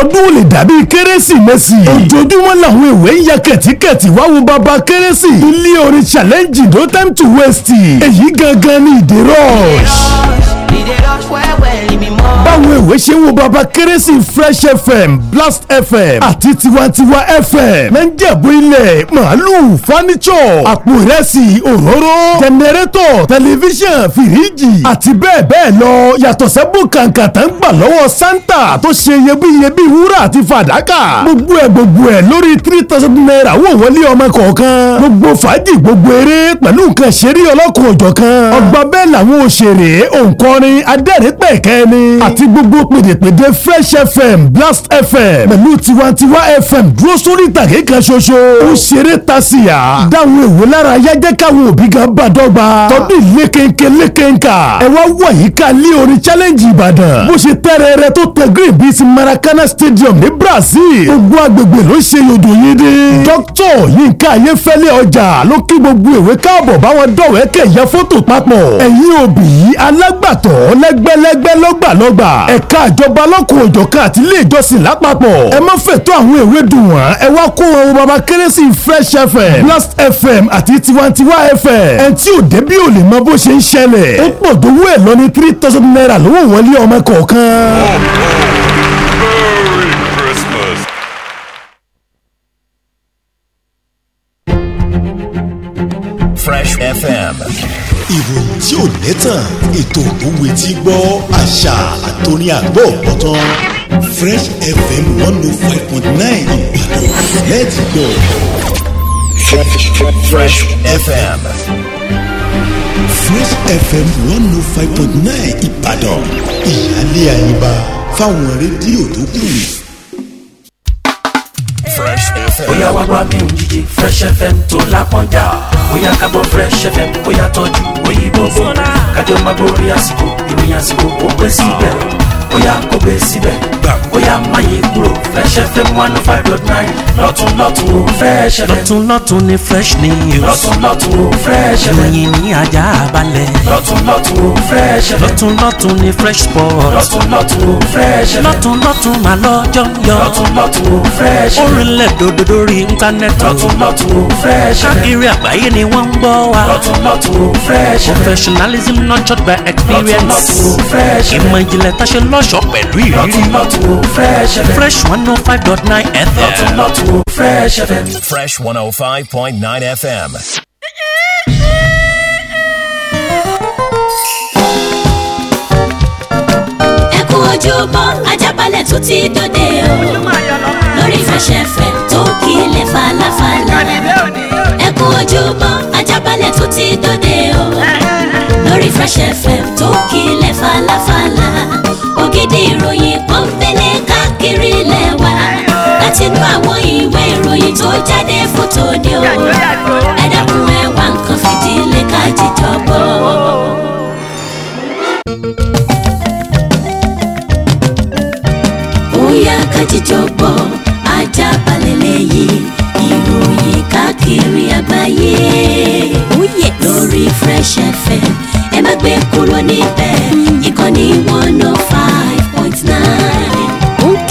ọdún ò lè dàbí kérésìmesì. ojoojúmọ́ làwọn èwe ń ya kẹ̀tíkẹ̀tì wá wo baba kérésì. ilé orin challenge no time to waste. èyí gangan ni ìdè rush. ìdè rush wẹ́wẹ́ ni báwo ìwé ṣe ń wo baba kérésì fresh fm blast fm àti tiwantiwa fm mẹ́ńjẹ̀bú ilẹ̀ màálù fánítsọ̀ àpò ìrẹsì òróró jẹnẹrétọ̀ tẹlifíṣàn fìríjì àti bẹ́ẹ̀ bẹ́ẹ̀ lọ yàtọ̀ sẹ́bù kàǹkà tán gbà lọ́wọ́ santa tó ṣe iyebíye bí wúrà àti fàdákà gbogbo ẹ̀ gbogbo ẹ̀ lórí three thousand naira wò wọlé ọmọ kọ̀ọ̀kan gbogbo fàájì gbogbo eré pẹ̀lú nǹkan ṣeré ọlọ́kùnrin ọ̀jọ̀kan ọgbà bẹ́ẹ̀ làwọn òṣèré òǹkọrin adẹ́rìn ni àti gbogbo pèdèpèdè fresh fm blast fm pẹ̀lú tiwantiwa fm dúró sórí ìtàgé kan ṣoṣo ó ṣeré tasiya dáhùn èwo lára yájẹ́ káwọn òbí gan bá dọ́gba tọ́dún lékenke lékenka ẹ wá wọ̀ yìí ká lé orin challenge ìbàdàn bó ṣe tẹ́rẹ̀ rẹ tó tẹ green bíi ti maracana stadium ní brazil gbogbo agbègbè ló ṣe yòdò yìí dé dókítọ̀ yínká ayéfẹ́lẹ́ ọjà ló kí gbogbo ìwé káàbọ̀ báwọn dọ̀wẹ́kẹ̀ ya fótò papọ̀ ẹ̀yin òbí alágbàtọ́ lẹ́gbẹ́lẹ́gbẹ́ lọ́gbà dọ́gba ẹ̀ka àjọba alákòó òjọ̀ká àti ilé ìjọsìn lápapọ̀ ẹ má fẹ̀tọ́ àwọn èwe dùn wọ́n ẹ wá kó wọn wo baba kérésì fresh fm blast fm àti tiwantiwa fm ẹ tí ò débi ò lè mọ bó ṣe ń ṣẹlẹ̀ ó pọ̀ tó wú ẹ̀ lọ ní three thousand naira lówó wọlé ọmọ kọ̀ọ̀kan. Merry Christmas. Fresh FM ìròyìn tí ò lẹ́tàn ètò òwe tí gbọ́ àṣà àtòrí àgbọ̀ ọ̀tán Fresh FM one oh five point nine Ìbàdàn let's go. Fresh FM Fresh FM one oh five point nine Ìbàdàn ìyáálé àyíbá fáwọn rédíò tó kù. Fresh lásẹ̀. ó yá wá wá mi ò jíjẹ Fresh FM tó lápọ́njà ó yá kábọ̀ Fresh FM ó yá tọ́jú òyìnbó gbogbo kájọ máa gbórí àsìkò ìròyìn àsìkò ó pẹ́ síbẹ̀ bóyá kò bẹ́ síbẹ̀ bóyá máyé kúrò Fresh FM one oh five dot nine lọ́tún lọ́tún ó Fresh FM. lọ́tún lọ́tún ni fresh news. lọ́tún lọ́tún ó Fresh FM. ròyìn ní ajá balẹ̀. lọ́tún lọ́tún ó Fresh FM. lọ́tún lọ́tún ni fresh sport. lọ́tún lọ́tún ó Fresh FM. lọ́tún lọ́tún mà lọ́jọ́ yọ. lọ́tún lọ́tún ó Fresh FM. orílẹ̀ dòdò lórí íńtánẹ́ẹ̀tì. lọ́tún lọ́tún ó Fresh FM. káàkiri àgbáyé ni wọ́n ń Fresh professionalism nurtured by experience. lọ́tún Fresh FM. ìmọ̀ ìjìnlẹ̀ lọ́ lọ́ṣọ̀ọ́ pẹ̀lú ìrírí. lọ́tùnlọ́tù fresh fm. fresh one oh five dot nine fm. lọ́tùnlọ́tù fresh fm. fresh one oh five point nine fm. ẹ ojúbọ ajábalẹ̀ tó ti dòde o lórí fresh fm tó kílẹ̀ falafala ẹ ojúbọ ajábalẹ̀ tó ti dòde o lórí fresh fm tó kílẹ̀ falafala ògidì ìròyìn kan fẹ́lẹ̀ káàkiri ilẹ̀ wa láti inú àwọn ìwé ìròyìn tó jáde fótó ni o ẹ dákun ẹ wá nǹkan fìdílé ká jíjọ bóyá ká jíjọ ajá balẹ̀ lẹ́yìn ìròyìn káàkiri àgbáyé oh, lórí Fresh FM ẹ má gbé kúrò níbẹ̀ ìkànnì one oh five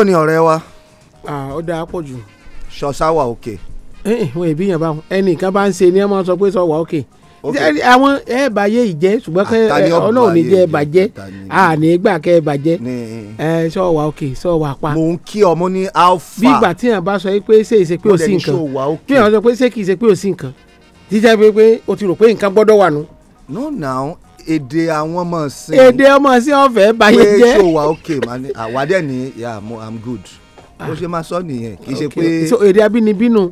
bó ni ọ̀rẹ́ wa. ó dáa pọ̀ jù. ṣọ́ṣá wà òkè. wọn èbí yẹn bá wọn ẹnìkan bá ń ṣe ni ẹ máa sọ pé sọ wà òkè àwọn ẹ bàyẹ ìjẹ ṣùgbọ́n kẹ ọlọ́run ní jẹ ẹ bàjẹ́ àní gbà kẹ ẹ bàjẹ́ ẹ sọ wà òkè sọ wà pa. mò ń kí ọmọ ní alpha. bí ìgbà tí yàn bá sọ pé ṣé ìṣe pé ò sí nǹkan bí yàn sọ pé ṣé kì ṣe pé ò sí nǹkan jíjẹ́ pé o ti rò pé nǹkan gbọ́dọ̀ wà nù. no now èdè àwọn ọmọ ìsìn èdè ọmọ ìsìn ọ̀fẹ́ báyé jẹ́ pé ṣó wa ok àwa dẹ̀ ni yeah i'm good ah. bó ṣe máa sọ nìyẹn kì í ṣe pé. so èdè abínibínú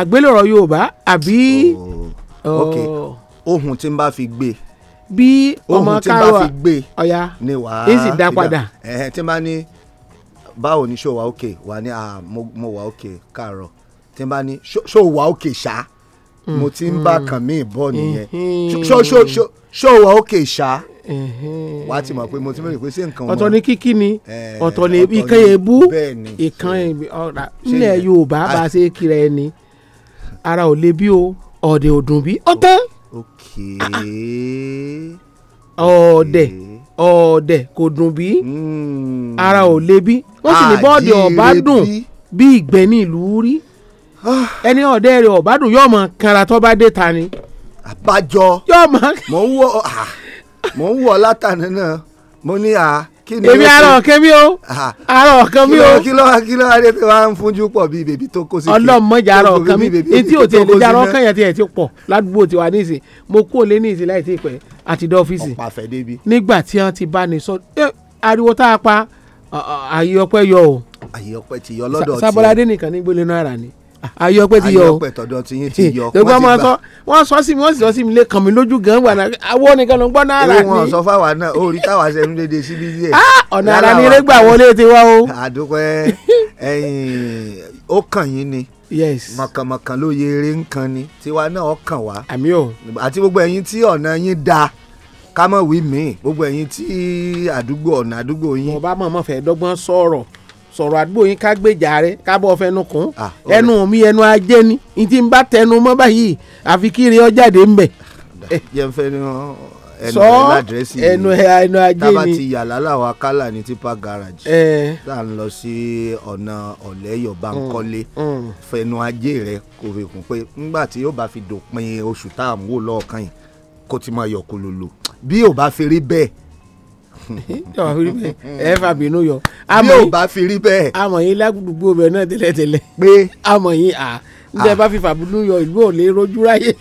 àgbélọ̀rọ̀ yorùbá àbí. Oh, ok oh. ohun tí n bá fi gbé bí ọmọ káwọ ọya ni wà á èsì dá padà. ẹ̀hẹ̀ tí n bá ní báwo ni ṣó wa ok wà ní ah, mo wà ok káàárọ̀ tí n bá ní ṣó wa ṣáá. Mm. mo ti ń bá mm. kàn mí ìbọ̀ nìyẹn ṣó ṣó ṣó ṣó wọ ókè ṣá mm-hmm. wà á ti mọ̀ pé mo ti mọ̀ pé ṣé nǹkan wọn. ọ̀tọ̀ ni kíkí ni eh, ọ̀tọ̀ ni ìkan èébú ìkan ọ̀rà nílẹ̀ Yorùbá bá a ah. ṣe kíra ẹni ara ò le bí o ọ̀dẹ̀ ò dùn bí ọ̀tán. Ah. ọ̀dẹ̀ ọ̀dẹ̀ kò dùn bí hmm. ara ò le bí wọ́n sì ní bọ́ọ̀dẹ̀ ọ̀bá dùn bí ìgbẹ́ ní ìlú rí ẹni ọ̀dẹ́ rẹ̀ ọ̀bádùn yóò mọ̀ kanra tó bá dé ta ni. àbájọ yóò mọ̀. mò ń wọ mò ń wọ látàní náà mo ní à kí ni. èmi ara ọ̀kẹ́ mi o ara ọ̀kẹ́ mi o. kí ló wá kí ló wá dé tí wàá ń fúnjú pọ̀ bíi bèbí tó kó sí. ọlọ́mọdé ara ọ̀kẹ́ mi etí ò tiẹ̀ lè jẹ́ ara ọ̀kẹ́ yẹn tiẹ̀ ti pọ̀ ládùúgbò tiwa níìsín mo kó lé níìsín láì tí ì pẹ́ àti dé ọ́fíìsì. ọ̀pàfẹ́ débi. nígbà tí wọ́n ti bá ní sọ ariwo tá a pa àyè ọpẹ́ yọ o. àyè ọpẹ́ ti yọ lọ́dọ̀ tiẹ̀. sábọ́ládé nìkan ní gbélé náírà ni ayọpẹ ti yọ ayọpẹ tọdọ ti yín ti yọ kó má ti bá wọn sọ sí mi wọn sì sọ sí mi lè kàn mí lójú gan wà náà awọ nìkan ló ń gbọ́ náà rà ní. wọn sọ fáwa náà ó rí táwa ṣẹnu dédé síbi díẹ̀. Ah, ọ̀nà ara ni eré gbà wọlé ti wá o. àdúpẹ́ ẹ̀yìn ó kàn yín ni yes mọ̀kànmọ̀kàn ló yẹ eré nǹkan ni tiwa náà ó kàn wá. àmì o. àti gbogbo ẹ̀yin tí ọ̀nà yín da kámọ̀wé mi gbogbo ẹ̀yin tí àdúgbò ọ̀nà àdúgbò yín. mo bá mọ̀ mọ̀ fẹ́ dọ́gbọ́n sọ̀rọ̀ sọ̀rọ̀ àdúgbò yín ká gbèjà rẹ kábọ̀ fẹnu kún ah, ẹnu mi ẹnu ajé ni n ti bá tẹnu mọ́ báyìí àfi kí ire ọjàde ń bẹ̀. jẹ́ fẹ́ ni wọ́n ẹnu ẹ ládírẹ́sì ẹnu ẹ ẹnu ajé ni tábà ti yàrá làwọn akálà ní tipa garage tá à ń lọ sí ọ̀nà ọ̀lẹ́yọ̀ mm, Bánkọ́lé mm. fẹnu ajé rẹ kò fi kún pé ńgbà tí yóò bá fi dòpin oṣù tá à ń wò lọ́ọ̀kan yìí kó ti máa yọ̀ kó bí yóò bá fi rí bẹ́ẹ̀ yọ rí bẹ́ẹ̀ ẹ fà bínú yọ. bí o bá fi rí bẹ́ẹ̀. amọ̀ yín ládùúgbò bẹ́ẹ̀ náà tẹ́lẹ̀tẹ́lẹ̀. pé amọ̀ yín à ǹjẹ́ bá fi fàbínú yọ ìlú ò lè rojú ráyè.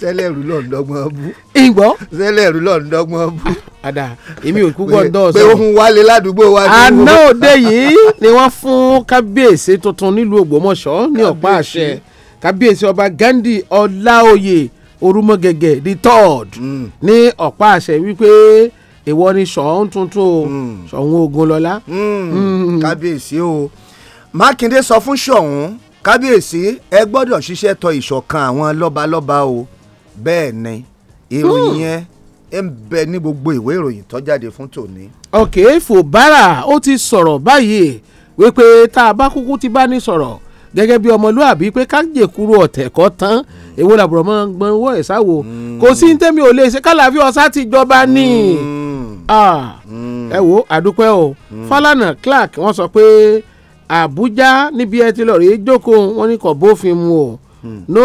sẹ́lẹ̀rú lọ ń dọ́gbọ́n bú. ìgbọ́. sẹ́lẹ̀rú lọ ń dọ́gbọ́n bú. àdá èmi ò kú gbọ́dọ̀ sọ. pé òun wálé ládùúgbò wa. àná òde yìí ni wọ́n fún kábíyèsí tuntun nílùú Ògbómọ̀ṣọ́ ní ọ̀pá àṣẹ kábíyèsí ọba Ghandi Ọláoyè Orúmọgẹ̀gẹ̀ the third mm. ní ọ̀pá àṣẹ wípé èwo ni ṣọ̀ún tuntun o hmm. ṣọ̀ún ogunlọ́lá. Hmm. Hmm. kábíyèsí o mákindé sọ fún ṣọ̀ún kábíyèsí ẹ gbọ́dọ̀ ṣiṣẹ́ tọ ìṣọ̀kan àwọn lọ́balọ́ba o bẹ́ẹ̀ ni ìròyìn yẹn ẹ ń bẹ ní gbogbo ìwé ìròyìn tó jáde fún tòní. ọ̀kẹ́ fòbárà ó ti sọ̀rọ̀ báyìí wípé tá a bá kúkú ti bá ní sọ̀rọ̀ gẹ́gẹ́ bí ọmọlúàbí pé kájè kúrò ọ̀tẹ̀ kọ́ tán èwo làbúrò mọ́ gbọ́n owó ẹ̀ sáwo mm. kò sí ní tẹ́mi ò lè ṣe kálàfí ọ̀sá ti jọba ní. Mm. Ah. Mm. ẹ wo àdúpẹ́ o Falana Clark wọ́n sọ pé Àbújá níbi ẹ ti lọ rèé jókòó wọn ni kò bófin mu o no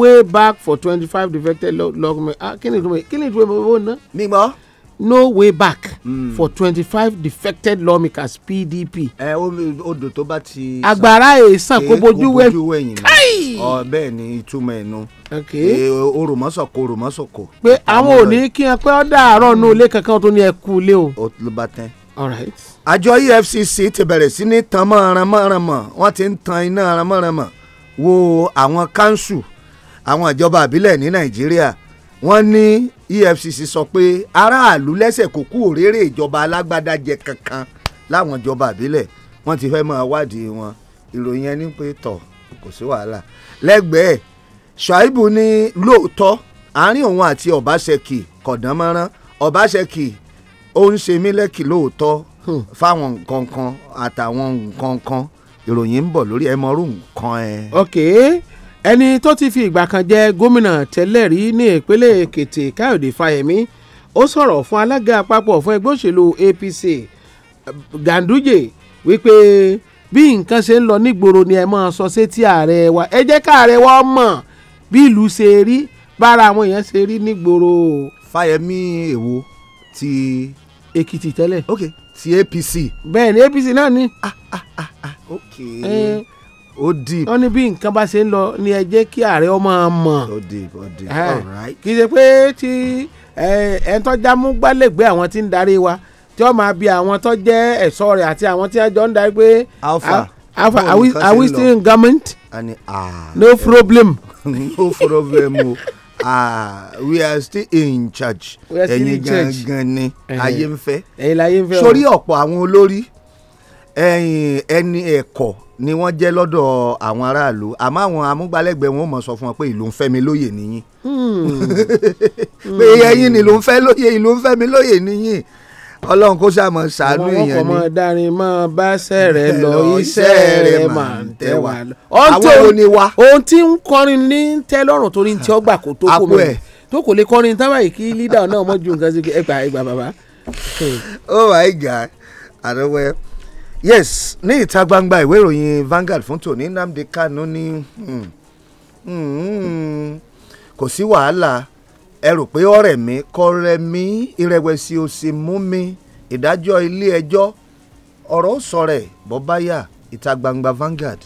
way back for twenty five defected lawmen ah, kí ni ìtumọ̀ kí ni ìtumọ̀ ìbò náà. mi no way back mm. for twenty-five defected lawmakers pdp. ẹ odò tó bá ti. àgbàrá èèsàn kò bójú wẹ̀yìn káì. ọ bẹ́ẹ̀ ni ìtumọ̀ ẹ̀ nu. òròmọ́sọ̀kò òròmọ́sọ̀kò. pé àwọn ò ní kí ẹ pé ọ́ dàárọ̀ nù ilé kankan tó ní ẹ kú ilé o. ó ló bá tẹ́. àjọ efcc ti bẹ̀rẹ̀ sí ní tan mọ́ranmọ́ranmọ́ wọ́n ti ń tan iná ranmọ́ranmọ́ wo àwọn kanṣu àwọn ìjọba àbílẹ̀ ní nàìjíríà wọ́n ní EFCC sọ pé aráàlú lẹ́sẹ̀ kò kú òréré ìjọba alágbádá jẹ kankan láwọn ìjọba àbílẹ̀ wọ́n ti fẹ́ máa wádìí wọn ìròyìn ẹni pé tọ̀ kò sí wàhálà lẹ́gbẹ̀ẹ́ Ṣàìbù ní lóòótọ́ àárín òun àti Ọbaṣẹ́kì kọ̀dánmọ́rán Ọbaṣẹ́kì ó ń ṣe mílẹ́kì lóòótọ́ hmm. fáwọn nǹkan kan àtàwọn nǹkan kan ìròyìn ń bọ̀ lórí ẹmọrú nǹkan ẹ. ok ẹni tó ti fi ìgbà kan jẹ́ gómìnà tẹ́lẹ̀ rí ní ìpínlẹ̀ èkìtì káyọ̀dé fáyẹ̀mí ó sọ̀rọ̀ fún alága àpapọ̀ fún ẹgbẹ́ òṣèlú apc ganduje wípé bí nǹkan ṣe ń lọ nígboro ni ẹ máa sọ sétí ààrẹ wa ẹ jẹ́ káàrẹ wa mọ̀ bí ìlú ṣe rí bára àwọn èèyàn ṣe rí nígboro. fáyẹ̀mí èwo ti èkìtì tẹ́lẹ̀. ok ti apc. bẹ́ẹ̀ apc náà ni. ah ah ah ah ok. Eh, ó di. wọ́n ní bí nǹkan bá ṣe ń lọ ni ẹ jẹ́ kí ààrẹ ọmọ mọ̀. ó di ó di alright. kì í ṣe pé tí ẹ̀ńtọ́já mú gbálẹ̀gbẹ́ àwọn tí ń darí wa tí wọ́n máa bi àwọn tó jẹ́ ẹ̀ṣọ́ rẹ̀ àti àwọn tí wọ́n jọ ń darí pé. alpha alpha are we, are we still in government. Ani, ah, no problem. no problem o. Ah, we are still in charge. ẹ̀yin gangan ni ayé ń fẹ́. ẹ̀yin la ayé ń fẹ́ o. sórí ọ̀pọ̀ àwọn olórí ẹni ẹ̀kọ́ ni wọ́n jẹ́ lọ́dọ̀ àwọn aráàlú àmọ́ àwọn amúgbálẹ́gbẹ̀ẹ́ wọn ò mọ̀ sọ fún wọn pé ìlú ń fẹ́ mi lóyè nìyí hmm. pé hmm. ẹ̀yin ni ìlú ń fẹ́ lóyè ìlú ń fẹ́ mi lóyè nìyí ọlọ́run kó sàmọ̀ sàánú èèyàn ni. àwọn ọmọ darin máa bá sẹ̀rẹ̀ lọ iṣẹ́ rẹ̀ máa ń tẹ̀ wá àwọn wo ni wa. ohun tí ń kọrin ní tẹ́lọ́rùn torí ti ọgbà kó tó kó mi tó kò lè kọrin tábà yìí kí lídà náà mọ̀ ju nǹkan sí ẹgbà ẹgbà bàbá. oh my god àdúgbò yes ní ìta gbangba ìwé ìròyìn Vanguard fún tòní Nnamdi Kanu ní hmm, hmm, kò sí wàhálà ẹ rò pé ọ̀rẹ́ mi kọrẹ mi ìrẹ̀wẹ̀sì ò sì mú mi ìdájọ́ ilé ẹjọ́ ọ̀rọ̀ sọ̀rẹ̀ bọ́báyà ìta gbangba Vanguard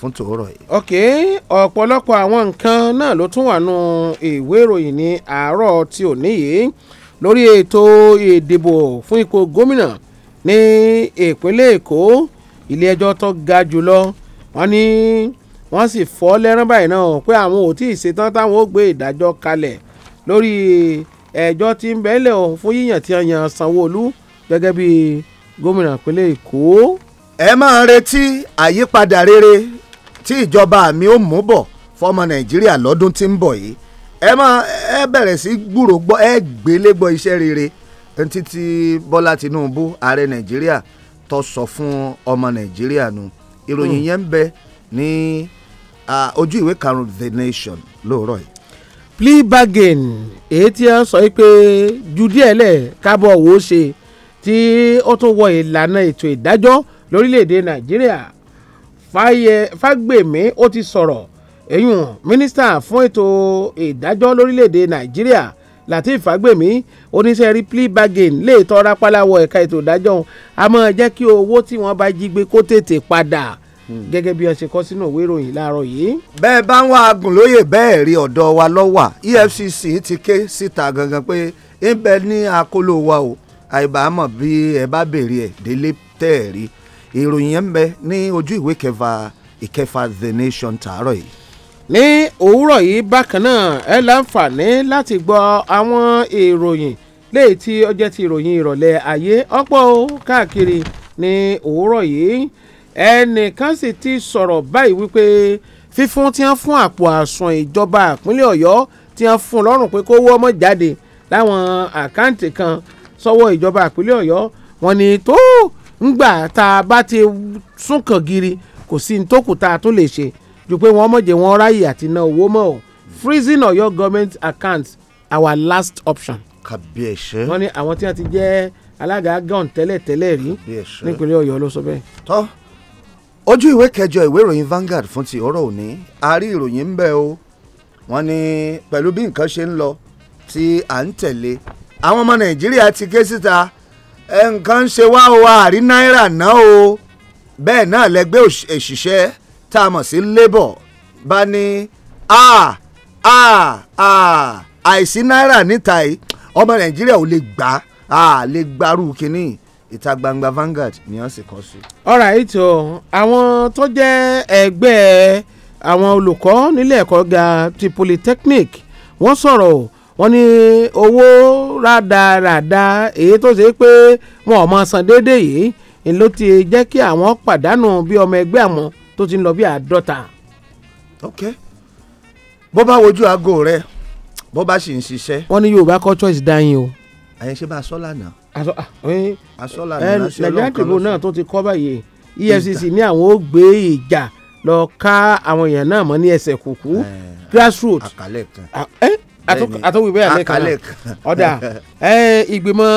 fún tòórọ̀ yìí. ok ọ̀pọ̀lọpọ̀ àwọn nǹkan náà ló tún wà nù ìwé ìròyìn ní àárọ̀ tí ò níyì lórí ètò ìdìbò fún ipò gómìnà ní ìpínlẹ̀ èkó ilé ẹjọ́ tó ga jùlọ wọ́n ní wọ́n sì fọ́ lẹ́rán báyìí náà pé àwọn ò tí ì ṣetán táwọn ó gbé ìdájọ́ kalẹ̀ lórí ẹjọ́ tí ń bẹ́lẹ̀ ọ̀hún fún yíyàn tí wọ́n yan sanwó-olú gẹ́gẹ́ bí gómìnà ìpínlẹ̀ èkó. ẹ máa retí àyípadà rere tí ìjọba mi ó mú bọ̀ fọmọ nàìjíríà lọ́dún tí ń bọ̀ yìí ẹ máa ẹ bẹ̀rẹ̀ sí gbúròó gbọ́ ẹ gbélé gbọ́ iṣẹ́ rere ntí tí Bọ́lá Tinubu ààrẹ Nàìjíríà tó sọ fún ọmọ Nàìjíríà nu ìròyìn hmm. yẹn ń bẹ ní ojú ìwé karùn-ún The Nation lóòrọ̀ yìí. plea bargain èyí tí wọ́n sọ pé ju díẹ̀ lẹ̀ kábọ̀ wò ó ṣe tí ó tún wọ ìlànà ètò ìdájọ́ lórílẹ̀‐èdè Nàìjíríà Fágbèmí ó ti sọ̀rọ̀ èyùn mínísítà fún ètò ìdájọ́ lórílẹ̀‐èdè Nàìjíríà Lateef Fagbemi oníṣẹ́rí plea bargain lè tọ́ra pálawọ̀ ẹ̀ka ètò ìdájọ́ òun àmọ́ jẹ́ kí owó tí wọ́n bá jí gbé kó tètè padà hmm. gẹ́gẹ́ bí ẹ ṣe kọ sínú òwe ìròyìn láàárọ̀ yìí. bẹ́ẹ̀ bá ń wá agùn lóye bẹ́ẹ̀ rí ọ̀dọ̀ wa lọ́wà EFCC ti ké síta gangan pé ń ní akóló wa o àìbámọ̀ bí ẹ bá béèrè ẹ̀ délé tẹ̀ rí ìròyìn yẹn ń bẹ ní ojú ìwé kẹfà ìkẹfà The Nation tààrọ̀ yìí ní òwúrọ̀ yìí bákan náà ẹ láǹfààní láti gbọ́ àwọn ìròyìn léyìí tí ó jẹ́ ti ìròyìn ìrọ̀lẹ́ ayé ọ̀pọ̀ káàkiri ní òwúrọ̀ yìí ẹnìkan sì ti sọ̀rọ̀ báyìí wípé fífún tí wọ́n fún àpò àsùn ìjọba ìpínlẹ̀ ọ̀yọ́ tí wọ́n fún lọ́rùn pé kó wọ́ ọmọ jáde láwọn àkáǹtì kan sọ́wọ́ ìjọba ìpínlẹ̀ ọ̀yọ́ wọn ni tó ń gbà tá a bá ti sún kàn kò sí ní tó lè ṣe ju pé wọ́n mọ̀jẹ̀ wọ́n ráyè àti ná owó mọ́ o freezing Ọ̀yọ́ government accounts our last option. kàbíyèsí. wọ́n ní àwọn tí wọ́n ti jẹ́ alága gan tẹ́lẹ̀tẹ́lẹ̀ rí nípínlẹ̀ Ọ̀yọ́ ló sọ bẹ́ẹ̀. tọ́ ojú ìwé kẹjọ ìwé ìròyìn Vanguard fún ti ọ̀rọ̀ òní a rí ìròyìn ń bẹ o wọ́n ní pẹ̀lú bí nǹkan ṣe ń lọ tí à ń tẹ̀lé àwọn ọmọ Nàìjíríà ti ké síta nǹkan ń ṣe wá o àrí náírà ná o bẹ́ẹ̀ náà lẹgbẹ́ òṣìṣẹ́ tá a mọ̀ sí labour bá ní a a a àìsí náírà níta yìí ọmọ nàìjíríà ò lè gbà á lè gbarú kínní ìta gbangba Vanguard ni wọ́n sì kọ sí. alright o àwọn tó jẹ́ ẹgbẹ́ àwọn olùkọ́ nílé ẹ̀kọ́ ga ti polytechnic wọ́n sọ̀rọ̀ o wọ́n ní owó rádaràda èyí tó ṣe pé wọn ò mọ san déédéé yìí ló ti jẹ́ kí àwọn pàdánù bí ọmọ ẹgbẹ́ àwọn tó ti ń lọ bí àádọ́ta. ok bó bá wojú aago rẹ bó bá sì ń ṣiṣẹ́. wọ́n ní yorùbá culture is dying o. àyẹn ṣe bá aṣọ lànà. aṣọ lànà náà ṣe lọ́ọ̀kan lọ́sọ̀. nàìjíríà tìbò náà tó ti kọ́ báyìí efcc ní àwọn ó gbé ìjà lọ ká àwọn èèyàn náà mọ́ ní ẹsẹ̀ kùkú grassroots. àkàlẹ̀ kan ah, àtúnwì bẹ́ẹ̀ lẹ́ẹ̀kan náà ọ̀dà ìgbìmọ̀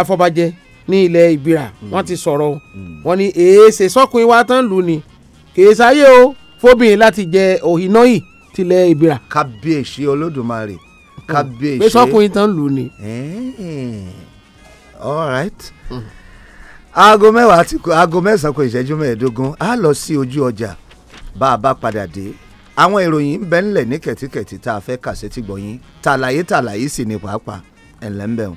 afọbajẹ ní ilẹ̀ ìgbìrà hmm. wọ́n ti sọ̀rọ̀ o hmm. wọ́n ní èèṣe sọ́kùnrin wa tán lù ní kèésáyé o fóbìnrin láti jẹ òhìnáyì tilẹ̀ ìgbìrà. kábíyèsí olódùmarè hmm. kábíyèsí. pé sọ́kùnrin tán lù ní. all right. Mm aago mẹ́wàá àti aago mẹ́sàn-án kò ìṣẹ́jú mẹ́ẹ̀ẹ́dógún a lọ sí ojú ọjà bá a bá padà dé àwọn ìròyìn ń bẹ ńlẹ̀ ní kẹ̀tíkẹ̀tí tá a fẹ́ kà sétí gbọ̀yìn tàlàyé tàlàyé sì ni pàápàá ẹ̀lẹ́ńbẹ̀hùn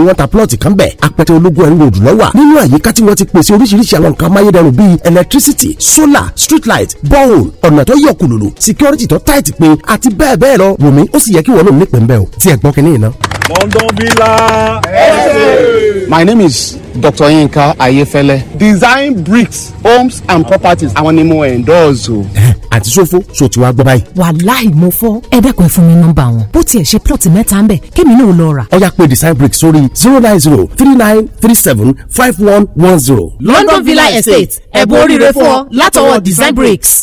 ni wọ́n ta plọ̀tì kan bẹ̀ apẹtẹ ológun ẹ̀rú ròdù lọ́wọ́ nínú àyíká tí wọ́n ti pèsè oríṣiríṣi àwọn nǹkan amáyédẹrùn bíi electricity solar street light ọ̀nà tó yọ kùlùlù security tó tight pin àti bẹ́ẹ̀ bẹ́ẹ̀ lọ wùmí ó sì yẹ kí wọ́n lòun nípìn bẹ́ẹ̀ o tí ẹ̀ gbọ́n kínní iná. mọ̀ndọ́bílà ẹ̀sẹ̀. My name is Dr. Yinka Ayefele. Design bricks homes and properties àwọn ni mo endorse o àti sófó so ti wá gbọ́ báyìí. wàláì mo fọ́ ẹ dẹ́kun fún mi nọ́mbà wọn bó tiẹ̀ ṣe plọ̀tì mẹ́ta ń bẹ̀ kémi náà lọ rà. ọ̀yá pé design brick sórí zero nine zero three nine three seven five one one zero. London Villa Estate ẹ̀bùn oríire fún ọ látọwọ́ design bricks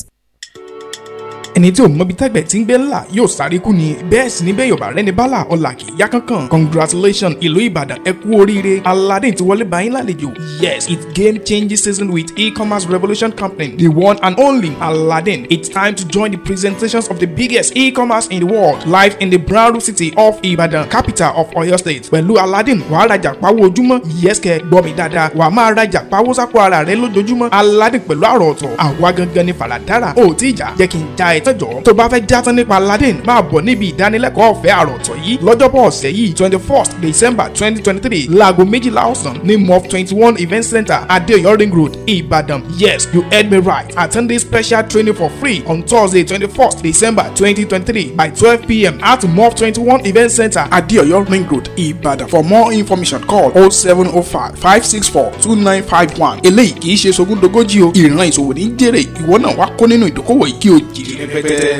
ẹni tí ò mọbi tẹ́gbẹ̀ tí ń gbé ńlá yóò sáré kú ni bẹ́ẹ̀ sì níbẹ̀ yọ̀bà rẹ́ni bálà ọ̀là kì yá kankan congratulations ìlú ìbàdàn ẹ kú oríire aladdin ti wọlé báyìí lálejò yes it's game changing season with e-commerce revolution company the one and only aladdin it's time to join the presentations of the biggest e-commerce in the world live in the brown roof city of ibadan capital of oyo state pẹ̀lú aladdin wàá rajà pawó ojúmọ́ yes kẹ gbọ́ mi dáadáa wàá máa rajà pawó sápò ara rẹ lójoojúmọ́ aladdin pẹ̀lú àrọ̀ ọ̀tọ̀ àwa gangan ni fàlàdára ò tí ì jà jẹ́ kí n já ẹ kẹtẹjọ tó bá fẹ́ jásán nípa aladdin máa bọ̀ níbi ìdánilẹ́kọ̀ọ́ ọ̀fẹ́ àròtọ̀ yìí lọ́jọ́bọ̀ ọ̀sẹ̀ yìí twenty first december twenty twenty three láago méjìlá ọ̀sán ní mof twenty one event center adeoyo ring road ibadan yes you heard me right attend this special training for free on thursday twenty first december twenty twenty three by twelve pm at mof twenty one event center adeoyo ring road ibadan for more information call oh seven oh five five six four two nine five one eléyìí kì í ṣe sogúndogójì o ìran ìṣòwò ní jèrè ìwọ náà wá kó nínú ìdókòwò yìí kí o jèrè rẹ Pete.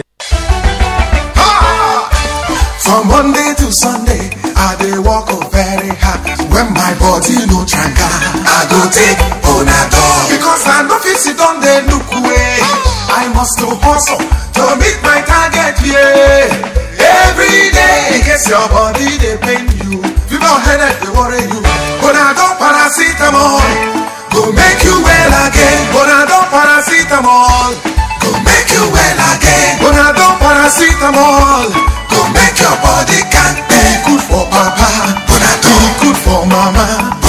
From Monday to Sunday, I dey walk up very hard. When my body no tranga, I go take on a dog. Because I no fit sit down they look away. I must to hustle to meet my target, yeah. Every day, in case your body they pain you, people headache they worry you. But I don't paracetamol, go make you well again. But I don't paracetamol, go make you well again na don paracetamol go make your body Be good for papa but na too good for mama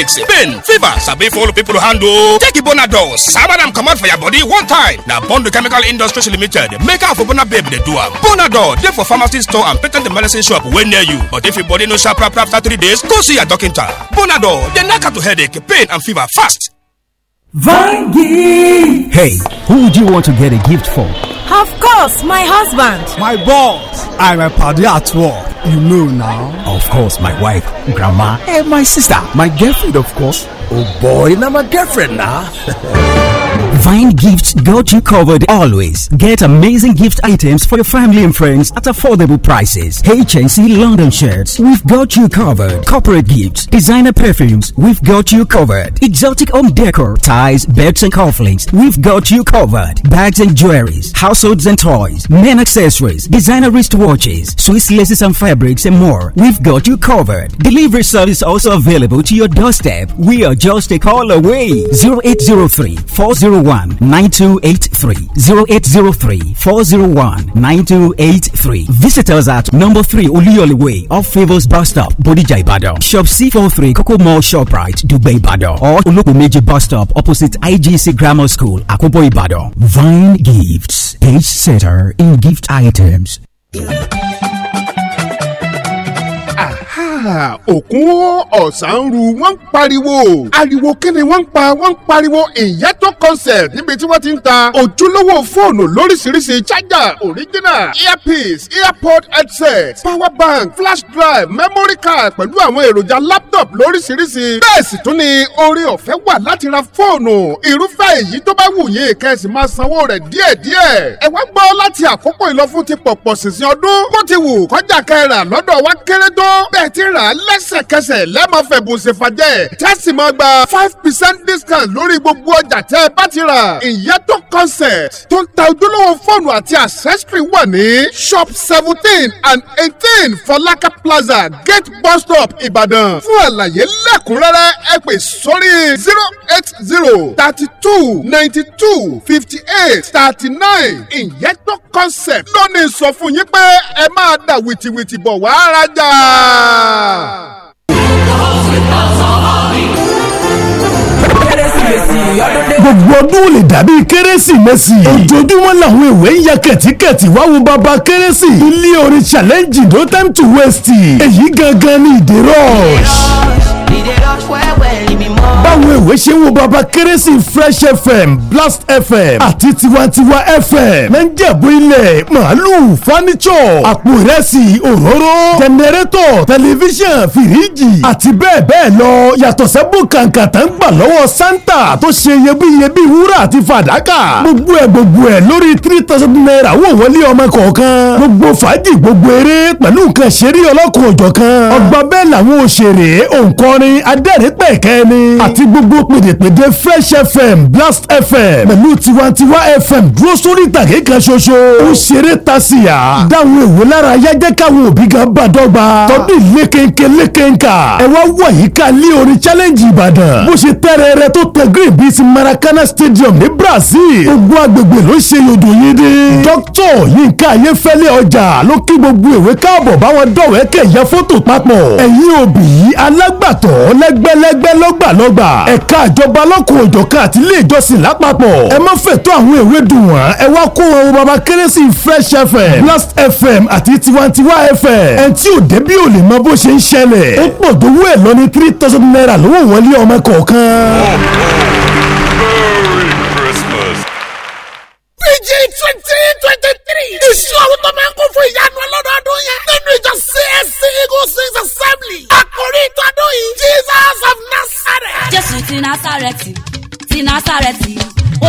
headaches pain fever sabi for all people handle oh. take ibonadors sabi them command for your body one time Now bondo chemical Industries limited maker of obonababe they do am bonador They for pharmacy store and patent medicine shop when near you but if your body no sharp after three days go see your doctor bonador They knock out headache pain and fever fast. Vangie! Hey, who would you want to get a gift for? Of course, my husband. My boss. I'm a party at work. You know now. Of course, my wife, grandma, and my sister. My girlfriend, of course. Oh boy, now my girlfriend now. Vine Gifts got you covered always. Get amazing gift items for your family and friends at affordable prices. HNC London shirts, we've got you covered. Corporate gifts, designer perfumes, we've got you covered. Exotic home decor, ties, beds and cufflinks, we've got you covered. Bags and jewelries, households and toys, men accessories, designer wristwatches, Swiss laces and fabrics and more. We've got you covered. Delivery service also available to your doorstep. We are just a call away. 0803 401 9283. 0803 401 9283. Visit us at number 3 Uliyoli Way off Favors Bus Stop, Bodija Ibadan. Shop C43 Coco Mall Shoprite, Dubai Ibadan. Or Ulukumeji Bus Stop opposite IGC Grammar School, Akobo Ibadan. Vine Gifts, page setter in gift items. òkun ọ̀sán ru wọ́n ń pariwo ariwo kíni wọ́n ń pa wọ́n ń pariwo ìyàtọ̀ concept níbi tí wọ́n ti ń ta ojúlówó fóònù lóríṣiríṣi charger original earpiece earpod headset power bank flash drive memory card pẹ̀lú àwọn èròjà laptop lóríṣiríṣi bẹ́ẹ̀ sì tún ni oore ọ̀fẹ́ wà láti ra fóònù irúfẹ́ èyí tó bá wù yín kẹ́sì máa sanwó rẹ̀ díẹ̀díẹ̀ ẹ wá gbọ́ láti àkókò ìlọ fún ti pọ̀pọ̀ sísìn ọdún bó ti wù kọjá kẹrà lọ́dọ̀ wa kéré tó bẹ́ẹ̀ ti náírà lẹ́sẹ̀kẹsẹ̀ lẹ́mọ̀ fẹ̀bùn ṣèfàjẹ́ tẹ́sí máa gba five percent discount lórí gbogbo ọjà tẹ́ ẹ bá ti rà ìyàtọ̀ concept tó ń ta ojúlówó fóònù àti accessory wà ní shop seventeen and eighteen Fọlákà Plaza gate bus stop Ìbàdàn fún àlàyé lẹ́kùnrẹ́rẹ́ ẹ pè sórí zero eight zero thirty two ninety two fifty eight thirty nine ìyàtọ̀ concept lónìí sọ fún yín pé ẹ máa dà wìtìwìtì bọ̀ wá rajà gbogbo ọdún lè dàbí kérésìmesì. ojoojúmọ́ làwọn èwe ń ya kẹ̀tíkẹ̀tì wá wo bàbá kérésì. ilé orin challenge no time to waste. èyí gangan ni ìdè rush báwo ìwé ṣe ń wo baba kérésì fresh fm blast fm àti tiwantiwa fm mẹ́ńjẹ̀bú ilẹ̀ màálù fánítsọ̀ àpò ìrẹsì òróró jẹnẹrétọ̀ tẹlifíṣàn fìríjì àti bẹ́ẹ̀ bẹ́ẹ̀ lọ yàtọ̀ sẹ́bù kàǹkà tán gbà lọ́wọ́ santa tó ṣe iyebíye bíi wúrà àti fàdákà gbogbo ẹ̀ gbogbo ẹ̀ lórí three thousand naira wò wọlé ọmọ kọ̀ọ̀kan gbogbo fàájì gbogbo eré pẹ̀lú nǹkan ṣeré ọlọ́kùn òjọ̀ kan adẹ́rẹ́pẹ̀kẹ́ ni àti gbogbo pèdèpèdè fresh fm blast fm pẹ̀lú tiwantiwa fm dúró sórí ìtàgé kan ṣoṣo ó ṣeré tasiya dáhùn èwo lára yájẹ́ káwọn òbí gan bá dọ́gba tọ́dún lékenke lékenka ẹ wá wọ̀ yìí ká lé orin challenge ìbàdàn bó ṣe tẹ́rẹ̀ rẹ tó tẹ green bíi ti maracana stadium ní brazil gbogbo agbègbè ló ṣe yòdò yìí dé dókítọ̀ yínká ayéfẹ́lẹ́ ọjà ló kí gbogbo ìwé káàbọ̀ báwọn dọ̀wẹ́kẹ̀ yẹ fótò papọ̀ ẹ̀yin òbí ọ̀hún lẹ́gbẹ́lẹ́gbẹ́ lọ́gbàlọ́gbà ẹ̀ka ìjọba lọ́kùn òjọ̀kan àti ilé ìjọsìn lápapọ̀ ẹ má fẹ̀tọ́ àwọn èwe dùn wọ́n ẹ wá kó wọn wo baba kérésì fresh fm blast fm àti tiwantiwa fm ẹn tí ò débí ò lè mọ bó ṣe ń ṣẹlẹ̀ ó pọ̀ tó wú ẹ̀ lọ ní three thousand naira lówó wọlé ọmọ kọ̀ọ̀kan. PG twenty twenty three. Iṣu àwọn tó máa ń kún fún ìyanu ọlọ́dọọdún yẹn. Nínú ìjọ CSC Eagle Sings Assembly. Àkòrí ìtọ́dún yìí. Jesus of Nazareth. Jésù ti Nazareth, ti Nazareti,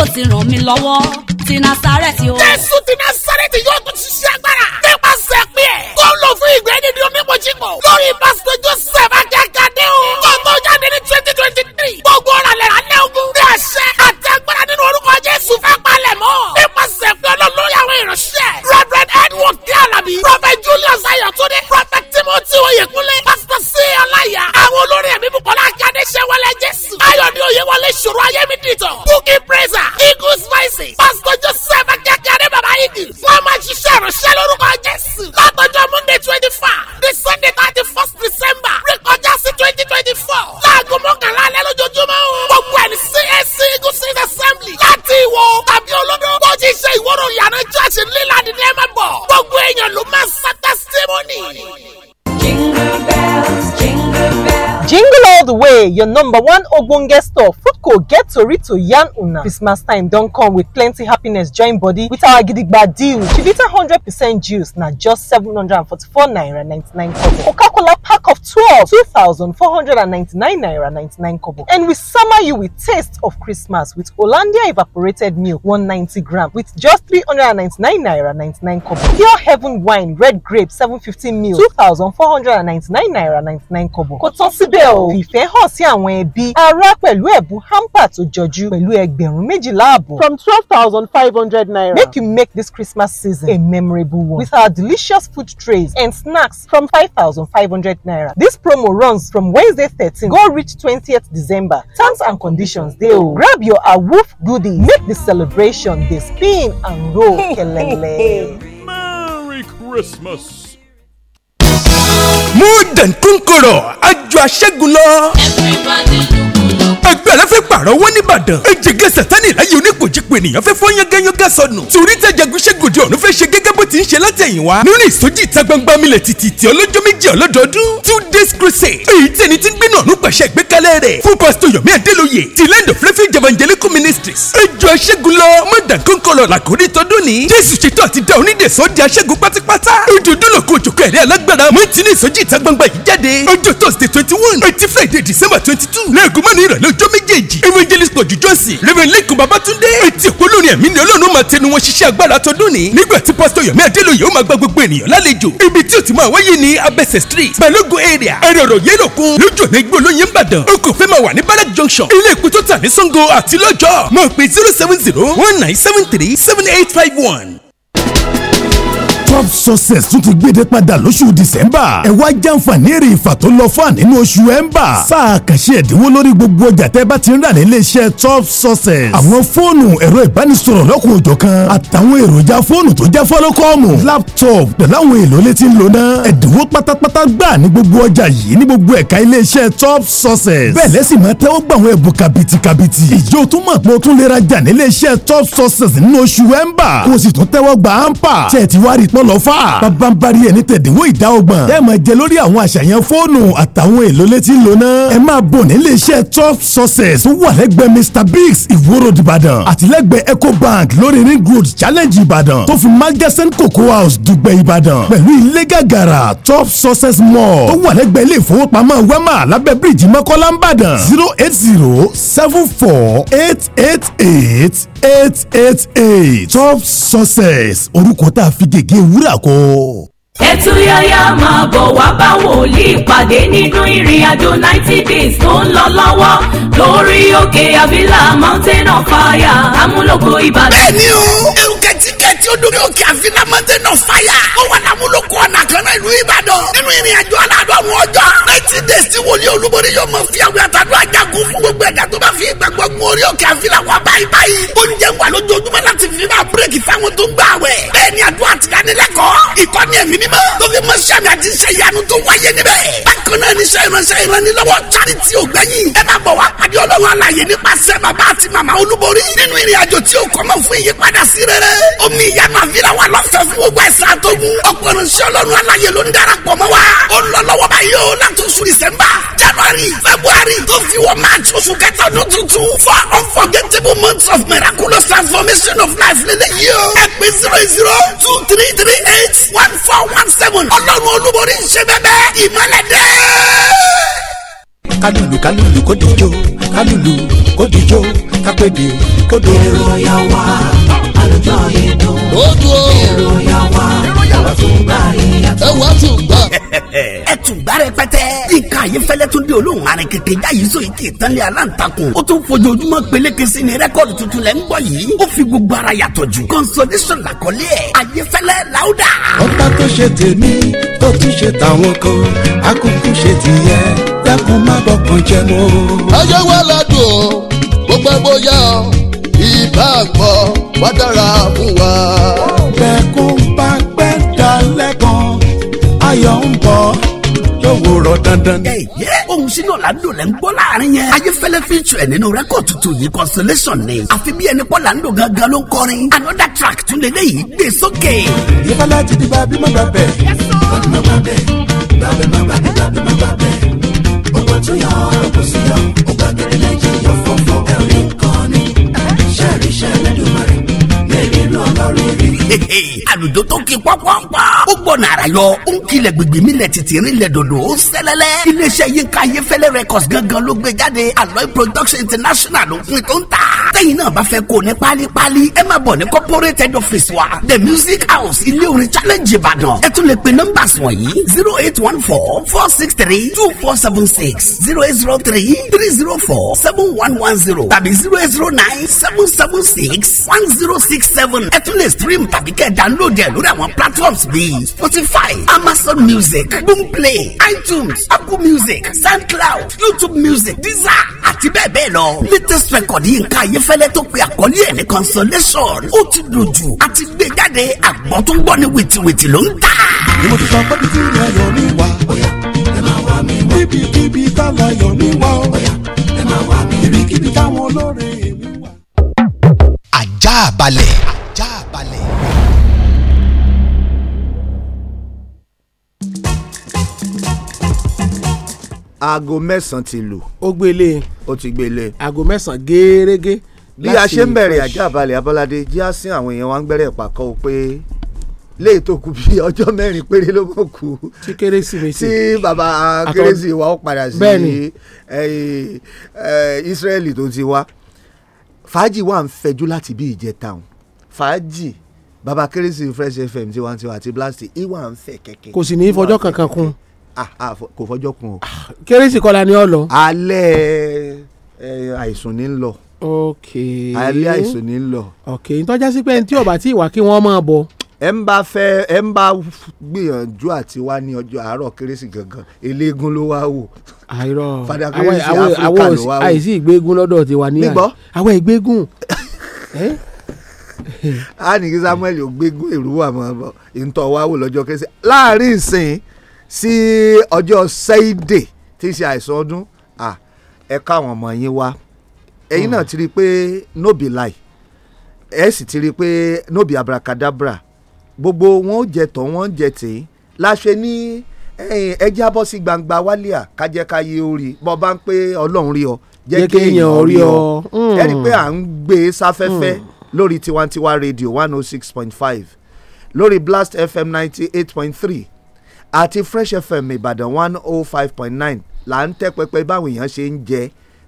ó ti ràn mí lọ́wọ́, ti Nazareti o. Jésù ti Nazareti yóò tún ṣiṣẹ́ agbára. Nípasẹ̀ pé ẹ̀. Kó lò fún ìgbẹ́ níbi omi pòjìpò. Lórí pásítọ̀ Joseph Akíákadé o. Kó tó jáde ní twenty twenty three. Gbogbo ọ̀rọ̀ àlẹ́ àlẹ́ ogun. Bí àṣẹ àti agbára nínú orúkọ Jésù fẹ́ pa Lord. nípasẹ̀ pé olólórí àwọn ìránṣẹ́. Reverend Edward D. Alabi. Prophet Julius Ayotunde. Prophet Timothy Oyekunle. Pastor C. Ọláyà. Àwọn olórí ẹ̀mí Bukola Akadéṣẹ́wọlé Jésù. Ayọ̀dé Oyewọlé Ṣòro Ayémídìtọ̀. Bukki Praiser. Eagle Spices. Pastor Joseph Akíakíadé Baba Igi. Wọ́n máa ṣiṣẹ́ ìránṣẹ́ lórúkọ Jésù. Látọjọ́ Monday twenty five. The Sunday thirty first December. Rékọjá sí twenty twenty four. Láago mọ́kànlá alẹ́ lójoojúmọ́. Gbogbo Mercy Eagles Assembly láti ìwò tàbí olódó bó ti ṣe ìwọ́rọ̀ ìyànà church ńlílàdì ní ẹ̀ máa bọ̀ gbogbo èèyàn ló máa sá testimony. Jingle bells jingle. jingle all the way your number one ogbonge store foodco get to to Yan una christmas time don't come with plenty happiness join body with our gidigba deal chivita hundred percent juice now, just seven hundred and forty-four naira ninety-nine kobo coca-cola pack of twelve two thousand four hundred and ninety-nine naira ninety-nine kobo and we summer you with taste of christmas with Olandia evaporated milk one ninety gram with just three hundred and ninety-nine naira ninety-nine kobo pure heaven wine red grape seven fifty mil two thousand four hundred and ninety-nine naira ninety-nine kobo ààbò kò tán síbẹ̀ o ìfẹ́ hàn sí àwọn ẹbí ará pẹ̀lú ẹ̀bùn hamper tó jọjú pẹ̀lú ẹgbẹ̀rún méjìlá ààbò from twelve thousand five hundred naira make you make this Christmas season a memorable one with our delicious food trays and snacks from five thousand five hundred naira this promo runs from Wednesday thirteen go reach twentieth December terms and conditions dey o grab your awoof goodies make the celebration dey spin and roll kelele. Merry Christmas more than conqueror àjọ aṣẹ́gun lọ. everybody look pààrọ̀ owó nìbàdàn ejege sátani láyé oníkòjìpé ènìyàn fẹ́ fọ́ yángayángá sọnù torí tẹ̀jà gúnṣẹ́gòdì ọ̀run fẹ́ ṣe gẹ́gẹ́ bó ti ń ṣe látẹ̀yìn wá nínú ìsọjí ìta gbangba milẹ̀ títì tí ọlọ́jọ́ méjì ọlọ́dọọdún two days crusade èyí tí ẹni tí ń gbénu ọ̀run pàṣẹ ìgbékalẹ̀ rẹ̀ fún pásítọ̀ yomi adélóye ti land of refuge evangelical ministries ẹjọ́ aṣẹ́gun lọ mọ̀dà kọ́ńkọ́lọ̀ làkúrí tọdún ní jésù ṣètò àti dá onídẹ̀sọ́ di aṣẹ́gun pátápátá ìdúdúlọ̀kọ̀ òjòkó ẹ̀rí alágbára mọ́tì ní ìsọjí ìta gbangba yìí jáde ọjọ́ thursday twenty one eighty friday december twenty two lẹ́ẹ̀kú mọ́ni ìrọ̀lẹ́ ọjọ́ méjèèjì evangelist kojú jọ́sìn rẹ̀rẹ̀ lẹ́kùn babatunde etí èkó lórí ẹ̀mí ni ọlọ́run máa tẹnu wọn ṣiṣẹ́ agbára tọdún ni nígbà tí pásítọ̀ yomi adélòye ó máa gba gbogbo ènìyàn lálejò ibi tí ó ti máa wáyé ní abẹ́sẹ̀ street balógun area ẹ̀rọ̀rọ̀ yẹ́rọ̀ kun lójú ọ̀nà igbó olóyin ìbàdàn ó kò fẹ́ máa wà ní barak junction ilé ìpín tó tà ní sango àti lọ́jọ́ máa pè zero seven zero one nine seven three seven eight five one top success tún ti gbéde padà lóṣù december ẹ wá jàǹfààní èrè ìfà tó lọ fún àní nínú oṣù ember sáà kàṣe ẹ̀dínwó lórí gbogbo ọjà tẹ́ bá ti ń rà ní iléeṣẹ́ top success àwọn fóònù ẹ̀rọ ìbánisọ̀rọ̀ lọ́kùn òjọ̀ kan àtàwọn èròjà fóònù tó jẹ́ fọ́lọ́kọ́ọ̀mù laptop pẹ̀lú àwọn èlò létí ń lò náà ẹ̀dínwó pátápátá gbà ní gbogbo top success bẹ́ẹ̀ lẹ́sìn máa tẹ́wọ́ gbà àwọn ẹ̀bùn kàbìtì kàbìtì ìjọ tó mọ̀ pé o tún top success nínú oṣù ember kó o sì tún ampa tẹ̀ tí wá lọ́fà. babambari ẹ̀ ní tẹ̀dínwó ìdá ọgbọ̀n. ẹ máa jẹ lórí àwọn àṣàyàn fóònù àtàwọn èlò létí lóná. ẹ máa bọ̀ nílé iṣẹ́ top success wà lẹ́gbẹ̀ẹ́ mr biggs ìwòrò ìbàdàn àtìlẹ́gbẹ̀ẹ́ ecobank lórí ring road challenge ìbàdàn tó fi margesson cocoa house dùgbẹ̀ ìbàdàn pẹ̀lú ilé gàgàrà top success mall tó wà lẹ́gbẹ̀ẹ́ ilé ìfowópamọ́ wema lábẹ́ bíríìjì mọ́kọ́lá ìbàdàn zero eight zero seven four eight eight eight eight eight eight top success orúkọ tá a fi gègé wúrà kó. ẹ̀túyáyá máa bọ̀ wá bá wòlíì pàdé nínú ìrìn àjò ninety days tó ń lọ lọ́wọ́ lórí òkè àbílà mountain of fire amúlòkọ ìbàdàn. bẹ́ẹ̀ni o ìmọ̀lẹ̀ tí ó dórí òkè àfínà mountain of fire ó wà lámúlòkọ ọ̀nà kan náà ìlú ìbàdàn nínú ìrìn àjò aládọ́run ọjọ́ ninety days tí wòlíì olúborí yóò mọ̀ fi àwọn àtàdúrà jagun fún gbogbo ẹ̀dá tó bá fi ìgbàgbọ́ gun orí òkè àfínà wà báyìí báyìí oúnjẹ wà lójoojúmọ́ láti fi máa bírèkì fáwọn tó ń gbà wẹ̀ bẹ́ẹ̀ àdúrà ti ìkọ́ni ẹ̀mí mímọ́ tó fi mọ́ sàmì àti iṣẹ́ ìyanu tó wáyé níbẹ̀ bákan náà ní iṣẹ́ ìránṣẹ́ ìrànlọ́wọ́ charity ògbẹ́yìn ẹ máa bọ̀ wá pàdé ọlọ́run alàyè nípasẹ̀ bàbá àti màmá olúborí nínú ìrìn àjò tí ó kọ́mọ fún ìyípadà sí rere omi orí ìyanu àfihàn wa lọ́fẹ̀ẹ́ fún gbogbo ẹ̀sìn àtọ́gùn ọ̀pọ̀lọpọ̀ sí ọlọ́run ló ń darapọ̀ mọ́ wa ó lọ lọ́wọ́ báyìí ó láti oṣù dìsẹ́mbà january february tó fi wọ march oṣù kẹta ọdún tuntun for unforgettable months of miraculous transformation of life lẹ́lẹ̀ yìí o ẹ zero zero two three three eight one four one seven ọlọ́run olúborí ń ṣe bẹ́ẹ̀ ìmọ̀lẹ̀ dẹ́. kálùlù kálùlù kò dijó kálùlù kò dijó kápẹ́dé kò dòrò. èrò ọ̀yà wa àlùjọ yìí ó dúró. ìròyìn àwa ìròyìn tún gbà yíyàtọ̀. ẹ wá tún gbà. ẹ tún gbà rẹpẹtẹ. ìka yìí fẹlẹ tún di olóhùn arin kékeré jáyé sóyè kì í tán lé aláǹtakùn. ó tún fojoojúmọ́ peléke sí ni rẹ́kọ̀dì tuntun lẹ́ ń gbọ́ yìí. ó fi gbogbo ara yàtọ̀ jù. consolation làkọlé ẹ̀. ayé fẹlẹ làwùdà. ọba tó ṣe tèmi tó tún ṣe tàwọn kan akókó ṣe tìyẹ dákun má bọkàn jẹ mọ́. ayé wa ládùn ó gbàgbó yá ọ ìbágbọ́ wá dára fún wa. bẹ́ẹ̀kún bá pẹ́ dalẹ́ kan ayọ̀ ń bọ̀ lówùrọ̀ dandan. ohun sínú ọ̀làdò lẹ́ ń gbọ́ láàrin yẹn. ayéfẹ́lẹ́ fíjù ẹ̀ nínú rẹ́kọ̀d tuntun yìí constellation ni. àfi bí ẹni pọ́lá ń lò gangan ló ń kọrin. another track tún lè léyìí gbé sókè. ìfọlá ti di bàbí má bà bẹ̀. bàbí má bà bẹ̀ bàbí má bà bẹ̀ bàbí má bà bẹ̀. ọgbọ́n tún yọ ọ̀rọ̀ kò sí yọ ọgbà gẹ̀rẹ́ lẹ́yìn yọ fọ́fọ́. àlùjọ tó kí pọ́npọ́npọ́ ó gbọ́nà àrà yọ ó ń kilẹ̀ gbègbè mílẹ̀ tìtìrín lẹ̀ dòdò ó ń sẹ́lẹ̀lẹ̀ iléeṣẹ́ yínká ayéfẹ́lẹ́ records gangan ló gbé jáde aloe production international ló fún tó ń tà tẹ́yìn náà bá fẹ́ kó ní pálípálí ẹ má bọ̀ ní corporate office wa the music house ilé orin challenge ìbàdàn ẹ tún lè pe numbers wọ̀nyí zero eight one four four six three two four seven six zero eight zero three three zero four seven one one zero tàbí zero eight zero nine seven seven six one zero six seven ẹ tún lè stream tàbí tàbí kẹ́ download ẹ̀ lórí àwọn platforms bíi spotify amazon music boomplay itunes apple music soundcloud youtube music deezer àti bẹ́ẹ̀ bẹ́ẹ̀ lọ. latest record yìí nǹkan ayéfẹ́lẹ́ tó pe àkọlé ẹ̀ ní consolation ó ti dojú àti gbé jáde àgbọ̀ tó ń gbọ́ ní wìtìwìtì ló ń tà. ìmọ̀ tó bá pàdé tí ìrìn ayọ̀ mi wá níbikíbi táwọn ayọ̀ mi wá níbikíbi táwọn olóore mi wá. ajá balẹ̀. aago mẹ́sàn-án ti lù. ó gbélé. E. ó ti gbélé. E. aago mẹ́sàn-án gẹ́rẹ́gẹ́. bí a ṣe ń bẹ̀rẹ̀ àjà àbálẹ̀ abọ́ládé jí á sí àwọn èèyàn wa ń gbẹ́rẹ́ pàkọ́ o pé léyìí tó kù bí ọjọ́ mẹ́rin péré ló mọ̀ kú. tí kérésìmesì tí baba kérésì wa ó padà sí Ísírẹ́lì tó ti wá fàájì wa ń fẹjú láti bí ìjẹta òun fàájì baba kérésì Fresh FM tiwantiwa àti blast iwa ń fẹ kẹkẹ. kò sì ní í fọjọ́ kankan kún. Ah, ah, kò fọjọ́ kun o. kérésì kọ́la ni ọ lọ. alẹ́ àìsùn ni ń lọ. ok alẹ́ àìsùn ni ń lọ. ok ntọ́já sí pé tí ọba tí ìwà kí wọ́n máa bọ̀. ẹ ń bá fẹ́ ẹ ń bá gbìyànjú àti wá ní ọjọ́ àárọ̀ kérésì gangan eléégún ló wá wò. àìrọ àwọn àwọn àìsí ìgbéégún lọ́dọ̀ ti wà ní àná àwọn ìgbéégún a ní kí Samuel ò gbégun èrú mọ́ ntọ́ wa wò lọ́jọ́ kẹsì láàrin ìsìn sí ọjọ́ sẹ́ìdè tí í ṣe àìsàn ọdún ẹ káwọn ọmọ yín wá ẹ̀yin náà ti rí pé no be lie ẹ sì ti rí pé no be abracadabra gbogbo wọn ò jẹ tán wọn ò jẹ tèé láṣẹ ní ẹ jábọ́ sí gbangba wálíà kájẹ́káyé orí bọ́ bá ń pé ọlọ́run rí ọ jẹ́ kéèyàn rí ọ mm. ẹ rí i pé à ń gbé e sáfẹ́fẹ́ mm. lórí tiwantiwa radio one oh six point five lórí blast fm ninety eight point three àti fresh fm ìbàdàn one oh five point nine là ń tẹ́ pẹpẹ báwọn èèyàn ṣe ń jẹ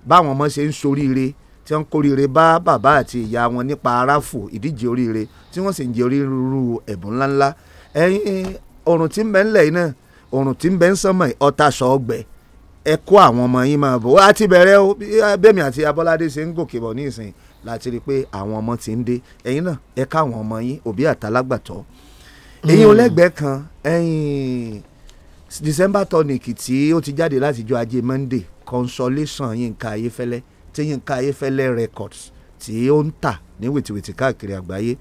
báwọn ọmọ ṣe ń soríire tí wọ́n ń kóríire bá bàbá àti ìyá wọn nípa aráfò ìdíje oríire tí wọ́n sì ń jẹ onírúurú ẹ̀bùn ńláńlá ẹ̀yin ọ̀rùn tí ń bẹ ńlẹ̀ yìí náà ọ̀rùn tí ń bẹ ń sánmọ̀ ọ̀tá sọ̀ọ́gbẹ̀ ẹ kó àwọn ọmọ yín máa bọ̀ á ti bẹ̀rẹ̀ o bẹ́ẹ̀mi àti abọ́ládé ṣe ń gòkè bọ̀ ní ìsìn láti rí i pé àwọn ọmọ ti ń dé ẹ̀yin náà ẹ ká àwọn ọmọ yín òbí àtàlágbàtọ́ eyín olẹ́gbẹ̀ẹ́ hmm. kan ẹ̀yìn December tonic tí ó ti jáde láti jọ ajé Monday consolation Yínká Ayéfẹ́lẹ́ tí Yínká Ayéfẹ́lẹ́ records tí ó ń tà ní wìtìwìtì káàkiri àgbáyé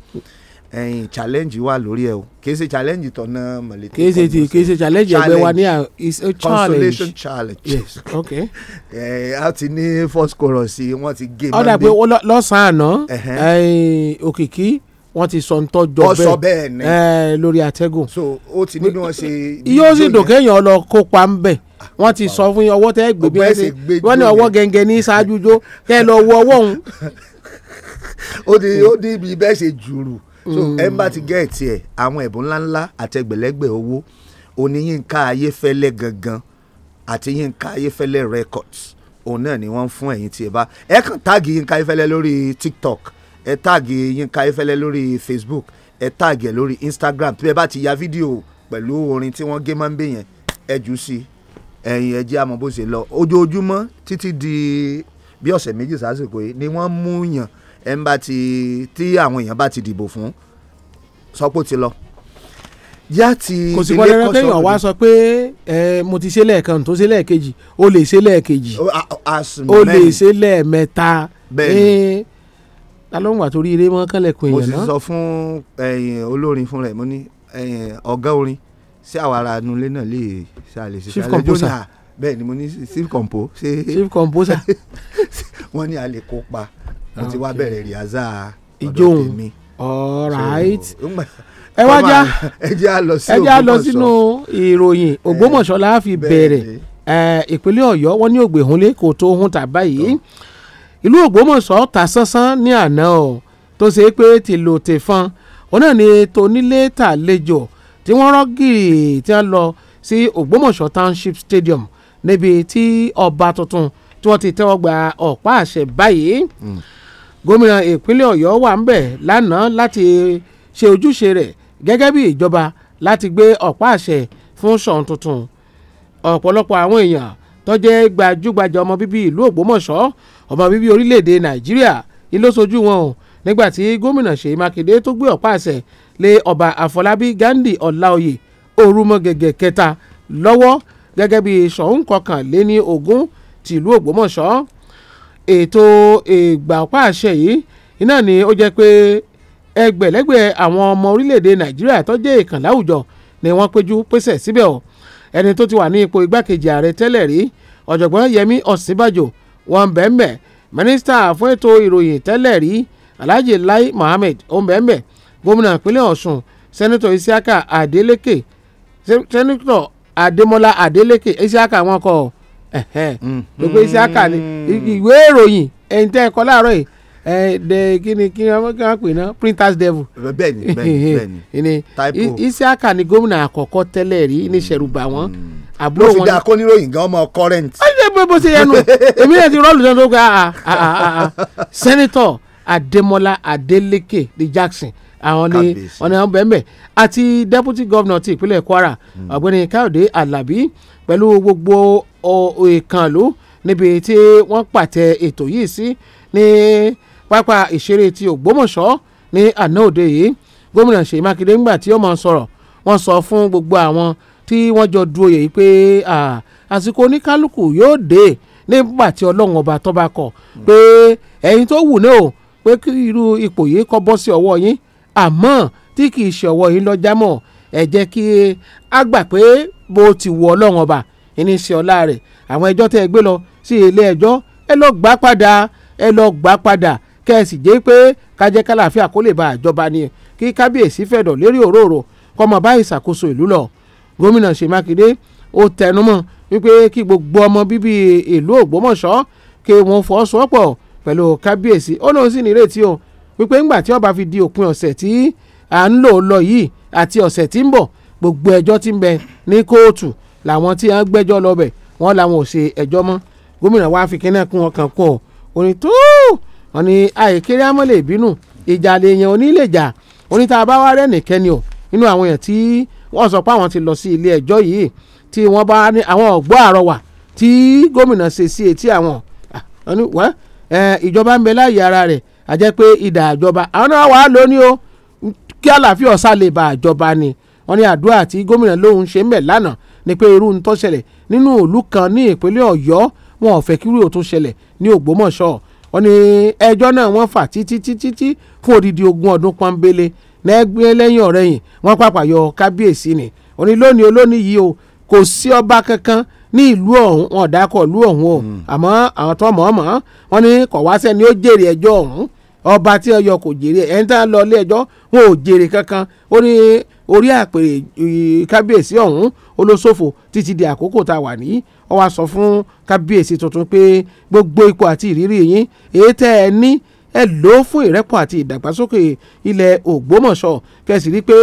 ẹyin challenge wà lórí ẹ o kìí ṣe challenge tọ̀nà mọ̀lẹ́tì kìí ṣe ti kìí ṣe challenge ẹgbẹ́ wa ní à is a challenge consolation challenge yes okay. ẹ a ti ní first chorus wọn ti gé monday. ọ̀dà pé lọ́sàn-án àná òkìkí wọ́n ti sọ ntọ́jọ bẹ́ẹ̀ lórí atẹ́gùn. so ó ti ní bí wọ́n ṣe. yóò sì dùn kéèyàn lọ kópa ń bẹ̀ ah, wọ́n ti sọ fún yín ọwọ́ tẹ́ gbé bí wọ́n ní ọwọ́ gẹ́gẹ́ ní ṣáájú jó kẹ́ lọ wọ ọwọ́ òun. ó ní ó ní ibi bẹ́ẹ̀ ṣe jùrù so mm. ẹ bá ti gẹ́ ẹ̀tì ẹ̀ àwọn ẹ̀bùn ńláńlá àtẹgbẹ̀lẹ́gbẹ̀ owó oníyínká ayéfẹ́lẹ́ gangan àti yínká ayéfẹ́lẹ́ records òun náà ni wọ́n fún ẹ̀yìn tí ẹ bá ẹ kàn táàgì yínká ayéfẹ́lẹ́ lórí tiktok ẹ táàgì Yínká Ayéfẹ́lẹ́ lórí Facebook ẹ táàgì ẹ lórí Instagram tí ẹ bá ti ya fídíò pẹ̀lú orin tí wọ́n gé máa ń bè yẹn ẹ jù sí ẹ̀yìn ẹ àmọ́ bó ṣe lọ ojoojúmọ́ títí di bí ọ̀sẹ̀ méjì sásìkò yìí ni wọ́n mú yàn ẹ̀ ń bá ti tí àwọn èèyàn bá ti dìbò fún sọ́pọ̀ ti lọ yá ti ilé kọsọdún kò sí pọnrẹrẹ kéèyàn wá sọ pé mo ti ṣe lẹ́ẹ̀kan tó ṣe lẹ́ẹ̀kejì o lè ṣe lẹ́ẹ̀kejì o lè ṣe lẹ́ẹ̀mẹ́ta bẹ́ẹ̀ni ta ló ń wà torí eré mọ́ kánlẹ̀kùn èèyàn náà. mo sì sọ fún eh, olórin fúnra ẹ̀ mo ní eh, ọ̀gá orin sí àwọn ará nulẹ̀ náà lè ṣàlẹ̀ ṣe ṣàlẹ̀ jóná bẹ́ẹ̀ ni mo ní chief compo ṣe chief composer wọ́n ní a lè kópa mo ti wá bẹ̀rẹ̀ rìhásà ọ̀dọ̀ tèmi. all right ẹ wá já ẹ já lọ sínú ìròyìn eh, Ògbómọ̀ṣọ́ la fi bẹ̀rẹ̀ ìpínlẹ̀ Ọ̀yọ́ wọ́n ní ògbè hunlé kò tó hun tà báyìí ìlú Ògbómọ̀ṣọ́ ta sánsán ní àná o tó ṣe pé tìlù tìfọn òun náà ni tonílé tàlejò tí wọ́n rọ́gìrì tí wọ́n lọ sí Ògbómọ̀ṣọ́ Township Stadium níbi tí ọba tuntun tí wọ́n ti tẹ́wọ́ gba ọ̀pá àṣẹ báyìí hmm. gómìnà ìpínlẹ̀ Ọ̀yọ́ wà ń bẹ̀ lánàá láti ṣe ojúṣe rẹ̀ gẹ́gẹ́ bí ìjọba láti gbé ọ̀pá àṣẹ fún Ṣọ̀ún tuntun ọ̀pọ̀lọpọ̀ àwọn èèyàn tó jẹ́ gbajúgbajà ọmọ bíbí ìlú Ògbómọ̀ṣọ́ ọmọ bíbí orílẹ̀-èdè Nàìjíríà ilé ṣojú wọn o nígbà tí gómìnà Ṣèyí Mákindé tó gbé ọ̀pá àṣẹ lé ọba Àfọlábí Gandhi Ọláoyè òrùmọ̀gẹ̀gẹ̀ kẹta lọ́wọ́ gẹ́gẹ́ bí sọ̀hún kọkànléní ogún tìlú Ògbómọ̀ṣọ́ ètò ìgbà ọ̀pá àṣẹ yìí iná ni ó jẹ́ pé ẹgbẹ̀lẹ́gbẹ̀ àwọn ọmọ orílẹ̀-èdè Nàìjíríà tó jẹ́ ìkànnì àwùjọ ni wọ́n péjú pésẹ̀ síbẹ̀ o ẹni tó ti wà ní ipò igbákejì ààrẹ tẹ́lẹ̀ rí ọ̀jọ̀gbọ́n yẹmi ọ̀sínbàjò wọn bẹ́ẹ̀nbẹ́ mínísítà fún ètò ìròyìn tẹ́lẹ̀ rí alhaji lai mohammed òun bẹ́ẹ̀nbẹ́ gómìnà ìpínlẹ̀ ọ̀ṣun sẹ́nitọ̀ isiaka adeleke sẹ́nitọ̀ adémọ́lá adeleke isiaka wọn kọ mm-hmm. gbogbo isiaka ni ìwé ìròyìn ẹ̀yìn tẹ́ láàárọ̀ yìí ẹ dẹ kini kíni ọmọ kí wọn pè ná printers devil. bẹ́ẹ̀ni bẹ́ẹ̀ni bẹ́ẹ̀ni taipo isiaka ni gómìnà àkọ́kọ́ tẹ́lẹ̀ rí ní sẹrùbà wọn hmm. àbúrò wọn. ló fi da akóníròyìn gan ọmọ current. ó ṣe bó ṣe yẹnu èmi yẹn ti rọ́ọ̀lù náà tó gba sẹ́nitọ̀ adémọlá adélékè ní jackson àwọn ni ọ̀nà àwọn bẹ́ẹ̀ bẹ́ẹ̀ àti deputy governor ti ìpínlẹ̀ kwara hmm. ọ̀gbẹ́ni káyọ̀dé alábí pẹ̀lú gbogbo ìkànnlú níbi tí wọ́n pàtẹ ètò yìí sí ní. Si, pápá ìṣeré ti Ògbómọ̀ṣọ́ ní àná òde yìí gómìnà Ṣèyí Mákindé ńgbà tí ó mọ̀ ń sọ̀rọ̀ wọ́n sọ fún gbogbo àwọn tí wọ́n jọ du oyè yìí pé àsìkò oníkálukú yóò dé nígbà tí ọlọ́run ọba tó bá kọ̀ pé ẹ̀yin tó wù náà pé irú ipò yìí kọ́ bọ́ sí ọwọ́ yín àmọ́ tí kì í ṣe ọwọ́ yín lọ́jà mọ̀ ẹ jẹ́ kí a gbà pé bó ti wù ọlọ́run ọba ìní ṣe ọlá rẹ̀ àwọn ẹjọ́ tẹ́ ẹ gbé lọ sí ilé ẹjọ́ ẹ lọ gbà padà ẹ lọ gbà padà kẹ́ẹ̀sì jẹ́ pé kájẹ́ kálàáfíà kó lè ba àjọba ni kí kábíyèsí fẹ̀dọ̀ lérí òróró kọ́mọ bá ìṣàkóso ìlú lọ gómìnà ṣèyí mákindé ó tẹnumọ́ wípé kí gbogbo ọmọ bíbí ìlú ògbómọ̀ṣọ́ kí wọ́n fọwọ́sowọ́pọ̀ pẹ̀lú kábíyèsí ó lóun sì nírètí o wípé ńgbà tí ó bá fi di òpin ọ̀sẹ̀ tí à ń lò lọ yìí àti ọ̀sẹ̀ tí ń bọ̀ gbogbo ẹjọ́ tí ń bẹ ní kóòtù làwọn tí à ń gbẹ́jọ́ lọ bẹ̀ wọ́n làwọn ò ṣe ẹjọ́ mọ́ gómìnà wa fi kínní kún ọkàn kún ọ òní tóó wọ́n ní àìkéré àmọ́lẹ̀ ìbínú ìjà lè yan onílèjà oníta bá wá rẹ́ nìkẹ́ni o nínú àwọn èèyàn tí wọ́n sọ pé àwọn ti lọ sí ilé ẹjọ́ yìí tí wọ́n bá ní àwọn ọ̀gbọ́ àrọwà tí gómìnà ṣe sí etí àwọn ìjọba ń bẹ láàyè ara rẹ̀ àjẹ́ pé ìdà àjọba àwọn náà wà á lóní o kí àlàáfíà ọ̀sà lè ba àjọba ni wọ́n ní àdúrà tí gómìnà lòun ṣe ń bẹ̀ lánàá ni pé irú tó ṣẹlẹ̀ nínú òlú kan ní ìpínlẹ̀ ọ̀yọ́ wọn ò fẹ́ kí irú ò ṣẹlẹ̀ ní ògbómọ̀ṣọ́ wọ́n ní ẹjọ́ náà wọ́n fà títí títí tí fún odidi ogún ọdún pọ́nbélé nẹ́gbẹ́ lẹ́yìn ọ̀rẹ́yìn wọ́n pàpà yọ kábíyèsí ni wọ́n ní lónìí olónìí yìí o kò sí ọba kankan ní ìlú ọ̀hún wọn dákọ̀ ìlú ọ̀hún o hmm. àmọ́ àwọn tó mọ̀ ọ́ mọ̀ wọ́n ní kò wá sẹ́ni ó jèrè ẹjọ́ ọ̀hún ọba tí ọyọ kò jèrè ẹ̀ ń tán lọ ilé ẹjọ́ wọn ò jèrè kankan ó ní orí àpèrè kábíyèsí ọ̀hún olóṣòfò títí di àkókò tá a wà ní ó wá sọ fún kábíyèsí tuntun pé gbogbo ipò àti ìrírí yín èyí tẹ́ ẹ ní ẹ lò ó fún ìrẹ́pọ̀ àti ìdàgbàsókè ilẹ̀ Ògbómọ̀ṣọ́ kẹsì rí pé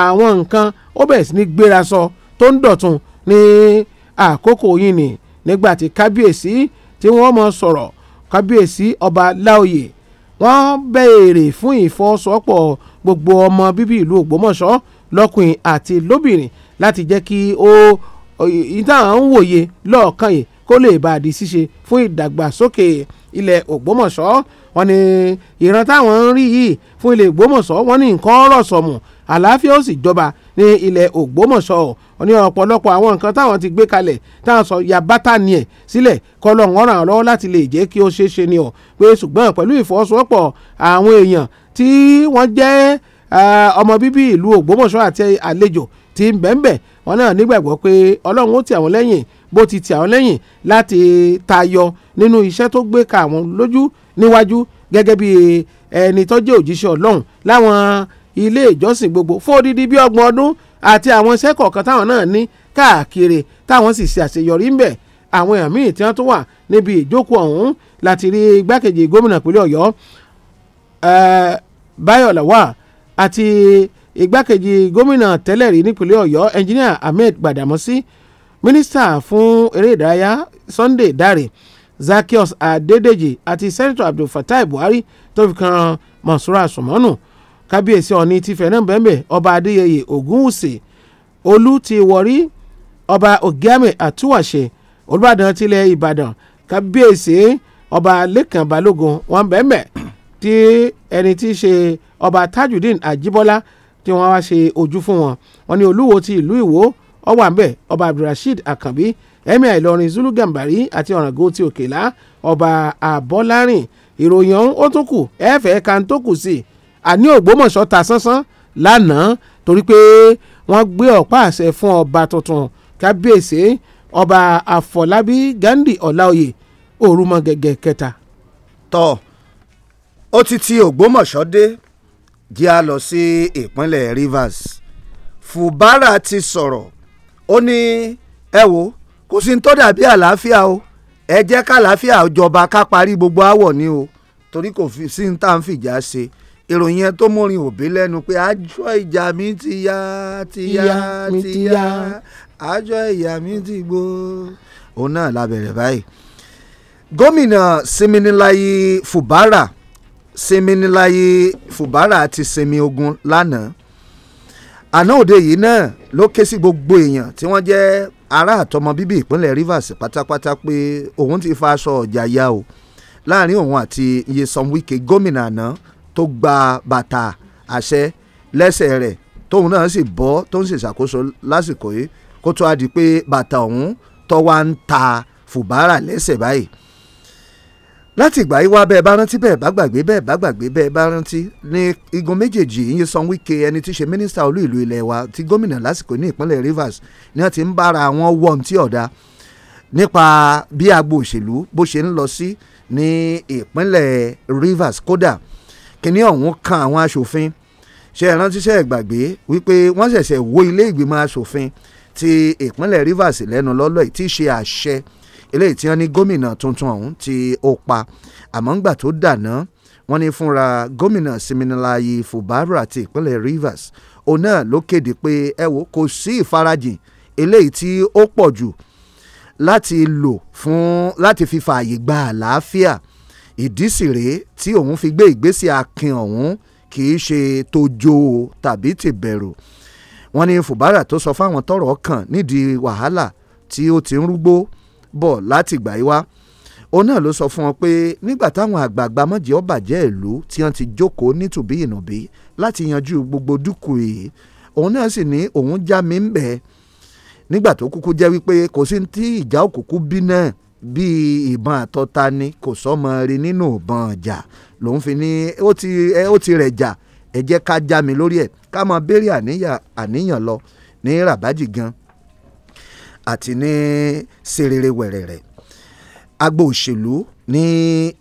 àwọn nǹkan ó bẹ̀rẹ̀ sí ní gbéra sọ tó ń dọ̀tun ní àkókò yìí nì nígbà tí kábíyèsí tí wọ́n mọ̀ sọ̀rọ̀ kábíyèsí ọba láòyè wọ́n béèrè fún ìfọwọ́sowọ́pọ̀ gbogbo ọmọ bíbí ìlú Ògbómọ̀ṣọ́ lọ́kùnrin àti lóbìnrin láti jẹ́ kí ó ìtàn ń wòye lọ́ọ̀kan yìí kó lè bá a di ṣíṣe fún ìdàgbàsókè ilẹ̀ Ògbómọ̀ṣọ́ wọ́n ní ìran táwọn ń rí yìí fún ilẹ̀ Ògbómọ̀ṣọ́ wọ́n ní nǹkan rọ̀ sọ̀mù àlàáfíà ó sì jọba ní ilẹ̀ Ògbómọ̀ṣọ́ wọ́n ní ọ̀pọ̀lọpọ̀ àwọn nǹkan táwọn ti gbé kalẹ̀ táwọn sọ yabata ni ẹ̀ sílẹ̀ kọlọ̀ ń ràn lọ́wọ́ láti lè jẹ́ kí ó ṣeé ṣe ni ọ̀ pé ṣùgbọ́n pẹ̀lú ìfọwọ́sowọ́pọ̀ àwọn èèyàn tí wọ́n jẹ́ ọmọ bíbí ìlú Ògbómọ̀ṣọ́ àti àlejò tí ń bẹ́ńbẹ́ wọn náà nígbàgbọ́ pé ọlọ́run ó tì àwọn lẹ́yìn bó ti tì àwọn lẹ́yìn láti tayọ nínú iṣẹ́ tó gbé ka àwọn lójú níwájú gẹ́gẹ́ bí ẹni tó jẹ́ òjíṣẹ́ ọlọ́run láwọn ilé ìjọsìn gbogbo fún odidi bí ọgbọ̀n ọdún àti àwọn iṣẹ́ kọ̀ọ̀kan táwọn náà ní káàkiri táwọn sì ṣe àṣeyọrí ń bẹ̀ àwọn èèyàn míì tí wọ́n tún wà níbi ìjókòó ọ̀hún láti rí igbákejì gómìnà ìpínlẹ̀ ọ̀yọ́ eh, Báyọ̀ Lawal àti igbákejì gómìnà tẹ́lẹ̀ rí nípínlẹ̀ ọ̀yọ́ ẹnjiníà ahmed gbàdámọ́sí mínísítà fún eré ìdárayá sunday dare zakios adedeji àti sẹ́nitọ̀ abdulfatai buhari tó fi kan mansoura sumonu kábíyèsí ọ̀ní tìfẹ́ náà bẹ́ẹ̀ ọba adéyẹyẹ ògúnwùsì olú ti wọrí ọba ogiame àtúwàṣe olùbàdàn tilẹ̀ ìbàdàn kábíyèsí ọba lẹ́kàn balógun wọn bẹ́ẹ̀ Ti ẹni tí í ṣe ọba tajudeen ajibola tí wọ́n wá ṣe ojú fún wọn wọ́n ní olúwo ti ìlú ìwó ọwà ń ọba abdulrasheed akànbí emir ìlọrin zulu gambari àti ọ̀ràngó ti òkèlá ọba abọ́lárìn ìròyìn ọ̀hún ó tún kù ẹ̀ẹ́fẹ̀ẹ́ kan tó kù sí àní ògbómọ̀ṣọ́ ta sánsán lánàá torí pé wọ́n gbé ọ̀pá àṣẹ fún ọba tuntun kábíyèsí ọba àfọlábí gandhi ọláoyè òrùmọ̀gẹ̀gẹ̀ kẹta. tọ́ ó ti ti ògbómọ̀ṣọ́ dé jẹ́ a lọ sí ìpínlẹ̀ Rivers Fubara ti sọ̀rọ̀ ó ní ẹ wo kò sí tó dàbí àlàáfíà o ẹ jẹ́ kàlàáfíà ìjọba ká parí gbogbo àwọ̀ ni o torí kò fi sí ní tá à ń fìjà ṣe ìròyìn yẹn tó mórin òbí lẹ́nu pé àjọ ìjà mi ti yá ti yá ti yá àjọ ìyá mi ti gbó òun náà la bẹ̀rẹ̀ báyìí gómìnà Siminalayi Fubara sinmi níláyé fùbárà ti sinmi ogun lánàá àná òde yìí náà ló ké sí gbogbo èèyàn tí wọ́n jẹ́ ará àtọmọ bíbí ìpínlẹ̀ Rivers pátápátá pé òun ti fa aṣọ ọ̀jà ya o láàrin òun àti Nyesom Wike gómìnà àná tó gba bàtà àṣẹ lẹ́sẹ̀ rẹ̀ tóun náà sì bọ́ tó ń ṣèṣàkóso lásìkò yìí kó tó a di pé bàtà ọ̀hún tó wá ń ta fùbárà lẹ́sẹ̀ báyìí láti ìgbà yìí wá bẹ́ẹ̀ bá rántí bẹ́ẹ̀ bá gbàgbé bẹ́ẹ̀ bá gbàgbé bẹ́ẹ̀ bá rántí ní igun méjèèjì ìyẹn san Wike ẹni tí í ṣe mínísítà olú ìlú ilẹ̀ wa ti gómìnà lásìkò ní ìpínlẹ̀ Rivers ni wọ́n ti ń bára wọn wọ́n tí ọ̀dà nípa bí agbo òṣèlú bó ṣe ń lọ sí ní ìpínlẹ̀ Rivers kódà kíní ọ̀hún kan àwọn aṣòfin ṣe ìrántíṣẹ́ ìgbàgbé wípé wọ́n ṣẹ̀ṣẹ̀ wó ilé ìgbìmọ̀ aṣòfin ti ìpínlẹ̀ Rivers lẹ́nu lọ́lọ́ eléyìí tí wọ́n ní gómìnà tuntun ọ̀hún tí ó pa àmọ́ ńgbà tó dàná wọ́n ní fúnra gómìnà Siminalayi Fubara ti ìpínlẹ̀ Rivers òun náà ló kéde pé ẹ wo kò sí ìfarajìn eléyìí tí ó pọ̀ jù láti lò fún láti fi fààyè gba àlàáfíà ìdí sì rèé tí òun fi gbé ìgbésẹ̀ akin ọ̀hún kì í ṣe tójó tàbí tìbẹ̀rù wọ́n ní Fubara tó sọ fáwọn tọ́rọ̀ kàn nídìí wàhálà tí ó ti ń rúgbó bọ̀ látìgbà yìí wá òun náà ló sọ fún wọn pé nígbà táwọn àgbààgbà mọ̀jẹ̀ ọ̀bàjẹ́ ìlú tí wọ́n ti jókòó nítòbí ìnàbí láti yanjú gbogbo dúkùú yìí òun náà sì ní òun já mi ń bẹ̀ nígbà tó kúkú jẹ́ wípé kò sí tí ìjà òkùnkùn bí náà bíi ìbọn àtọ́ta ni kò sọ́mọ rí nínú ìbọn ọjà lòun fi ní ó ti rẹ̀ jà ẹ ká já mi lórí ẹ̀ ká mọ béèrè àníyàn lọ ní ràbájì gan àti ní serere wẹ̀rẹ̀rẹ̀ agbo òṣèlú ní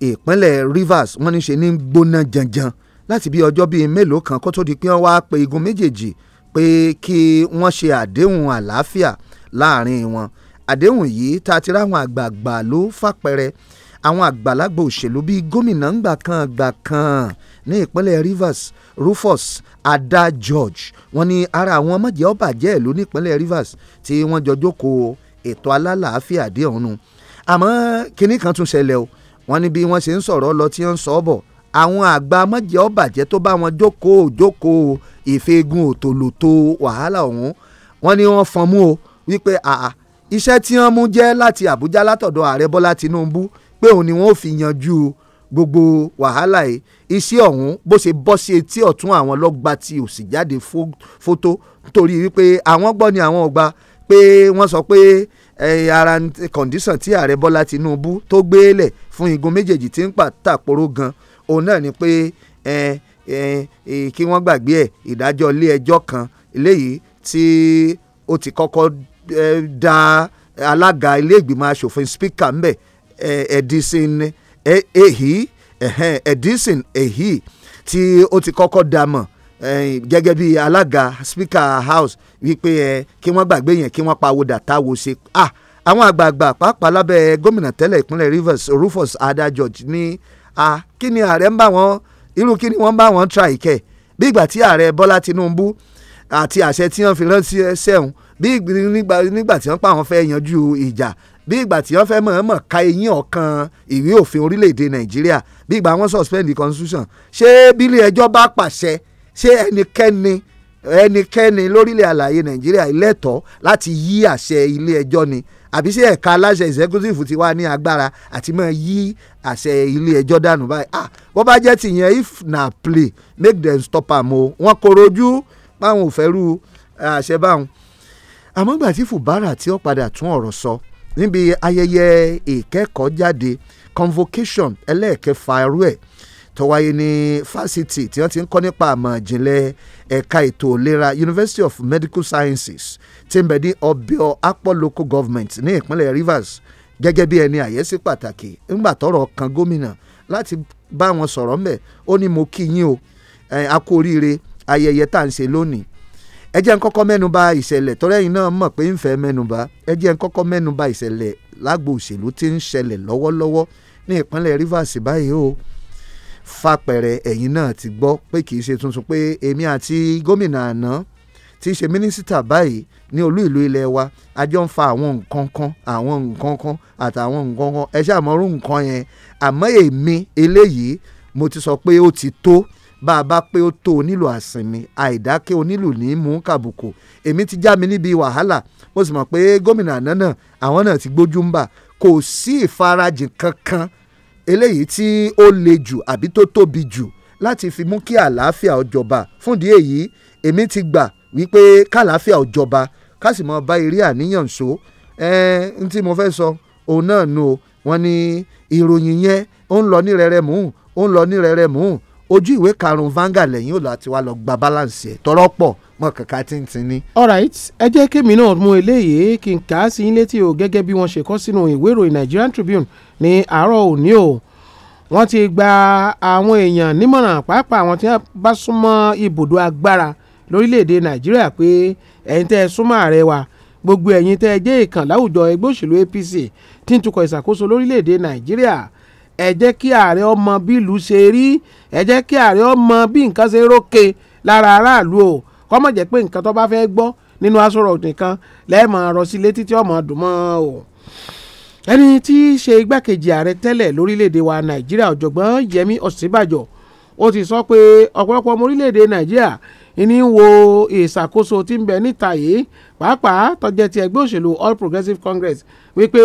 ìpínlẹ̀ Rivers wọ́n ní ṣe ní gbóná janjan láti bí ọjọ́ bíi mélòó kan kó tó di pé wọ́n wá pe igun méjèèjì pé kí wọ́n ṣe àdéhùn àlàáfíà láàrin wọn àdéhùn yìí ta ti ráwọn àgbààgbà ló fàpẹrẹ àwọn àgbàlagbà òṣèlú bíi gómìnà ńgbà kan àgbà kan ní ìpínlẹ̀ Rivers Rufus Ada George wọ́n ní ara àwọn mọ̀jẹ̀ ọba jẹ́ ìlú ní ìpínlẹ̀ Rivers tí wọ́n jọ jókòó ètò alálàáfíà dé ọ̀hún nu àmọ́ kinní kan tún ṣẹlẹ̀ o wọ́n ní bí wọ́n ṣe ń sọ̀rọ̀ lọ tí wọ́n ń sọ ọ́ bọ̀ àwọn àgbà mọ̀jẹ̀ ọba jẹ́ tó bá wọn jókòó jókòó ìfẹ́gun òtòlótò wàhálà ọ̀hún wọ́n ní wọ́n fọn mú o wípé àà iṣẹ́ tí wọ́n mú jẹ́ láti Àbújá látọ̀dọ̀ ààrẹ Bọ́lá Tinubu pé òun ni wọ́n fi yanjú gbogbo wàhálà yìí iṣẹ́ ọ̀hún bó ṣe bọ́ sí etí ọ̀tún àwọn lọ́gba tí ò sì jáde fótó nítorí wípé àwọn gbọ́ ni àwọn ọgbà pé wọ́n sọ pé ara kọ̀ǹdíṣàn tí ààrẹ Bọ́lá Tinubu tó gbélẹ̀ fún igun méjèèjì tí ń pàtàkóró gan òun náà ni pé kí wọ́n gbàgbé ẹ̀ ìdájọ́ ilé ẹjọ́ kan eléyìí tí ó ti kọ́kọ́ dá alága ilé ìgbìmọ̀ asòfin spíkà ńbẹ̀ ẹ̀ẹ́dínsìn èhí edison èhí tí ó ti kọ́kọ́ dá mọ̀ gẹ́gẹ́ bí alága speaker house wípé ẹ kí wọ́n gbàgbé yẹn kí wọ́n pa wòdà táwo ṣe ah àwọn àgbààgbà pàápàá lábẹ́ gómìnà tẹ́lẹ̀ ìpínlẹ̀ rivers rufus ada george ní a kí ni ààrẹ ń bá wọn irú kí ni wọ́n bá wọn tra ìkẹ́ bí ìgbà tí ààrẹ bọ́lá tinubu àti àṣẹ tí wọ́n fi ránṣẹ́ sẹ́hùn bí nígbà tí wọ́n pa àwọn fẹ́ yanjú ìjà bí ìgbà tí wọ́n fẹ́ mọ̀ọ́mọ̀ ka eyín ọ̀kan ìwé òfin orílẹ̀-èdè nàìjíríà bí ìgbà wọ́n suspend the constitution ṣé bílé ẹjọ́ bá pàṣẹ ṣé ẹnikẹ́ni ẹnikẹ́ni lórílẹ̀ àlàyé nàìjíríà ilẹ̀tọ́ láti yí àṣẹ ilé ẹjọ́ ni àbí ṣé ẹ̀ka aláṣẹ executive ti wá ní agbára àti máa yí àṣẹ ilé ẹjọ́ dànù báyìí ah bó bá jẹ́ tìyẹn if na play make dem stop am o wọ́n korojú báwọn ò fẹ́ rú àṣẹ báwọn àmọ́ gbà tí fùbárà tí ó padà tún ọ̀rọ̀ sọ so níbi ayẹyẹ ìkẹ́kọ̀ọ́jáde convocation ẹlẹ́ẹ̀kẹfà irú ẹ̀ tó wáyé ní fásitì tí wọ́n ti ń kọ́ nípa àmọ̀ ìjìnlẹ̀ ẹ̀ka ètò ìlera University of Medical Sciences tí ń bẹ ní Obio Akpo Local Government ní ìpínlẹ̀ Rivers gẹ́gẹ́ bí ẹni àyẹ́sí pàtàkì ńgbà tọ́rọ̀ kan gómìnà láti bá wọn sọ̀rọ̀ ńbẹ̀ ó ní mo kí yín o a kú oríire ayẹyẹ tá à ń ṣe lónìí ẹ jẹ́ n kọ́kọ́ mẹ́nuba ìṣẹ̀lẹ̀ tọ́lẹ́yìn náà mọ̀ pé ń fẹ́ mẹ́nuba ẹ jẹ́ n kọ́kọ́ mẹ́nuba ìṣẹ̀lẹ̀ lágbo òṣèlú tí ń ṣẹlẹ̀ lọ́wọ́lọ́wọ́ ní ìpínlẹ̀ Rivers báyìí o fapẹ̀rẹ̀ ẹ̀yìn náà ti gbọ́ pé kì í ṣe tuntun pé èmi àti gómìnà àná tí í ṣe mínísítà báyìí ní olú ìlú ilẹ̀ wa a jọ ń fa àwọn nǹkan kan àwọn nǹkan kan àtàwọn nǹkan kan ẹ ṣàmọ́rú nǹkan yẹn àmọ́ èmi eléyìí mo ti sọ pé ó ti tó bá a bá pé ó tó onílù àsìnmi àìdákẹ́ onílù ní mú kàbùkù èmi ti já mi níbi wàhálà mo sì mọ̀ pé gómìnà àná náà àwọn náà ti gbójú ń bà kò sí ìfarajìn kankan eléyìí tí ó le jù àbí tó tóbi jù láti fi mú kí àlàáfíà ó jọba fúndì èyí èmi ti gbà wípé kàlàáfíà ó ká sì mọ bá eré àníyàn so ẹ n tí mo fẹ́ sọ òun náà nù o wọ́n ní ìròyìn yẹn ó ń lọ ní rẹ̀rẹ̀ mú ó ń lọ ní rẹ̀rẹ̀ mú ojú ìwé karùn-ún Vanguard lẹ́yìn òòlù àti wàá lọ gba balance ẹ̀ tọrọ pọ̀ mọ kankan tí alright ẹ jẹ́ kémi náà mú eléyìí kí n kà á sí yín létí o gẹ́gẹ́ bí wọ́n ṣe kọ́ sínú ìwé ìròyìn Nigerian Tribune ní àárọ̀ òní o wọ́n ti gba àwọn èèyàn nímọ̀ràn pàápàá àwọn tí wọ́n bá súnmọ́ ibùdó agbára lórílẹ̀‐èdè nàìjíríà pé ẹ̀yin tẹ́ ẹ súnmọ́ ààrẹ wa gbogbo ẹ̀yin tẹ́ ẹ jẹ́ ìkàn láwùjọ ẹgbẹ́ òṣèlú APC tí ń tukọ̀ ìṣàkóso lórílẹ̀‐èdè nàìjíríà ẹ jẹ́ kí ààrẹ ọmọ bí ìlú ṣe rí ẹ jẹ́ kí ààrẹ ọmọ bí nǹkan ṣe rókè lára aráàlú o kọ́mọ̀ jẹ́ pé nǹkan tó bá fẹ́ gbọ́ nínú aṣọ rọ̀ nìkan lẹ́ẹ̀mọ̀ ọ̀rọ̀ sí létí tí ọmọ dùn mọ́ o ẹni tí í ṣe igbákejì ààrẹ tẹ́lẹ̀ lórílẹ̀‐èdè wa nàìjíríà ọ̀jọ̀gbọ́n yẹmi ọ̀sínbàjò ó ti sọ pé ọ̀pọ̀lọpọ̀ ọmọ orílẹ̀‐èdè nàìjíríà ní wo ìṣàkóso tí ń bẹ níta yìí pàápàá tó jẹ́ ti ẹgbẹ́ òṣèlú all progressives congress wípé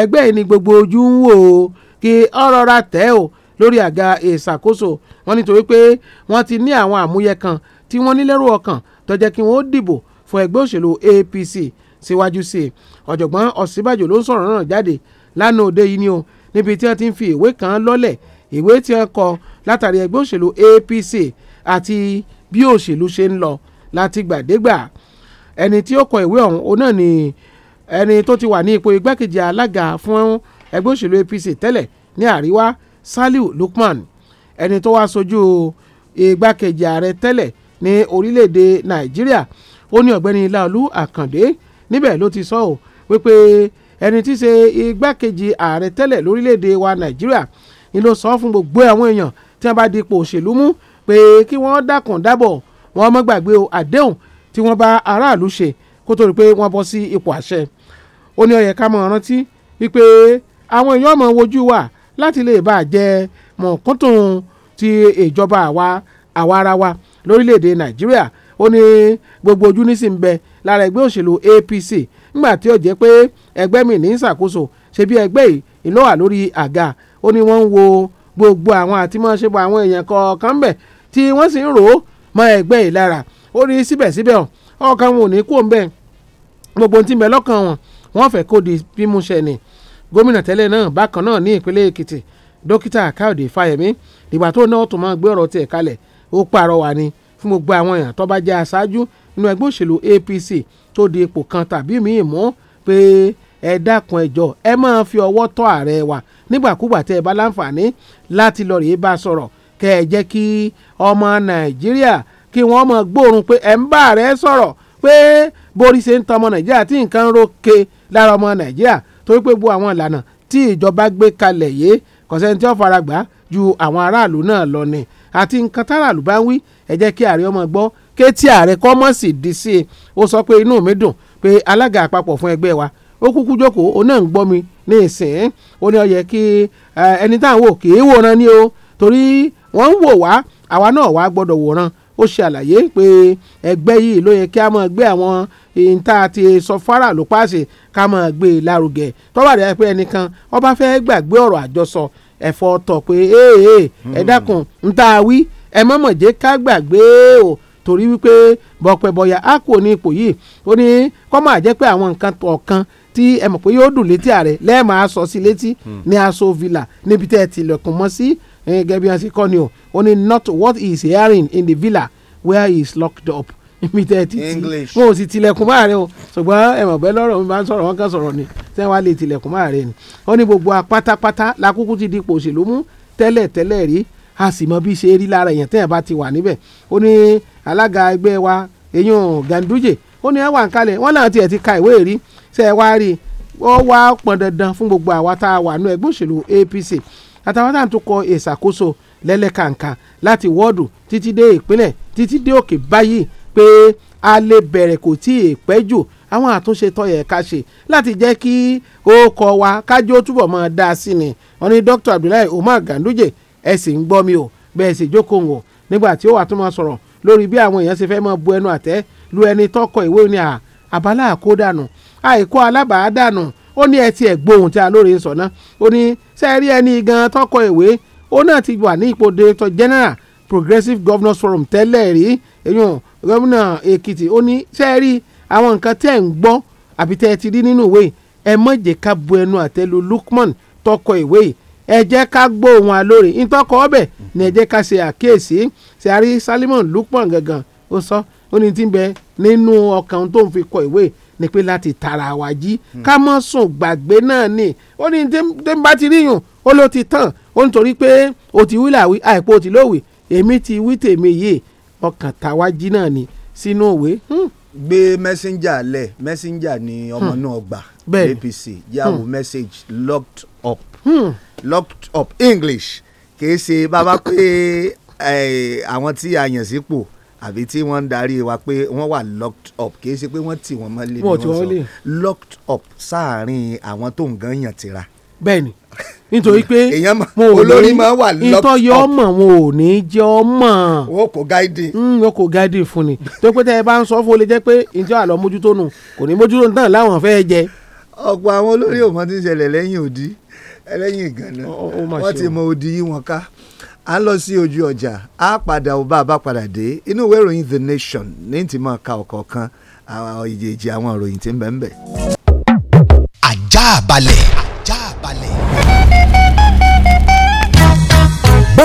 ẹgbẹ́ yìí ni gbogbo ojú ń wò ó kí ọ rọra tẹ́ ò lórí àga ìṣàkóso wọn nítorí pé wọ́n ti ní àwọn àmúyẹ kan tí wọ́n ní lẹ́rù ọkàn tó jẹ́ kí wọ́n dìbò fún ẹgbẹ́ òṣèlú APC síwájú sí i ọ̀jọ̀gbọ́n Ọ̀sínbàjò ló ń sọ̀rọ̀ náà jáde lánàá òde yìí ni o níbi tí wọ́n ti ń fi ìwé kan lọ́lẹ̀ ìwé tí wọ́n kọ látàrí ẹgbẹ́ òṣèlú APC àti bí òṣèlú ṣe ń lọ láti gbàdégbà ẹni tí ó kọ ìwé ọ̀hún òun náà ni ẹni tó ti wà ní ipò igbákejì alága fún ẹgbẹ́ òṣèlú APC tẹ́lẹ̀ ní àríwá Saliu Lukman ẹni tó wá sojú igbákejì ààrẹ tẹ́lẹ̀ ní orílẹ̀-èdè Nàìjíríà ó ní ọ̀gbẹ́ni Láolú Àkàndé níbẹ̀ ló ti sọ ọ́ wípé ẹni tí í ṣe igbákejì ààrẹ tẹ́lẹ̀ lórílẹ̀‐èdè wa nàìjíríà ni ló sọ fún gbogbo àwọn èèyàn tí wọ́n bá di ipò òṣèlú mú pé kí wọ́n dákun dábọ̀ wọ́n má gbàgbé o àdéhùn tí wọ́n bá aráàlú ṣe kó tó rí pé wọ́n bọ́ sí ipò àṣẹ. ó ní ó mọ̀ rántí wípé àwọn èèyàn ọmọ wojú wa láti lè bá a jẹ mọ̀kúntùn ti ìjọba àwa àwa wa lórílẹ̀‐èdè nàìjíríà ó ní gbogbo ojú nísìn bẹ lára ẹgbẹ́ òṣèlú APC ńgbà tí ó jẹ́ pé ẹgbẹ́ mi ní ìṣàkóso ṣe bí ẹgbẹ́ yìí ìlú wà lórí àga ó ní wọ́n ń wo gbogbo àwọn àtìmọ́ṣepọ̀ àwọn èèyàn kọ̀ọ̀kan bẹ̀ tí wọ́n sì ń rò ó mọ ẹgbẹ́ yìí lára ó ní síbẹ̀síbẹ̀ ọkàn wọn ò ní kó ń bẹ̀ gbogbo ohun tí ń bẹ lọ́kàn wọn wọ́n fẹ́ kó di mímúṣẹ ni gómìnà tẹ́lẹ̀ náà bákan náà ní ìpínlẹ̀ èkìtì dókítà káyọ̀dé fáyẹ̀mí ìgbà tó náà tó máa gbé ọ̀rọ̀ tiẹ̀ kalẹ̀ ó pàrọwà ni fún gbogbo àwọn èèyàn tó bá jẹ́ aṣáájú nínú ẹgbẹ́ òṣèlú apc tó di ipò kan tàbí míì mú pé ẹ dákun ẹjọ ẹ máa fi ọwọ́ tọ́ ààrẹ wa nígbàkúgbà tẹ́ ẹ bá láǹfààní láti lọ rèé bá sọ̀rọ̀ kẹ́ ẹ jẹ́ kí ọmọ nàìjíríà kí wọ́n máa gbóòórùn pé ẹ ń bá ààrẹ sọ̀rọ̀ pé borí ṣe ń tọmọ nàìjíríà tí nǹkan ń roke lára ọmọ nàìjíríà torí pé gbogbo àwọn ìlànà tí ìjọba gbé kalẹ̀ yé kọ̀sẹ́ni tí ó fara gbà ju àwọn aráàlú náà lọ ni àti nǹkan táráàlú bá ń wí ẹ jẹ́ kí ààrẹ ọmọ gbọ́ ké tí ààrẹ kọ́mọ̀sì dì sí i ó sọ pé inú mi dùn pé alága àpapọ̀ fún ẹgbẹ́ wa ó kúkú jókòó ó náà ń gbọ́ mi ní ìsìn ó ní ó yẹ kí ẹni táwọn wò kì í wòran ni o torí wọ́n ń wò wá àwa náà wá gbọ́dọ̀ wòran ó ṣe àlàyé pé ẹgbẹ́ yìí ló yẹ kí a máa gbé àwọn ìta àti sọ faraàlú pàṣẹ ká máa gbé e lárugẹ tọ́wọ́ àdé pé ẹnìkan ọba fẹ́ gbàgbé ọ̀rọ̀ àjọsọ ẹ̀fọ́ tọ̀ pé ee ẹ hmm. dákun ń wí ẹ mọ̀mọ̀ jẹ́ ká gbàgbé o torí wípé bọ̀pẹ̀ bọ̀yà á kò ní ipò yìí ó ní kọ́ máa jẹ́ pé àwọn nǹkan ọ̀kan tí ẹ mọ̀ pé yóò dùn létí ààrẹ lẹ́ẹ̀ máa sọ sí létí hmm. ní aṣọ villa níbi tẹ́ ẹ tilẹ̀kùn mọ́ sí gẹ́gẹ́ bí wọ́n ti kọ́ ni o ó ní not what he is hearing in the villa where he is locked up ibi tẹ́ ti ti wọn ò sì tilẹ̀kùn máa rẹ o ṣùgbọ́n ẹ̀mọ̀ bẹ́ẹ̀ lọ́rọ̀ mi máa ń sọ̀rọ̀ wọn kàn sọ̀rọ̀ ni tí wọ́n á lè tilẹ̀kùn máa rẹ ni ó ní gbogbo apátápátá lakúkú ti di pòṣèlú mú tẹ́lẹ̀ tẹ́lẹ̀ rí a sì mọ bí ṣe rí lára èèyàn tẹ́yàn bá ti wà níbẹ̀ ó ní alága ẹgbẹ́ wa èyàn Ganduje ó ní ẹ wà ń kalẹ̀ wọ́n náà tiẹ̀ ti ka ìwé rí ṣe é wá rí ó wá pọn dandan fún gbogbo àwa tá a wà nú ẹgbẹ́ òṣèlú APC àtàwọn táwọn tó kọ ìṣàkóso lẹ́lẹ́kàǹkà láti wọ́ọ̀dù títí dé ìpínlẹ̀ títí dé òkè báyìí pé a lè bẹ̀rẹ̀ kò tí ì pẹ́ jù àwọn àtúnṣe tó yẹ ká ṣe láti jẹ́ kí ó kọ wa kájú ó túbọ̀ mọ́ dáa sí ni wọ́n ní Dr. Abdullahi Umar Ganduje ẹ sì ń gbọ́ mi o bẹ́ẹ̀ sì jókòó wọ̀ nígbà tí ó wà tó máa sọ̀rọ̀ lórí bí àwọn èèyàn ṣe fẹ́ máa bu ẹnu àtẹ́ lu ẹni tọkọ ìwé ni àbálà àkódànù àìkó alábàádànù ó ní ẹ tiẹ̀ gbóhùn tí alóore sọ náà ó ní sẹ́ẹ̀rí ẹni gan tọkọ ìwé ó náà ti wà ní ipò director general progressive governors forum tẹ́lẹ̀ rí èyàn gómìnà èkìtì ó ní sẹ́ẹ̀rí àwọn nǹkan tẹ́ ẹ̀ ń gbọ́ àbí tẹ́ ẹ ti rí nínú ìwé ẹ má jẹ́ ká bu ẹnu àtẹ́lu lukman tọkọ ìwé yìí ẹ jẹ́ ká gbóhùn alóore ìtọ́kọ ọbẹ̀ ni ẹ jẹ́ ká ṣe àkíyèsí sẹ́ẹ̀rí salimon lukman gangan ó sọ ó ní tí ń bẹ nínú ọkàn tó ń fi kọ ìwé ni pé láti tara wa jí ká mọ́ sùn gbàgbé náà ni ó ní tẹ́ńbà ti ríyùn ó ló ti tàn ó nítorí pé o ti wí làwí àìpé o ti lówì èmi ti wí tèmi yìí ọkàn tàwa jí náà ni sínú òwe. Hmm. gbé messenger lẹ messenger ni ọmọ hmm. náà gbà apc yahoo hmm. message locked up locked up english kì í ṣe bàbá pé àwọn tí a yàn sípò àbí tí wọ́n ń darí wa pé wọ́n wà locked up kì í ṣe pé wọ́n tì wọ́n mọ́lé ni wọ́n sọ locked up sáàárín àwọn tó ń gan yàn tira. bẹ́ẹ̀ni nítorí pé wọn ò ní ìtọ́ yọ ọmọ wọn ò ní jẹ́ ọmọ. wọn kò gáìdì. Hmm, wọn kò gáìdì fún ni tó pé tẹ ẹ bá ń sọ fún o lè jẹ́ pé ìjọ àlọ́ mójútó nù kò ní mójútó náà láwọn fẹ́ jẹ. ọ̀pọ̀ àwọn olórí ò mọ ti ń ṣẹlẹ̀ lẹ́yìn òdì lẹ́yìn ìgànnà wọ́n ti mọ odi yí ká à ń lọ sí ojú ọjà a padà ó bá a bá padà dé inú ìwé ìròyìn The Nation ní ti máa ka ọ̀kọ̀ọ̀kan àwọn àwọn ìròyìn tí ń bẹ ń bẹ. ajá balẹ̀ ajá balẹ̀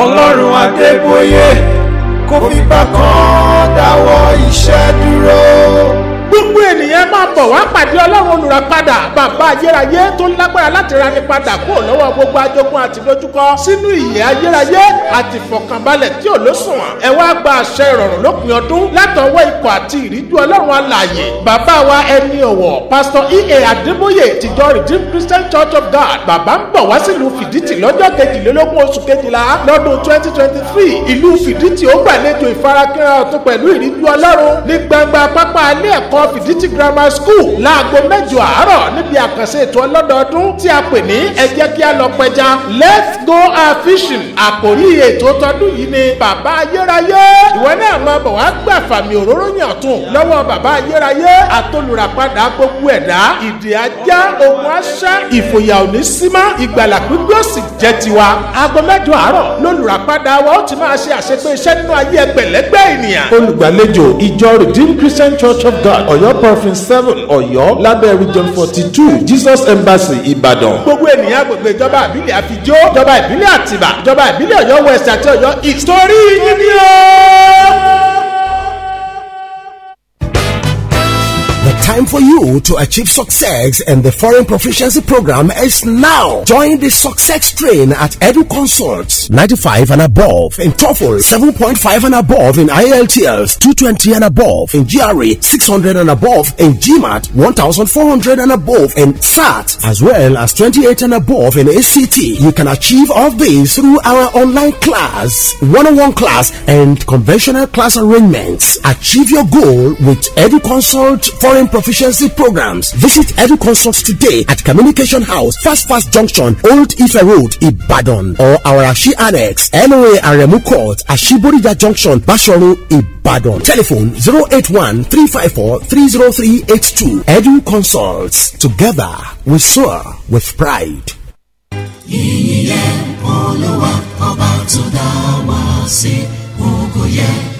ọlọ́run adébóyè kò fipá kan dáwọ́ iṣẹ́ dúró gbogbo ènìyàn máa bọ̀ wá pàdé ọlọ́run olùràpadà bàbá ayérayé tó lágbára láti rani padà kúrò lọ́wọ́ gbogbo ajogun àti dojúkọ sínú ìyè ayérayé àti ìfọ̀kànbalẹ̀ tí ò lóṣùwọ̀n ẹ wá gba àṣẹ ìrọ̀rùn lópin ọdún látọwọ́ ikọ̀ àti ìríjú ọlọ́run alààyè bàbá wa ẹni ọ̀wọ̀ pásítọ̀ ea adébóyè tìjọ redeemed christian church of god bàbá ń bọ̀ wá sílùú fìdítì lọ́jọ́ kejìlélógún oṣù kejìlá lọ́dún twenty twenty three ìlú fìdítì ó gbàlejò ìfarakínra ọ̀tún pẹ̀lú ìríjú ọlọ́run ní gbangba pápá ilé ẹ̀kọ́ ọmọ fìdítì grammar school láago mẹ́jọ àárọ̀ níbi àkànṣe ètò ọlọ́dọọdún tí a pè ní ẹ jẹ́ kí a lọ pẹja let's go fishing àkòrí ètò tọdún yìí ni bàbá ayérayé ìwọ náà máa bọ̀ wá gbà fàmì òróró yàn tún lọ́wọ́ bàbá ayérayé àtolùràpadà gbogbo ẹ̀dá ìdè ajá ogun aṣá ìfòyà òní símá ìgbàlà gbígbó sì jẹ́ tiwa aago mẹ́jọ àárọ̀ lólùràpadà wa ó ti máa ṣe àṣepé iṣẹ́ nínú ayé ẹgbẹ̀lẹ́gbẹ̀ ènìyàn olùgbàlejò ìjọ redeemed christian church of god ọ̀yọ́ province seven ọ̀yọ́ lábẹ́ region forty two jesus embassy ìbàdàn. gbogbo ènìyàn agbègbè ìjọba ìbílẹ̀ àfijó ìjọba ìbílẹ̀ àtìbà ìjọba ìbílẹ̀ ọ̀yọ́ west àti ọ̀yọ́ east. torí yín ni ó. time for you to achieve success and the foreign proficiency program is now. Join the success train at Edu Consults 95 and above in TOEFL 7.5 and above in IELTS 220 and above in GRE 600 and above in GMAT 1400 and above in SAT as well as 28 and above in ACT. You can achieve all these through our online class, one-on-one class and conventional class arrangements. Achieve your goal with Edu Consult Foreign proficiency programs. Visit EduConsult today at Communication House, Fast Fast Junction, Old Ife Road, Ibadan, or our Ashi Annex, NOA Aremu Court, Ashiborija Junction, Bashoru, Ibadan. Telephone 081 354 30382. Edu Consults. Together, we soar with pride. yìnyín yẹ olúwa ọba tó dá wa sí ògo yẹ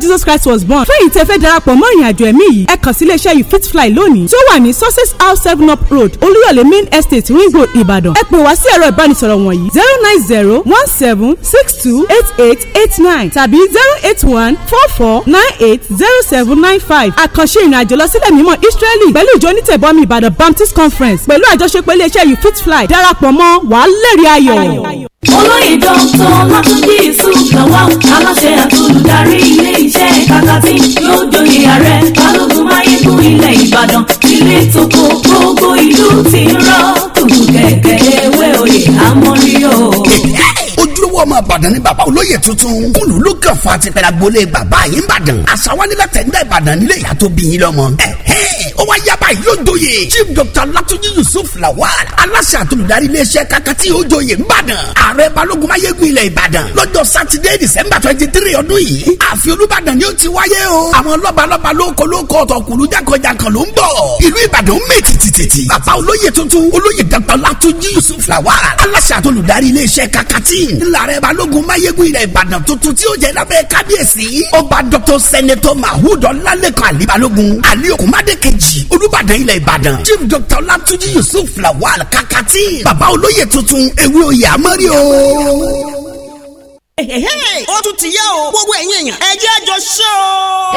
Jesus Christ was born. fún èyí tẹ́ fẹ́ darapọ̀ mọ́ ìrìnàjò ẹ̀mí yìí ẹ kàn sí iléeṣẹ́ yìí fit fly lónìí tí ó wà ní success house seven up road olúyọ̀lé main estate ring road Ìbàdàn ẹ pè wá sí ẹ̀rọ ìbánisọ̀rọ̀ wọ̀nyí zero nine zero one seven six two eight eight eight nine tàbí zero eight one four four nine eight zero seven nine five àkànṣe ìrìnàjò lọ sílẹ̀ mímọ́ Israeli pẹ̀lú ìjọ onítẹ̀bọmi Ìbàdàn Baptist Conference pẹ̀lú àjọṣepọ̀ iléeṣẹ́ yìí fit fly darapọ̀ mọ́ wàá lẹ́rìí ayọ̀ olóyè dọ́tọ̀ látúndí ìsúgbàwá aláṣẹ àtolùdarí ilé iṣẹ́ kàkàtì yóò joyè ààrẹ balógun máyégún ilẹ̀ ìbàdàn ilé toko gbogbo ìlú ti ń rọ́ tùkù kẹ̀kẹ́ ewé oyè àmọ́rí o ojúlówó ọmọ ìbàdàn ni bàbá olóyè tuntun kúlù ló kàn fa ti pẹ̀lú agboolé bàbá yìí ń bàdàn àṣàwálé látẹ̀ndà ìbàdàn nílé ìyá tó bí yín lọ́mọ. ẹ̀hẹ́ ó wá yaba yìí ló joyè chief doctor latunji yusuf lawal aláṣẹ àtolùdarí iléeṣẹ́ kakati ó joyè ń bàdàn ààrẹ balógun máyégun ilẹ̀ ìbàdàn lọ́jọ́ sátidé december twenty three ọdún yìí ààfin olúbàdàn ni ó ti wáyé o àwọn lọ́balọ́ba lóko lóko ọ̀tọ̀kùlú jákọ̀jákọ̀ ló ń bọ̀ ìlú ìbàdàn ń mè tìtìtì bàbá olóyè tuntun olóyè dr latunji yusuf lawal aláṣẹ àtolùdarí iléeṣẹ́ kakati eighteen ńlárẹ̀ balógun ilẹ̀ ìbàdàn tuntun tí ó jẹ́ lábẹ́ kábíyèsí ọba dr sẹ́nẹ́tọ̀ mahud ọlálẹ́kan àlí balógun kejì olúbàdàn ilẹ̀ ìbàdàn chief dr ọlátúnjí yusuf lawal kakati bàbá olóyè tuntun ewé oyè amọ́rí o ó tún ti yá o gbogbo ẹ̀yin èèyàn ẹ jẹ́ àjọ ṣó.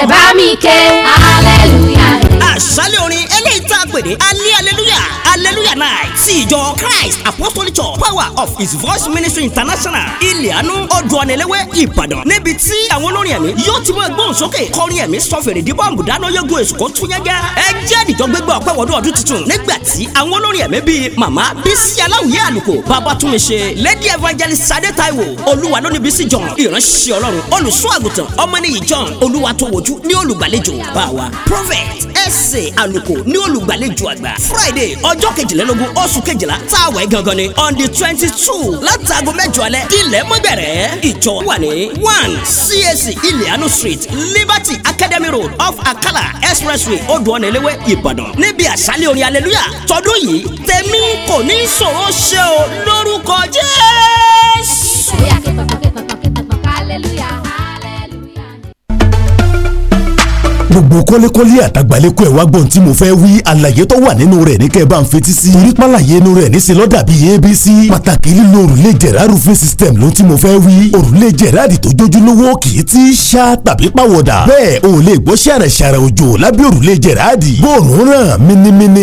ẹ bá mi ké hallelujah. àṣálẹ̀ orin eléyìí tá a pè ní alẹ́ hallelujah hallelujah night sí ìjọ christ apostolic church power of his voice ministry international ilé àánú ọdún ọ̀nẹ́lẹ́wẹ́ ìbàdàn níbi tí àwọn olórin ẹ̀mí yóò ti máa gbóhùn sókè kọrin ẹ̀mí sọfèrè di bọ́ǹbù dáná yógun èso kó tún yẹn gá ẹ jẹ́ ìjọ gbégbé ọpẹ́ wọdún ọdún tuntun nígbà tí àwọn olórin ẹ̀mí bíi màmá bísí aláwìyé àlùkò babatunmise lady evangelist sade taiwo olúwa lónìí Bisi john ìránṣẹ́ ọlọ́run olùṣọ́ àgùntàn ọmọnìyí john olúwa tó wojú ní olùgbàlejò báwa prophet ẹsẹ̀ àlùkò ní olùgbàlejò àgbà friday ọjọ́ kejìlélógún oṣù kejìlá tá a wẹ̀ gangan ni on the twenty two látago mẹ́jọ alẹ́ ilẹ̀ mọ́gbẹ̀rẹ̀ ìjọ wà ní one CAC Ilianu street Liberty Academy road off Akala expressway Odùọ̀nẹ́lẹ́wẹ́ Ìbàdàn níbi àṣálẹ̀ orin hallelujah tọdún yìí tèmi kò ní sọ̀rọ̀ ṣe o lórúkọ Jésù. hallelujah. gbogbo kọ́lékọ́lé àtàgbàlékọ́ ẹ̀ wá gbọ́n tí mo fẹ́ wí àlàyé tó wà nínú rẹ̀ ní kẹ́ ẹ bá ń fetí sí. torí pàlàyé inú rẹ̀ níṣẹ́ lọ́dà bíi abc. pàtàkì lílo òrùlé jẹ̀rá roofing system ló tí mo fẹ́ wí. òrùlé jẹ̀rá àdì tó jójúlówó kì í ti ṣá tàbí pàwọ̀dà. bẹ́ẹ̀ o lè gbọ́ ṣàrẹ̀ṣàrẹ̀ òjò lábẹ́ òrùlé jẹ̀rá àdì. bóòrùn ràn minimini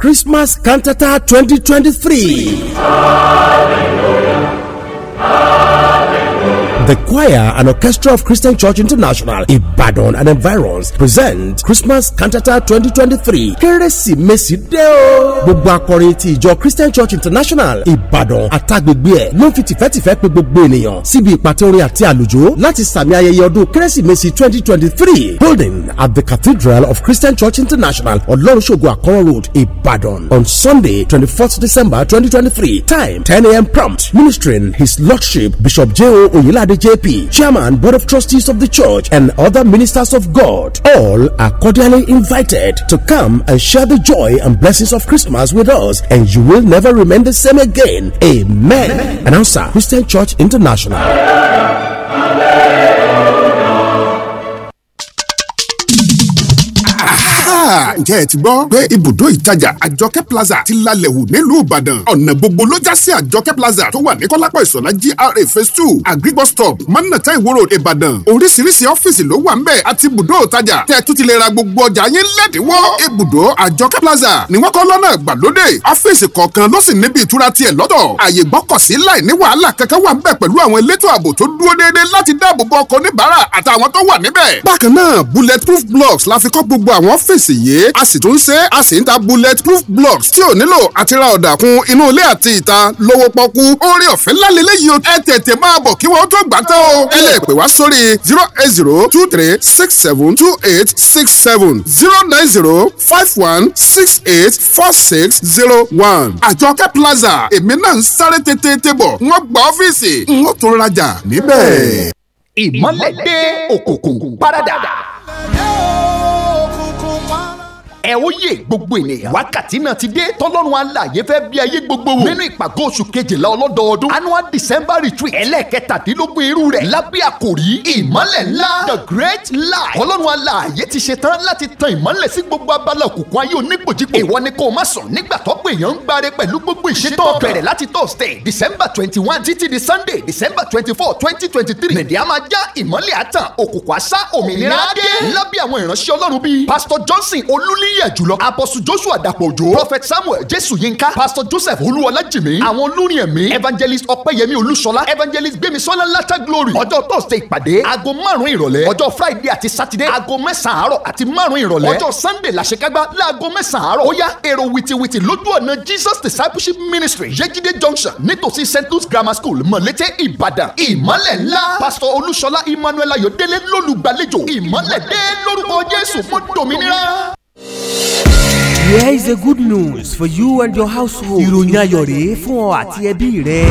Christmas Cantata 2023. The Choir and Orchestra of Christian Church International, Ibadan and Environs present Christmas Cantata 2023. Kérésìmesì dé o. Gbogbo akọrin ti ìjọ Christian Church International, Ìbàdàn àtàgbègbè ẹ̀ ló ń fi tìfẹ́tìfẹ́ pè gbogbo ènìyàn síbi ìpàtẹ orin àti àlùjó láti sàmì ayẹyẹ ọdún Kérésìmesì 2023. Holding at the Cathedral of Christian Church International, Olórunṣogun Akọ́rọ́ Road, Ìbàdàn on Sunday 24th December 2023. Time 10 a.m. prompt. Ministering His Lordship Bishop J.O. Oyelade JP, Chairman, Board of Trustees of the Church, and other ministers of God. All are cordially invited to come and share the joy and blessings of Christmas with us, and you will never remain the same again. Amen. Amen. Announcer, Christian Church International. Amen. Amen. Ah, ǹjẹ́ ẹ ti gbọ́ pé ibùdó ìtajà àjọkẹ́ plaza ti lálẹ́ hù nílùú ìbàdàn ọ̀nà gbogbo ló já sí àjọkẹ́ plaza tó wà ní kọ́lápọ̀ ìṣọ̀lá GRA phase two agribus manata ìwòrò ìbàdàn oríṣiríṣi ọ́fíìsì ló wà ń bẹ̀ àti ibùdó ìtajà tẹ́ ẹ tún ti lè ra gbogbo ọjà yín lẹ́dínwó ibùdó àjọkẹ́ plaza ni wọ́n kọ́ lọ́nà ìgbàlódé ọ́fíìsì kọ̀ọ̀kan ló sì níbi ìtura tiẹ̀ lọ́dọ̀ àyè gbọ́kọ̀sí láì ní wàhálà kankan wà ń bẹ̀ pẹ̀lú àwọn elétò ààbò tó dúró déédéé láti dáàbò bo ọkọ̀ oníbàárà àtàwọn tó wà níbẹ̀. bákan náà bulletproof blocks la fi kọ́ gbogbo àwọn ọ́fíìsì yìí a sì tún ṣe a sì ń ta bullet proof blocks tí ò nílò àti ra ọ̀dà inú ilé àti ìta lówó pọ́kú orí ọ̀fẹ́ lálẹ́lẹ́ yìí ẹ tètè máa bọ̀ kí wọ́n tó gbà tán o ẹ lè pè wá sórí zero eight zero two three six seven two eight six seven zero nine zero five one six eight four six zero one àjọkẹ́ plaza èmi náà ń sáré tètè tébọ̀ wọ́n gba ọ́fíìsì n ó tún rajà níbẹ̀. ìmọ̀lẹ́dẹ́ òkùnkùn paradà ẹ ó yè gbogbo ènìyàn. wákàtí náà ti dé tọ́lọ́run alààyè fẹ́ bí ayé gbogbo wò. nínú ìpàgọ́ oṣù kejìlá ọlọ́dọọdún annual december retreat ẹlẹ́ẹ̀kẹtàdínlógún irú rẹ̀ lábẹ́ àkòrí ìmọ́lẹ̀ ńlá the great light. ọlọ́run alààyè ti ṣe tán láti tan ìmọ́lẹ̀ sí gbogbo abala òkùnkùn ayé onígbòjìgbò. ìwọ ni kó o má sọ nígbà tó pé èèyàn ń gbáre pẹ̀lú gbogbo ìṣètò bẹ̀rẹ̀ láti december twenty one títí di sunday december twenty four twenty twenty three nìdí a máa já ìmọ́lẹ̀ àtàn òkùnkùn àṣà òmìnira dé lábẹ́ àwọn ìránṣẹ́ pastor johnson olúlíy díẹ̀ jùlọ apọ́sù joshua dàpọ̀ prophet samuel jésù yínká pastor joseph olúwọlá jìmí àwọn olórin ẹ̀mí evangelist ọpẹ́yẹmí olúṣọlá evangelist gbémisọ́lá látà glory ọjọ́ thursday ìpàdé aago márùn-ún ìrọ̀lẹ́ ọjọ́ friday àti saturday aago mẹ́sàn-án àárọ̀ àti márùn-ún ìrọ̀lẹ́ ọjọ́ sunday làṣekágbá láago mẹ́sàn-án àárọ̀ ó yá èrò wìtìwìtì lójú jesus discipleship ministry yejide junction nítòsí st grammar school mọ̀lété ìbàdàn ìmọ̀lẹ̀ pastor olúṣọlá emmanuel ayọ̀délé lólùgbàlejò ìmọ̀lẹ̀ dé lórúkọ jésù fún dominira. Here is a good news for you and your household. Ìròyìn ayọ̀ rèé fún ọ àti ẹbí rẹ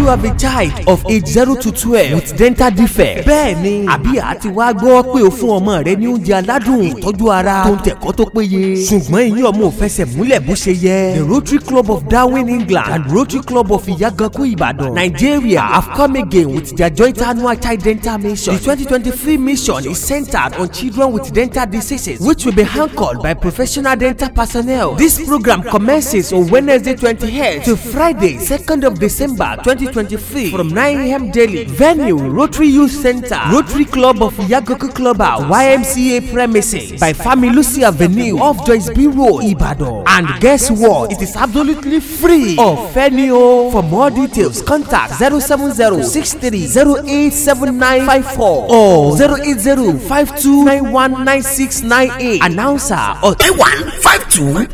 you have a child of age zero to twelve with dental defect. bẹ́ẹ̀ni àbí a ti wá gbọ́ pé o fún ọmọ rẹ ní oúnjẹ aládùn ìtọ́jú ara tó ń tẹ̀kọ́ tó péye. ṣùgbọ́n eyín ọmọ ò fẹsẹ̀ múlẹ̀ bó ṣe yẹ. the Rotary Club of Darwin, England and Rotary Club of Iyaganku, Ibadan, Nigeria have come again with their joint annual child dental mission. the twenty twenty three mission is centered on children with dental diseases which will be handled by professional dental personnel. this program commences on Wednesday twenty-eight to Friday second of December twenty 2025 from 9 a.m. daily. Venue Rotary Youth Center, Rotary Club of Yagoku Clubhouse, YMCA premises by Family Lucy Avenue off Joyce B Road, Ibadan. And guess what? It is absolutely free of any o. For more details, contact 07063087954 or 08052919698. Announcer or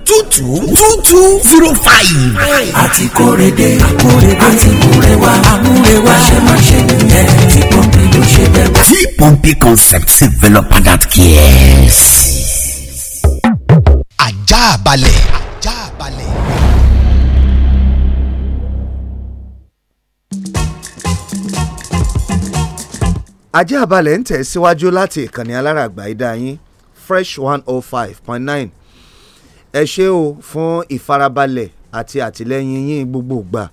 8152222205. Àti kórede, àkórede, àti kórede àmúrẹwà àmúrẹwà ṣe má ṣe nìyẹn tí pọ́ǹpì ló ṣe bẹ̀rù. tí pọ́ǹpì concept develop that cares. ajá balẹ̀. ajá balẹ̀. ajá balẹ̀ ń tẹ̀ síwájú láti ìkànnì alárààgbà ìdá yín fresh one oh five point nine ẹ ṣé o fún ìfarabalẹ̀ àti àtìlẹ́yìn yín gbogbo gbà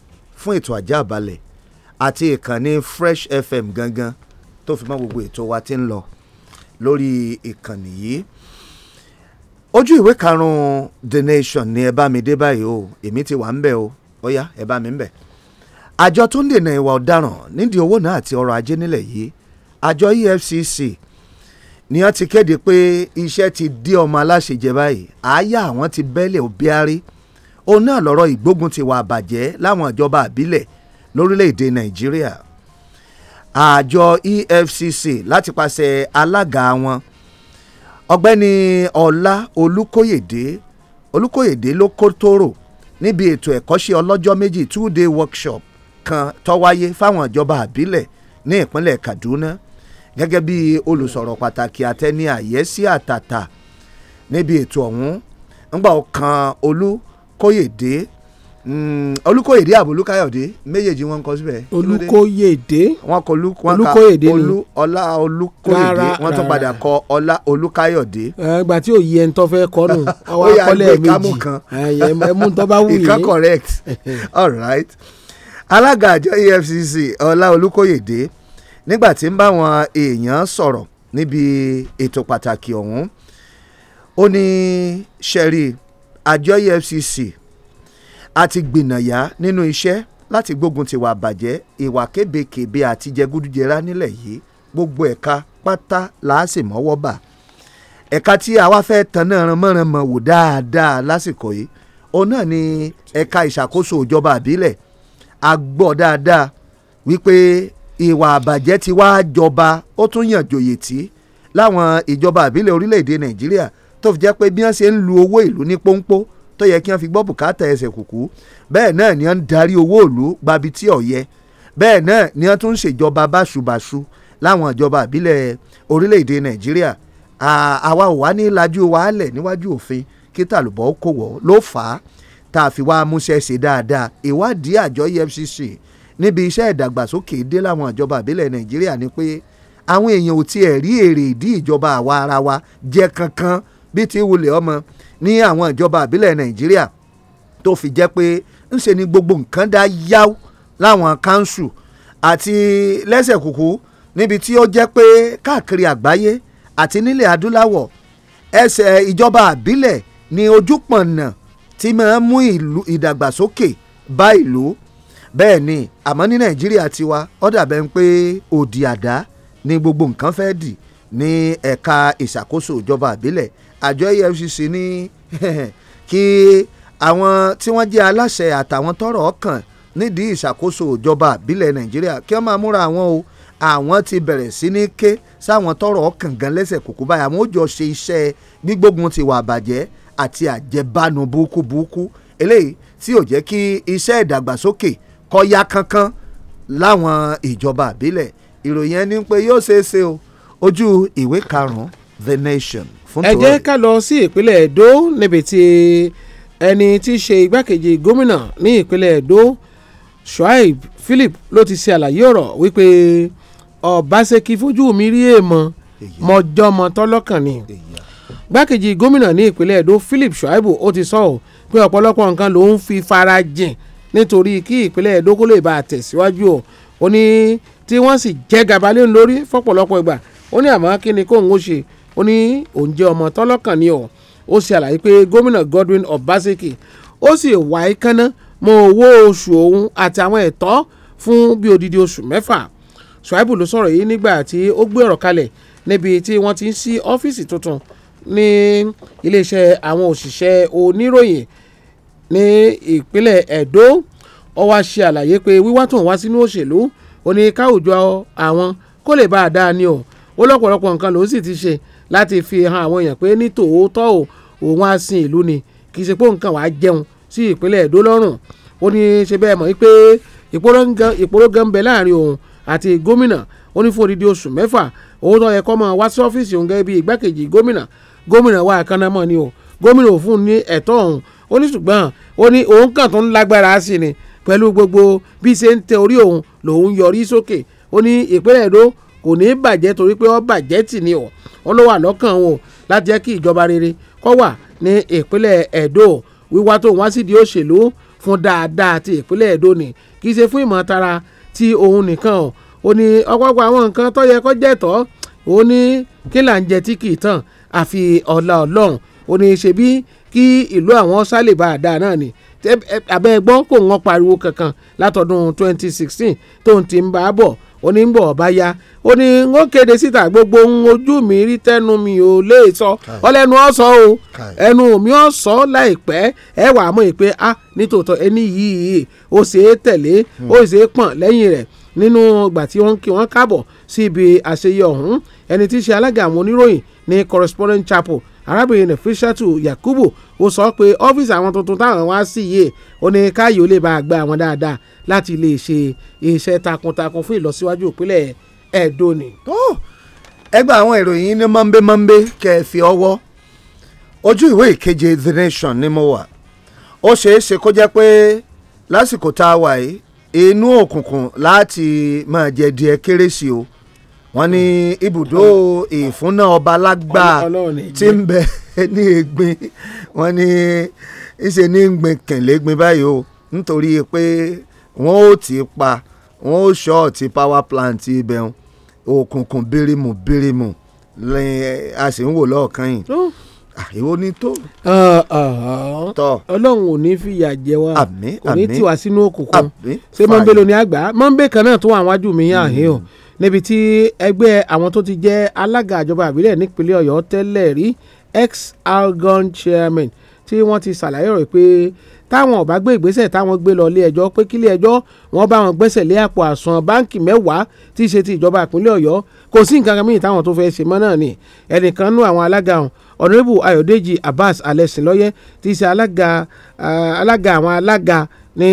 fún ètò àjàbalẹ̀ àti ìkànnì fresh fm gangan tó fi mọ́ gbogbo ètò wa ti ń lọ lórí ìkànnì yìí ojú ìwé karùn-ún the nation ni ẹ bá mi dé báyìí o èmi ti wà ń bẹ̀ o ó ẹ bá mi ń bẹ̀ àjọ tó ń dènà ìwà ọ̀daràn nídìí owó náà àti ọrọ̀ ajé nílẹ̀ yìí àjọ efcc ni wọ́n ti kéde pé iṣẹ́ ti dé ọmọ aláṣejẹ báyìí àáyá àwọn ti bẹ́lẹ̀ òbíárí òun náà lọ́rọ̀ ìgbógun ti wà bàjẹ́ láwọn ìjọba àbílẹ̀ lórílẹ̀‐èdè nàìjíríà àjọ EFCC láti pàṣẹ alága wọn ọ̀gbẹ́ni ọlá olùkóyèdé olùkóyèdé ló kó tóró níbi ètò ẹ̀kọ́ṣẹ́ ọlọ́jọ́ méjì two day workshop kan tó wáyé fáwọn ìjọba àbílẹ̀ ní ìpínlẹ̀ Kaduna gẹ́gẹ́ bí olùsọ̀rọ̀ pàtàkì àtẹni àyẹ́sí àtàtà níbi ètò ọ̀hún ńgbà ọ̀kan olú olùkóyèdé mm, olùkóyèdé àbò olùkáyọ̀dé méjèèjì wọn kọ síbẹ̀. olùkóyèdé wọn kọ olùkóyèdé ni ọlá olùkóyèdé wọn tún padà kọ ọlá olùkáyọ̀dé. ìgbà tí òye ẹni tó fẹ́ kọ́ nù ọwọ́ akọ́lẹ̀ méjì ẹ̀mú tó bá wù yín. ìkan correct all right alága àjọ EFCC ọlá olùkóyèdé nígbà tí ń bá wọn èèyàn sọ̀rọ̀ níbi ètò pàtàkì ọ̀hún ó ní sẹ́rí àjọ EFCC àti gbìnàyà nínú iṣẹ́ láti gbógun tiwa bàjẹ́ ìwà kébékèbé àti jẹgúdújẹrá nílẹ̀ yìí gbogbo ẹ̀ka pátá làásìmọ́wọ́ bà ẹ̀ka tí àwa fẹ́ tanná ranmọ́ranmọ́ wò dáadáa lásìkò yìí òun náà ni ẹ̀ka ìṣàkóso ìjọba àbílẹ̀ a gbọ́ dáadáa wípé ìwà àbàjẹ́ ti wá jọba ó tún yàn jòyè tí láwọn ìjọba àbílẹ̀ orílẹ̀-èdè Nàìjíríà tó fi jẹ́ pé bí wọ́n ṣe ń lu owó ìlú ní pọ́npọ́ tó yẹ kí wọ́n fi gbọ́ bùkátà ẹsẹ̀ kùkú bẹ́ẹ̀ náà ni wọ́n ń darí owó ìlú gbabi tí ò yẹ bẹ́ẹ̀ náà ni wọ́n tún ń ṣèjọba báṣubàṣu láwọn ìjọba àbílẹ̀ orílẹ̀-èdè nàìjíríà àwa ò wá ní lajú wàhálẹ̀ níwájú òfin kí tàlùbọ̀ kò wọ́ ló fà á tá a fi wá amúṣẹ́ ṣe dáadáa ìwádìí àjọ EFCC níbi iṣẹ́ ìdàgbàsókè dé láwọn ìjọba àbílẹ̀ nàìjíríà ni pé àwọn èèyàn ò tiẹ̀ rí èrè ìdí ìjọba àwa ara wa jẹ kankan bíi ti wulẹ̀ ọmọ ní àwọn ìjọba àbílẹ̀ nàìjíríà tó fi jẹ́ pé ńṣe ni gbogbo nǹkan dá yáwó láwọn kanṣu àti lẹ́sẹ̀ kúkú níbi tí ó jẹ́ pé káàkiri àgbáyé àti nílẹ̀ adúláwọ̀ ẹsẹ̀ ìjọba àbílẹ̀ ni ojúpọ̀nà tí máa ń mú ìdàgbàsókè bá ìlú bẹ́ẹ̀ ni àmọ́ ní nàìjíríà tiwa ó dàbẹ̀ ń pé òdì àdá ni gbogbo nǹkan fẹ́ dì ní ẹ̀ka ìṣàkóso ìjọba àbílẹ̀ àjọ EFCC ní kí àwọn tí wọ́n jẹ́ aláṣẹ àtàwọn tọ́rọ̀ kàn nídìí ìṣàkóso ìjọba àbílẹ̀ Nàìjíríà kí wọ́n máa múra àwọn o àwọn ti bẹ̀rẹ̀ sí ní ké sáwọn tọ́rọ̀ kàn gan lẹ́sẹ̀ kòkó báyìí àwọn ó jọ ṣe iṣẹ́ gbígbógun ti wà bàjẹ́ àti àjẹbánu burúkú burúkú eléyìí tí ò jẹ́ kí iṣẹ́ ìdàgbàsókè kó yá kánkán láwọn ìjọba àbílẹ̀ ìròyìn ẹni pé yóò ṣeé ṣe o ojú ìwé karùn-ún The Nation fún tòun. ẹ jẹ́ ká lọ sí ìpínlẹ̀ Èdó níbi tí ẹni tí í ṣe igbákejì gómìnà ní ìpínlẹ̀ Èdó Shuaib Philip ló ti ṣe àlàyé ọ̀rọ̀ wípé Ọbaṣẹ́kí fojú mi rí èèmọ̀ mọ́jọ́mọ́ tọ́lọ́kàn ni gbákejì gómìnà ní ìpínlẹ̀ Èdó Philip Shuaib ó ti sọ ọ́ pé ọ̀pọ̀lọpọ̀ nǹkan ló ń fi fara jìn nítorí kí ìpínlẹ̀ Èdó kó lè bá a tẹ̀síwájú ọ̀ ó ní tí wọ́n sì jẹ́ gàba lé fọ́pọ̀lọpọ̀ ìgbà ó ní àmọ́ kí ni kóun ó ṣe ó ní òun jẹ́ ọmọ tọ́lọ́kàn ni ọ̀ ó ṣe àlàyé pé gómìnà Godwin Obaseki ó sì wà í kánná mọ owó oṣù òun àti àwọn ẹ̀tọ́ fún bí odidi oṣù mẹ́fà Ṣùáìbù ló sọ̀rọ̀ yìí nígbà tí ó gbé ọ̀rọ̀ kalẹ̀ níbi tí wọ́n ti ń sí ọ́fíìsì tuntun ní iléeṣẹ́ àwọn òṣìṣẹ́ oníròyìn ní ìpínlẹ̀ Ẹ̀dó ó wá ṣe àlàyé pé wíwá tó ń wá sínú òṣèlú ó àwọn kó lè bá a dáa ni o ó lọ́pọ̀lọpọ̀ nǹkan lòún sì ti ṣe láti fi hàn àwọn èèyàn pé ní tòótọ́ o òun á sin ìlú ni kì í ṣe pé nǹkan wàá jẹun sí ìpínlẹ̀ èdò lọ́rùn ó ní ṣe bẹ́ẹ̀ mọ̀ wípé ìpòrò gánbẹ láàrin òun àti gómìnà ó ní fún odidi oṣù mẹ́fà owó tó yẹ kó máa wá sí ọ́fíìsì òun gẹ́gẹ́ bí igbákejì gómìnà gómìnà wa àkànnàmọ́ ni o gómìnà òfun ní ẹ̀tọ́ òun ó ní ṣùgbọ́n ó ní òun kàn tó ń lágbára sí ni pẹ̀lú gbogbo bí ṣe ń tẹ orí òun lòun yọrí sókè ó ní ìpínlẹ̀ èdò kò ní í bàjẹ́ torí pé ó bàjẹ́ tì ní ọ̀ ọ́ lọ́kàn wọn láti jẹ́ kí ìjọba rere kó wà ní ìpínlẹ̀ Ẹdó wíwá tó wá sídìí òṣèlú fún dáadáa ti ìpínlẹ̀ Ẹdó ni kì í ṣe fún ìmọ̀ tara ti òun nìkan ọ̀ ó ní ọ̀pọ̀pọ̀ àwọn nǹkan tó yẹ kó jẹ́ tọ́ ó ní kí là ń jẹ tí kì í tàn àfi ọ̀la ọlọ́run ó ní ṣe bí kí ìlú àwọn sálè bá náà ni abẹ́ kò wọ́n pariwo kankan látọdún 2016 tó ń ti ń bá a bọ̀ ó ní bọ̀ ọba ya ó ní ó kéde síta gbogbo ohun ojú mi rí tẹnu mi ò lè sọ ọlẹ́nu ọ̀sọ́ o ẹnu mi ọ̀sọ́ láìpẹ́ ẹ wàá mọ̀ pé a nítòótọ́ ẹni yìí ó ṣe é tẹ̀lé hmm. ó ṣe é pọ̀n lẹ́yìn rẹ̀ nínú ìgbà tí wọ́n kí wọ́n káàbọ̀ sí ibi ọ̀hún ẹni tí í ṣe alága àwọn oníròyìn ní correspondent chapel arábìnrin Nefisatu Yakubu ó sọ pé ọ́fíìsì àwọn tuntun táwọn wá sí yìí ó ní káyọ̀ ó lè bá a gba àwọn dáadáa láti lè ṣe iṣẹ́ takuntakun fún ìlọsíwájú ìpínlẹ̀ Ẹdó ni. ẹgbẹ́ àwọn ìròyìn ní mọ́ńbémọ́ńbé kẹ́ ẹ fi ọwọ́ ojú ìwé ìkeje The Nation ni mo wà ó ṣeé ṣe kó jẹ́ pé lásìkò tá a wà yìí inú òkùnkùn láti máa jẹ díẹ̀ kérésì o wọ́n ní ibùdó ìfúnná ọba lágbà tí ń bẹ ní egbin wọ́n ní ìṣe ní gbin kẹ̀lẹ́gbin báyìí o nítorí pé wọ́n ó ti pa wọ́n ó ṣọ́ọ̀tì power plant ibẹ̀ òkùnkùn bírímù bírímù lẹ́yìn a sì ń wò lọ́ọ̀kan yìí àìwò ah, ní tó. tọ ọlọ́run ò ní fìyà jẹ wá àmín àmín kò ní tiwa sínú òkùnkùn ṣé mọ́ńbé ló àgbà mọ́ńbé kan náà tó wà wájú mi yàn án o. Hmm níbi tí ẹgbẹ́ àwọn tó ti jẹ́ alága àjọba àbílẹ̀ nípínlẹ̀ ọ̀yọ́ tẹ́lẹ̀ rí ex algon chairman tí wọ́n ti ṣàlàyé rẹ̀ pé táwọn ò bá gbé ìgbésẹ̀ táwọn gbé lọ ilé ẹjọ́ pé kílé ẹjọ́ wọ́n bá wọn gbẹ́sẹ̀ lé àpò àsùn báǹkì mẹ́wàá tí í ṣe ti ìjọba ìpínlẹ̀ ọ̀yọ́ kò sí nǹkan kan míì táwọn tó fẹ́ ṣe mọ́ náà ni ẹnìkan nú àwọn alága ọ̀hún ọ̀nàrẹ́bù ayọ̀dèjì abbas alẹ́sìnlọ́yẹ́ tí í ṣe alága ah, àwọn alága ní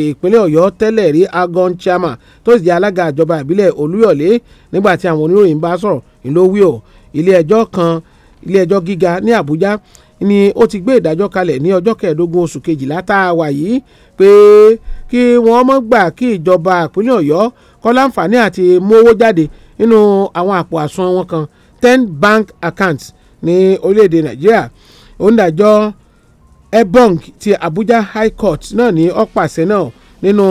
ìpínlẹ̀ ọ̀yọ́ tẹ́lẹ̀ rí agon chairman tó sì jẹ́ alága ìjọba ìbílẹ̀ olúyọ̀lé nígbà tí àwọn oníròyìn bá sọ̀rọ̀ ìlú wí ilé ẹjọ́ kan ilé ẹjọ́ gíga ní àbújá ni ó ti gbé ìdájọ́ kalẹ̀ ní ọjọ́ kẹẹ̀ẹ́dógún oṣù kejìlá tá a wà yìí pé kí wọ́n mọ́ gbà kí ìjọba ìpínlẹ̀ ọ̀yọ́ kọ́ láǹfààní àti mówó jáde nínú àwọn àpò àsun wọn kan ten bank accounts ní orílẹ̀-èdè nàìjíríà onídàájọ́ Ebong ti Abuja High Court náà ní ó pàṣẹ náà nínú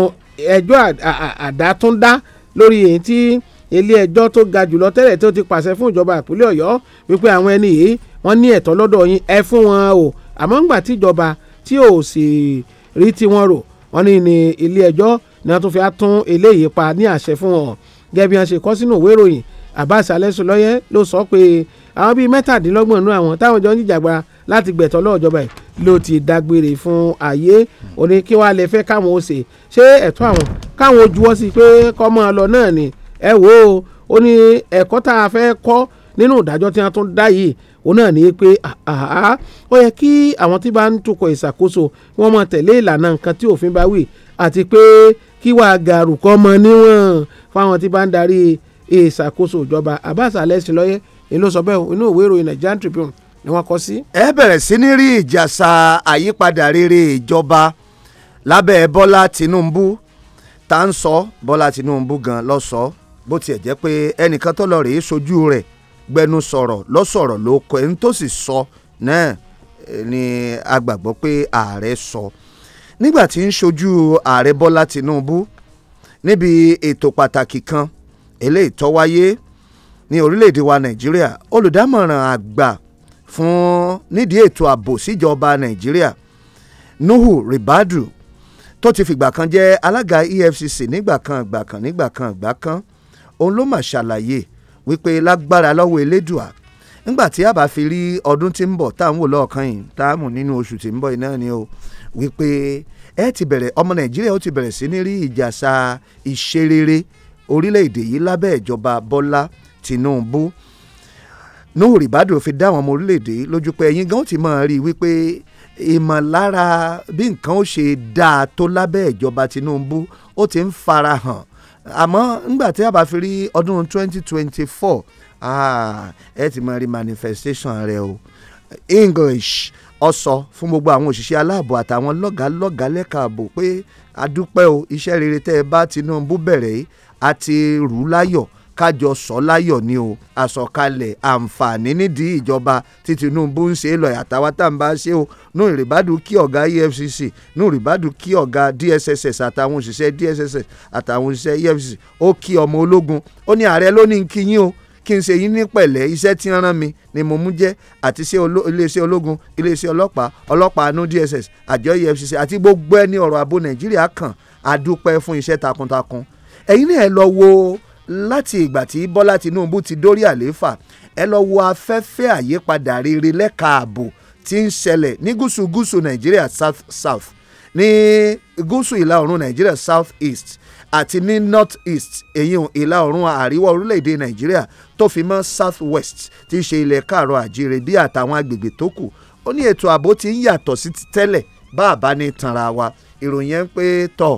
ẹjọ́ àdátúndá lórí èyí tí ilé ẹjọ́ tó ga jùlọ tẹ́lẹ̀ tó ti pàṣẹ fún ìjọba ìpínlẹ̀ Ọ̀yọ́ wípé àwọn ẹni yìí wọ́n ní ẹ̀tọ́ lọ́dọ̀ yín ẹ fún wọn o àmọ́ ńgbà tíjọba tí ò sì rí tiwọn rò wọ́n ní ní ilé ẹjọ́ ni wọ́n tún fi tún eléyìí pa ní àṣẹ fún wọn gẹ́gẹ́ bí wọ́n ṣe kọ sínú ìwé ìròyìn Abbas Alẹ́sùlọ́yẹ́ ló sọ pé àwọn bíi mẹ́tàdínlọ́gbọ̀n nínú àwọn táwọn jọ ń jìjàgbara láti gbẹ̀tọ́ lọ́wọ́ ìjọba yìí ló ti dágbére fún ayé o ní kí wàá lè fẹ́ káwọn ó ṣe ṣé ẹ̀tọ́ àwọn káwọn ó juwọ́ sí pé kọ́mọ lọ náà ni ẹ wò ó ó ní ẹ̀kọ́ tá a fẹ́ kọ́ nínú ìdájọ́ tí wọ́n tún dá yìí òun náà ní pé ó yẹ kí àwọn tí bá ń tukọ̀ ìṣàkóso wọ́n máa tẹ̀lé ìlànà nǹkan tí òfin bá wí àti pé kí wàá gàrú kọ́ mọ níwọ̀n fáwọn tí bá ń darí ìṣàkóso ìjọba Abbas Alẹ́sìn lọ́yẹ́ èyí ló sọ bẹ́ẹ̀ inú ìwé ìròyìn Nigerian Tribune ni wọ́n kọ sí. ẹ bẹ̀rẹ̀ sí ní rí ìjàsà àyípadà rere ìjọba lábẹ́ Bọ́lá Tinubu tá ń sọ Bọ́lá Tinubu gan ló sọ bó tiẹ̀ jẹ́ pé ẹnìkan tó lọ rèé sojú rẹ̀ gbẹnu sọ̀rọ̀ ló sọ̀rọ̀ ló kọ ẹni tó sì sọ náà ni a gbàgbọ́ pé ààrẹ sọ nígbà tí ń sojú ààrẹ Bọ́lá Tinubu níbi ètò pàtàkì kan eléyìí tó wáyé ní orílẹ̀-èdè wa Nàìjíríà olùdámọ̀ràn àgbà fún nídìí ètò ààbò síjọba nàìjíríà nuhu ribadu tó ti fìgbà kan jẹ́ alága efcc nígbà kan ìgbà kan nígbà kan ìgbà kan òun ló mà ṣàlàyé wípé lágbára lọ́wọ́ elédùà nígbà tí a bá fi rí ọdún tí ń bọ̀ tá à ń wò lọ́ọ̀kan yìí tá à mú nínú oṣù tí ń bọ̀ yìí ni o wípé ẹ ti bẹ̀rẹ̀ ọmọ nàìjíríà ó ti bẹ̀rẹ̀ sí ní rí ìjàsà ìṣerere orílẹ̀-èdè yìí lábẹ́ ìjọba bọ́lá tinubu no Nuhu Ribadu fi dá àwọn ọmọ orílẹ̀-èdè lójú pé ẹ̀yin gan ó ti máa rí i wípé ìmọ̀lára bí nǹkan ó ṣe dáa tó lábẹ́ ìjọba Tinubu ó ti ń fara hàn àmọ́ ńgbà tí a bá fi rí ọdún 2024 ẹ ti máa rí manifestation rẹ o English ọsọ fún gbogbo àwọn òṣìṣẹ́ aláàbò àtàwọn lọ́gàálọ́gàá lẹ́ka ààbò pé a dúpẹ́ o iṣẹ́ rere tẹ́ ẹ bá Tinubu bẹ̀rẹ̀ yìí a láyọ̀ kájọ sọ láyọ̀ ni o àsọ̀kalẹ̀ àǹfààní nídìí ìjọba tí Tinubu ń ṣe lọ àtàwọn tá à ń bá ṣe o nú ìrìbádùn kí ọ̀gá EFCC nú ìrìbádùn kí ọ̀gá DSS àtàwọn òṣìṣẹ́ DSS àtàwọn òṣìṣẹ́ EFCC ó kí ọmọ ológun ó ní ààrẹ ló ní kí yín o kí n ṣe yín ní pẹ̀lẹ́ iṣẹ́ tí ń rán mi ni mo mú jẹ́ àti iléeṣẹ́ ológun iléeṣẹ́ ọlọ́pàá ọlọ́pàá àánú DSS àjọ EFCC àti gbogbo ẹni ọ̀rọ̀ ààbò Nàìjíríà kàn a fún iṣẹ́ takuntakun ẹ̀yin náà ẹ lọ wo láti ìgbà tí Bọ́lá Tinubu ti dórí àlééfà ẹ lọ wo afẹ́fẹ́ àyípadà rere lẹ́ka ààbò tí ń ṣẹlẹ̀ ní gúúsù gúúsù Nàìjíríà south south ní gúúsù ìlà oòrùn Nàìjíríà south east àti ní north east èyí ìlà oòrùn àríwá orílẹ̀-èdè Nàìjíríà tó fi mọ́ south west tí í ṣe ilẹ̀ káàrọ̀ àjíire bí àtàwọn agbègbè tó kù ó ní ètò ààbò tí ń yàtọ̀ sí ti tẹ́lẹ̀ bá a bá ní tanra wa ìròyìn yẹn ń pé tọ̀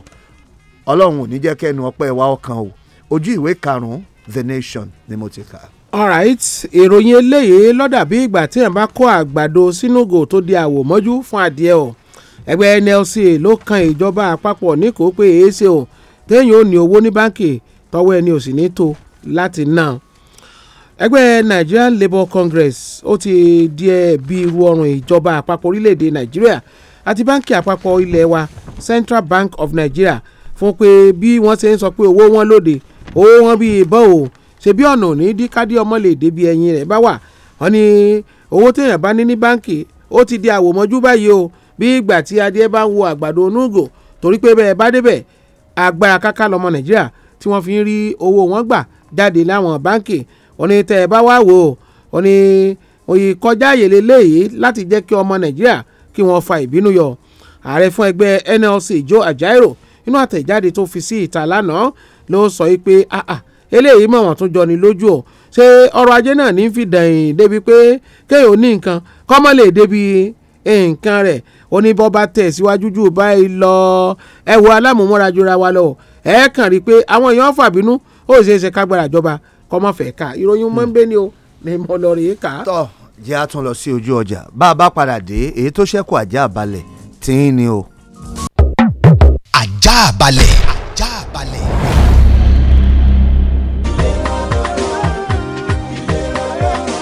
ọlọ́run ò ní jẹ́ kẹ́nu ọpẹ́ wa ọkàn o ojú ìwé karùn The Nation ni mo ti kà á alright ìròyìn eléyìí lọ́dà bí ìgbà tí èèyàn bá kó àgbàdo sínú ìgò tó di àwòmọ́jú fún adìẹ o ẹgbẹ́ NLC ló kan ìjọba àpapọ̀ ní kò pé èéṣe o téèyàn ò ní owó ní báǹkì tọwọ́ ẹni ò sì ní tó láti ná ẹgbẹ́ Nigerian Labour Congress ó ti di ẹ̀bi irú ọrùn ìjọba àpapọ̀ orílẹ̀-èdè Nàìjíríà àti báǹkì àpapọ̀ ilé wa Central Bank of Nigeria fún pé bí wọ́n ṣe ń sọ pé owó wọn lóde ó wọ́n bí ìbọn o ṣe bí ọ̀nà òní díkádé ọmọ lè débi ẹ̀yìn rẹ̀ bá wà wọ́n ní owó téèyàn bá ní ní báǹkì ó ti di àwòmọ́jú báyìí o bí ìgbà tí adìẹ bá ń wo àgbàdo onúgò torí pé bẹ́ẹ̀ bá débẹ̀ agbára káká lọmọ nàìjíríà tí wọ́n fi ń rí owó wọn gbà jáde láwọn báǹkì wọ́n ní tẹ́ ẹ bá wá wò ó wọ́n ní òye kọjá àyè lélẹ́yìí láti jẹ́ kí ọmọ nàìjíríà kí wọ́n fa ìbínú yọ ààrẹ fún ẹgbẹ́ NLC Joe Ajaero inú àtẹ̀jáde tó fi sí ìta lánàá ló sọ pé ah, ah, eléyìí mọ̀ wọ́n tún jọ ni lójú ọ̀ ṣé ọrọ̀ ajé náà ní fi dẹ̀yìn débi pé kéèyàn ní nǹkan kọ́mọ́ lè débi nǹkan rẹ̀ ó ní bọ́ bá tẹ̀ síwájú jù báyìí lọ ẹ wo alámúmọ́ra jura wa lọ ẹ kàn rí i pé àwọn èèyàn fàbínú ó ṣeé ṣe kágbára ìjọba kọ́mọ́fẹ́ ká ìròyìn mọ́ńbé hmm. ni o ni mo lọ rèé kà á. tọ́ jẹ́ a tún lọ sí ojú ọjà bá a bá padà dé èyí tó ṣẹ́kù ajá balẹ̀ tí ń ni o. ajá balẹ̀. ajá balẹ̀.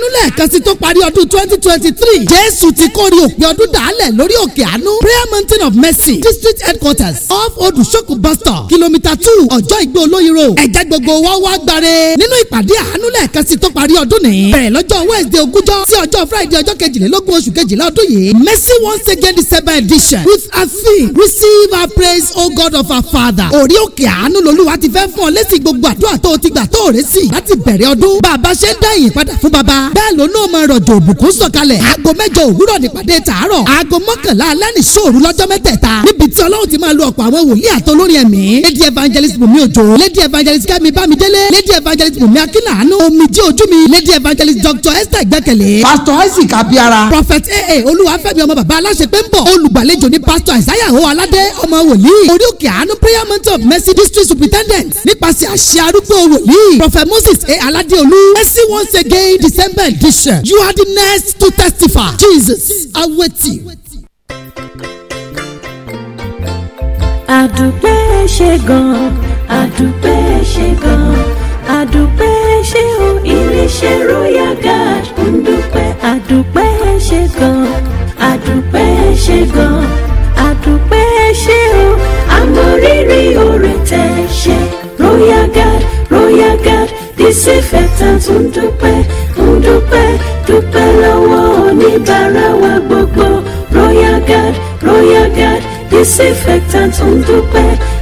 àánú lẹ́ẹ̀kan sí tó parí ọdún twenty twenty three jésù ti kórè òpin ọdún dàálẹ̀ lórí òkè àánú prayer mountain of mercy district headquarters off odùsókù bus stop kìlómítà two ọjọ́ ìgbó olóyin road ẹ̀jẹ̀ gbogbo wa wá gbáre nínú ìpàdé àánú lẹ́ẹ̀kan sí tó parí ọdún nìí bẹ̀rẹ̀ lọ́jọ́ wednesday ogúnjọ́ sí ọjọ́ friday ọjọ́ kejìlélógún oṣù kejìlá ọdún yìí mercy once again the december edition with a fee receive our praise o god of our father orí òkè àánú lolúwa ti fẹ́ fún ọ lẹ́sìn gbogbo àdúrà tó ti gbà tó rẹ̀ sí láti bẹ̀rẹ̀ ọdún bàbá ṣe ń dá ìyìn padà fún bàbá bẹ́ẹ̀ ló náà máa rọ̀jò òbùkún sọ̀kalẹ̀ aago mẹ́jọ òwúrọ̀ nípàdé tààrọ̀ aago mọ́kànlá alánìṣòro lọ́jọ́ mẹ́tẹ̀ẹ̀ta níbi tí ọlọ́run ti máa lo ọ̀pọ̀ àwọn wòlíì àtolórí ẹ̀mí lady evangelist bùnmi òjò lady evangelist kẹ́mi bámidélé lady evangelist bùnmi akínlàánú omijé ojú mi lady evangelist dr esther gbẹ́kẹ̀lé pastor isaac abiara prophet aa olúwàfẹ́mi ọmọ bàbá aláṣẹ pé ń bọ̀ olùgbàlejò ní pastor isaiah o aládé ọmọ wòlíì orí òkè àánú prayer mountain of mercy district superintendent nípasẹ̀ àṣẹ arúgbó wòlíì prophet moses a aládéolú mercy once again december benediction. You are the next to testify. Jesus, I wait you. àdùpẹ́ ṣe gan-an àdùpẹ́ ṣe gan-an ṣe o iléeṣẹ́ royal guard ń dúpẹ́ àdùpẹ́ ṣe gan-an àdùpẹ́ ṣe gan-an ṣe o àmọ̀rírì oore tẹ̀ ṣe royal guard royal guard disinfectant ń dúpẹ́ ń dúpẹ́ dúpẹ́ lọ́wọ́ oníbàárà wa gbogbo royal guard royal guard disinfectant ń dúpẹ́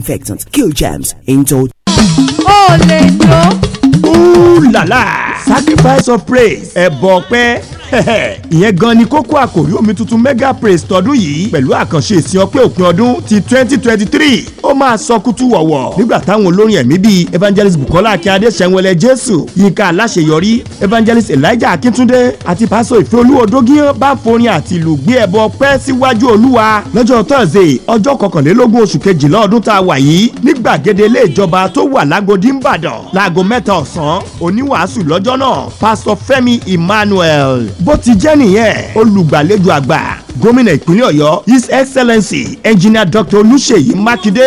disinfectant, kill germs, ain't old. Oh, Ooh la la! Sacrifice of praise, ẹ̀bọ̀ pẹ́. ìyẹn gan ni kókó àkòrí omi tuntun mega praise tọdún yìí pẹ̀lú àkànṣe ìsìn ọpẹ́ òpin ọdún ti twenty twenty three ó máa sọ kútú wọ̀wọ̀ nígbà táwọn olórin ẹ̀mí bíi evangelist bukola akínyadé sẹ́wọ̀lẹ̀ jésù yínká aláṣeyọrí evangelist elijah akíntúndé àti pásọ ìfẹ́olúwo dógíyàn bá forin àti ìlú gbé ẹbọ pẹ́ síwájú olúwa lọ́jọ́ thursday ọjọ́ kọkànlélógún oṣù kejìlá ọdún tá a wà yìí ní gbàgede ilé ìjọba tó wà lágodi ńbàdàn láago mẹ́ta ọ̀sán oníwàásù lọ́jọ́ náà pásọ fẹ́mi emmanuel bó ti jẹ́ nìyẹn olùgbàlejò àgbà gómìnà ìpínlẹ̀ ọ̀yọ́ his excellency engineer dr olùṣèyí mákindé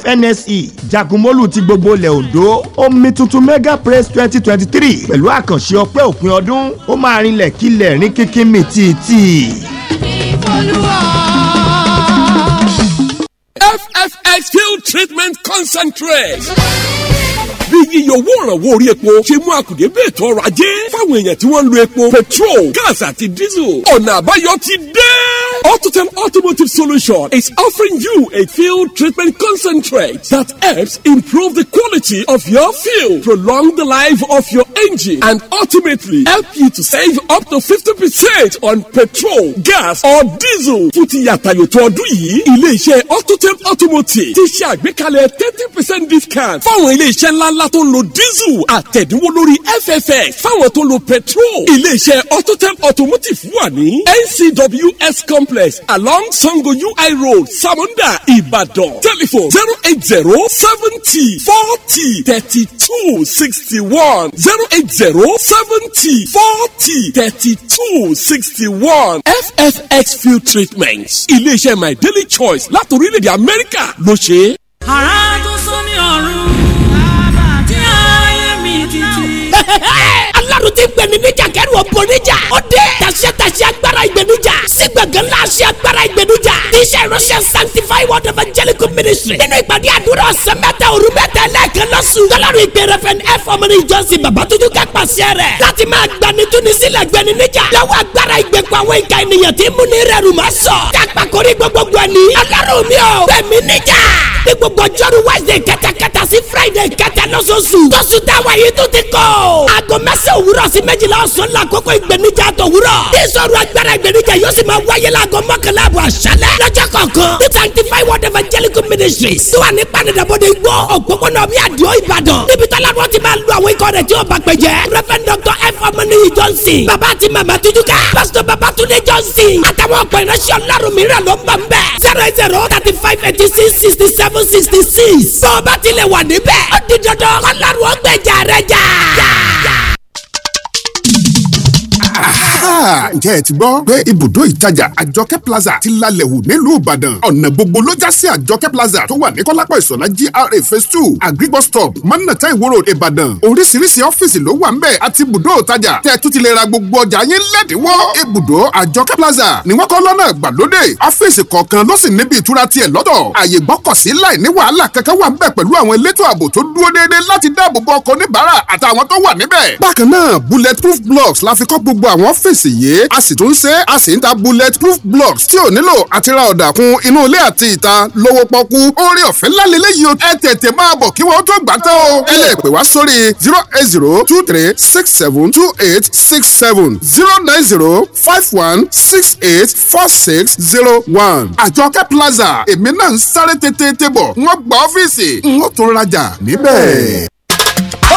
fnse jagunmólú ti gbogbo ilẹ̀ ondo omi tuntun mega praise twenty twenty three pẹ̀lú àkànṣe ọpẹ́ òpin ọdún ó máa rinlẹ̀ kílẹ̀ rin kíkín mi tìtì. FFX Field Treatment Concentrate bí yíyọ owó ìrànwọ́ orí epo ṣe mú àkùdé bẹ́ẹ̀ ètò ọrọ̀ ajé fáwọn èèyàn tí wọ́n ń lo epo petrol gáàsì àti dísù ọ̀nà àbáyọ ti dé Autotem Automotive Solution is offering you a fuel treatment concentrate that helps improve the quality of your fuel, prolong the life of your engine, and ultimately help you to save up to 50% on petrol, gas, or diesel. Fún yàtàyò tó ọdún yìí, ilé-iṣẹ́ Autotem Automotive ti ṣe àgbékalẹ̀ thirty percent discount fáwọn ilé-iṣẹ́ ńláńlá tó ń lo diesel àtẹ̀dínwó lórí FFX fáwọn tó ń lo petrol. Ilé-iṣẹ́ Autotem Automotive wà ní NCWS complex complex along Sango UI road Samonda Ibadan telephone zero eight zero seventy forty thirty two sixty one zero eight zero seventy forty thirty two sixty one FFX field treatments iléeṣẹ́ my daily choice láti orílẹ̀-èdè Amẹ́ríkà ló ṣe é. tó sún ní ọ̀run alárùn ti gbẹ̀mí níjà kẹ́rù ọ̀bọ̀n níjà ó dé tàṣẹ tàṣẹ gbà agbára ìgbẹ́nujà sí gbẹ̀gẹ́ ńlá ṣe agbára ìgbẹ́nujà tíṣẹ́ ìránṣẹ́ sanctify word evangelical ministry nínú ìpàdé àdúrà ọ̀sẹ̀ mẹ́ta òru mẹ́ta ẹlẹ́ẹ̀kan lọ́sùn tọ́lárù ìpè rẹ̀fẹ̀n f ọmọdé ìjọsìn babatunjú kápásẹ̀ rẹ̀ láti máa gbani túni sílẹ̀ gbani níjà lọ́wọ́ agbára ìgbẹ́kọ̀ àwọn ìka ènìyàn tí múni rẹ̀ rù máa sọ kápákórí gbogbogbò ẹni ọlọ́run mi ò gbẹ̀mí níjà ní gbogbo ọjọ́rú wednesday kẹtàkẹtà sí friday kẹtà lọ́sọ̀ọ̀sù tọ́sù táwa yìí tó ti kọ́ aago mẹ́sàn-án òwúrọ̀ sí méjìlá ọ̀sán làkókò ìgbẹ́nijà tó wúrọ̀ tí sọ̀rọ̀ agbára ìgbẹ́nijà yóò sì máa wáyé láago mọ́kànlá àbọ̀ àṣálẹ̀ lọ́jọ́ kọ̀ọ̀kan two twenty five world evangelical ministries tó wà ní panadabode igbó òpópónà bí àdìo ìbàdàn níbi tó lọ́dún ti máa lu àwọn ikọ̀ rẹ̀ tí ó bá pẹ̀ jẹ́ reverend doctor f ọmọnìyí johnson Baba àti màmá tujuka pastor babatunde johnson àtàwọn ọ̀pọ̀ ìránṣẹ́ ọlọ́run mìíràn ló ń bọ̀ ń zero zero thirty five eighty six sixty seven sixty six bọ́ọ̀ bá tilẹ̀ wà níbẹ̀ ó di dandan ọlọ́run ǹjẹ́ ẹ ti gbọ́ pé ibùdó ìtajà àjọkẹ́ plaza ti lálẹ́ wù nílùú ìbàdàn ọ̀nà gbogbo ló já sí àjọkẹ́ plaza tó wà ní kọ́lápọ̀ ìṣọ̀lá GRA phase two agribus stop manata ìwòrò ìbàdàn oríṣiríṣi ọ́fíìsì ló wà ń bẹ̀ àti ibùdó ìtajà tẹ́ tún ti lè ra gbogbo ọjà yín lẹ́dínwó ibùdó àjọkẹ́ plaza ni wọ́n kọ́ lọ́nà ìgbàlódé ọ́fíìsì kọ̀ọ̀kan ló sì níbi ìtura tiẹ̀ lọ́dọ̀ àyè gbọ́kọ̀sí láì ní wàhálà kankan wà ń bẹ̀ pẹ̀lú àwọn elétò ààbò tó dúró déédéé láti dáàbò bo ọkọ̀ oníbàárà àtàwọn tó wà níbẹ̀. bákan náà bulletproof blocks la fi kọ́ gbogbo àwọn ọ́fíìsì ọ́fíìsì yìí a sì tún ṣe a sì ń ta bullet proof blocks tí ò nílò àti ra ọ̀dà kun inú ilé àti ìta lówó pọ́kú orí ọ̀fẹ́ lálẹ́lẹ́ yìí ẹ tètè máa bọ̀ kí wọ́n tó gbà tán o ẹ pè wá sórí zero eight zero two three six seven two eight six seven zero nine zero five one six eight four six zero one àjọkẹ́ plaza èmi náà ń sáré tètè tètè bọ̀ wọ́n gba ọ́fíìsì n tó rajà níbẹ̀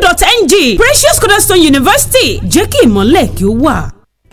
ng Precious Cornerstone University jẹ́ kí ìmọ̀lẹ̀ kí ó wà.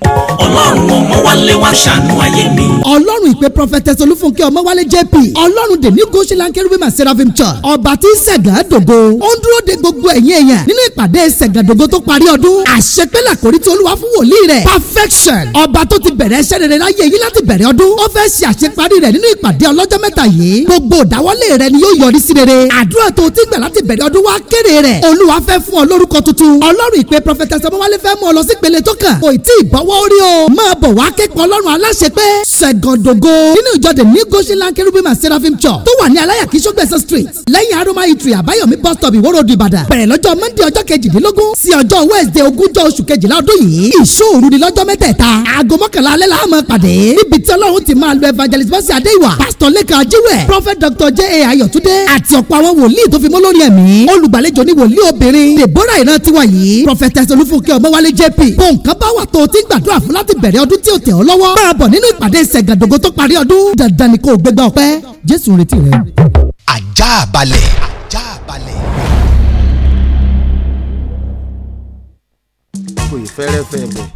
ọlọ́run ọmọwálé wá ṣàánú ayé mi. ọlọ́run ìpè prọfẹtẹsì olúfúnkẹ́ ọmọwálé jp ọlọ́run dèní goshen lankẹ́rù wíma seraphim church ọba tí sẹ̀gà dògo ó ń dúró de gbogbo ẹ̀yìn èèyàn nínú ìpàdé sẹ̀gà dògo tó parí ọdún àṣepẹ́lẹ̀ kò rí ti olúwa fún wòlíì rẹ̀ perfection ọba tó ti bẹ̀rẹ̀ ẹsẹ̀ rere láyé yìí láti bẹ̀rẹ̀ ọdún ó fẹ́ ṣe àṣeparí rẹ̀ nínú ìpàdé ọlọ́jọ́ mẹ́ta yìí gbogbo ìdáwọ́lé rẹ̀ ni yóò yọrí sí rere àdúrà tó ti gbà láti bẹ̀rẹ̀ ọdún wá kéré rẹ̀ olúwa fẹ́ fún ọ lórúkọ tuntun ọlọ́run ìpè prọfẹtẹsì ọmọwálé fẹ́ mú ọ lọ sí ìpele tó kàn kò tí ì bọ́w lọ́wọ́ orí o máa bọ̀ wá kẹ́kọ̀ọ́ ọlọ́run aláṣẹ pé sẹ̀gọ̀dọ̀gọ̀ nínú ìjọdẹ̀ ní goshenland kerubim and seraphim church tó wà ní aláyàkí sọ́gbẹ̀sẹ̀ street lẹ́yìn aroma itri àbáyọ̀mí bus stop ìwọ́rọ̀dù ìbàdàn bẹ̀rẹ̀ lọ́jọ́ monday ọjọ́ kejìdínlógún sí ọjọ́ wednesday ogúnjọ́ oṣù kejìlá ọdún yìí ìṣòro ni lọ́jọ́ mẹ́tẹ̀ẹ̀ta aago mọ́kànlá alẹ́ la máa pàdé níbi tí ọlọ́run ti máa a ayọ̀túndé àti ọ̀pọ̀ gbàdúrà fún láti bẹ̀rẹ̀ ọdún tí ó tẹ̀ ọ́ lọ́wọ́ máa bọ̀ nínú ìpàdé ìṣẹ̀gàdógó tó parí ọdún dandan ni kò gbégbá ọpẹ́ Jésù retí rẹ. ajá balẹ̀. ajá balẹ̀. kò ì fẹ́rẹ́fẹ́ bẹ̀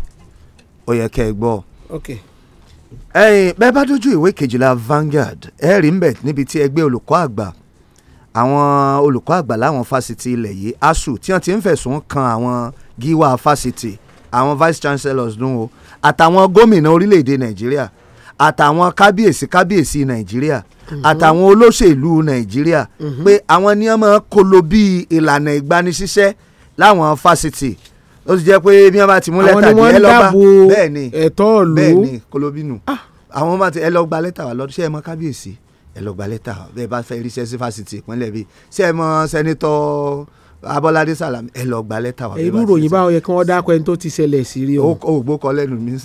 ó yẹ kẹ́ okay ẹ̀yin bẹ́ẹ̀ bá dójú ìwé kejìlá Vanguard ẹ̀ rí ń bẹ̀ níbi tí ẹgbẹ́ olùkọ́ àgbà àwọn olùkọ́ àgbà láwọn fásitì ilẹ̀ yìí ASUU tí wọ́n ti ń fẹ̀sùn kan àwọn giwa fásitì àwọn vice chancellors nù o àtàwọn gómìnà orílẹ̀-èdè nàìjíríà àtàwọn kábíyèsí kábíyèsí nàìjíríà mhm. àtàwọn olóṣèlú nàìjíríà mhm. pé àwọn ni wọ́n máa kolo bí ìlànà ìgbanisíṣẹ́ láwọn fásitì ó ti jẹ́ pé bí wọ́n bá ti mú lẹ́tà ní ẹ lọ́ba bẹ́ẹ̀ ni bẹ́ẹ̀ ni kolobinu ah. àwọn bá ti ẹ lọ gba lẹ́tà wa lọ́dún ṣé ẹ mọ kábíyèsí ẹ lọ gba lẹ́tà bẹ́ẹ̀ bá fẹ́ ríṣẹ́ sí fásitì ìpínlẹ̀ bíi ṣé ẹ mọ sẹ́nitọ́ abọ́ládé sàlámì ẹ lọ gba lẹ́tà wa. irú ròyìn báwọn yẹ kí wọ́n dákọ ẹni tó ti ṣẹlẹ̀ sí rí o. o gbó kọ lẹ́nu mi.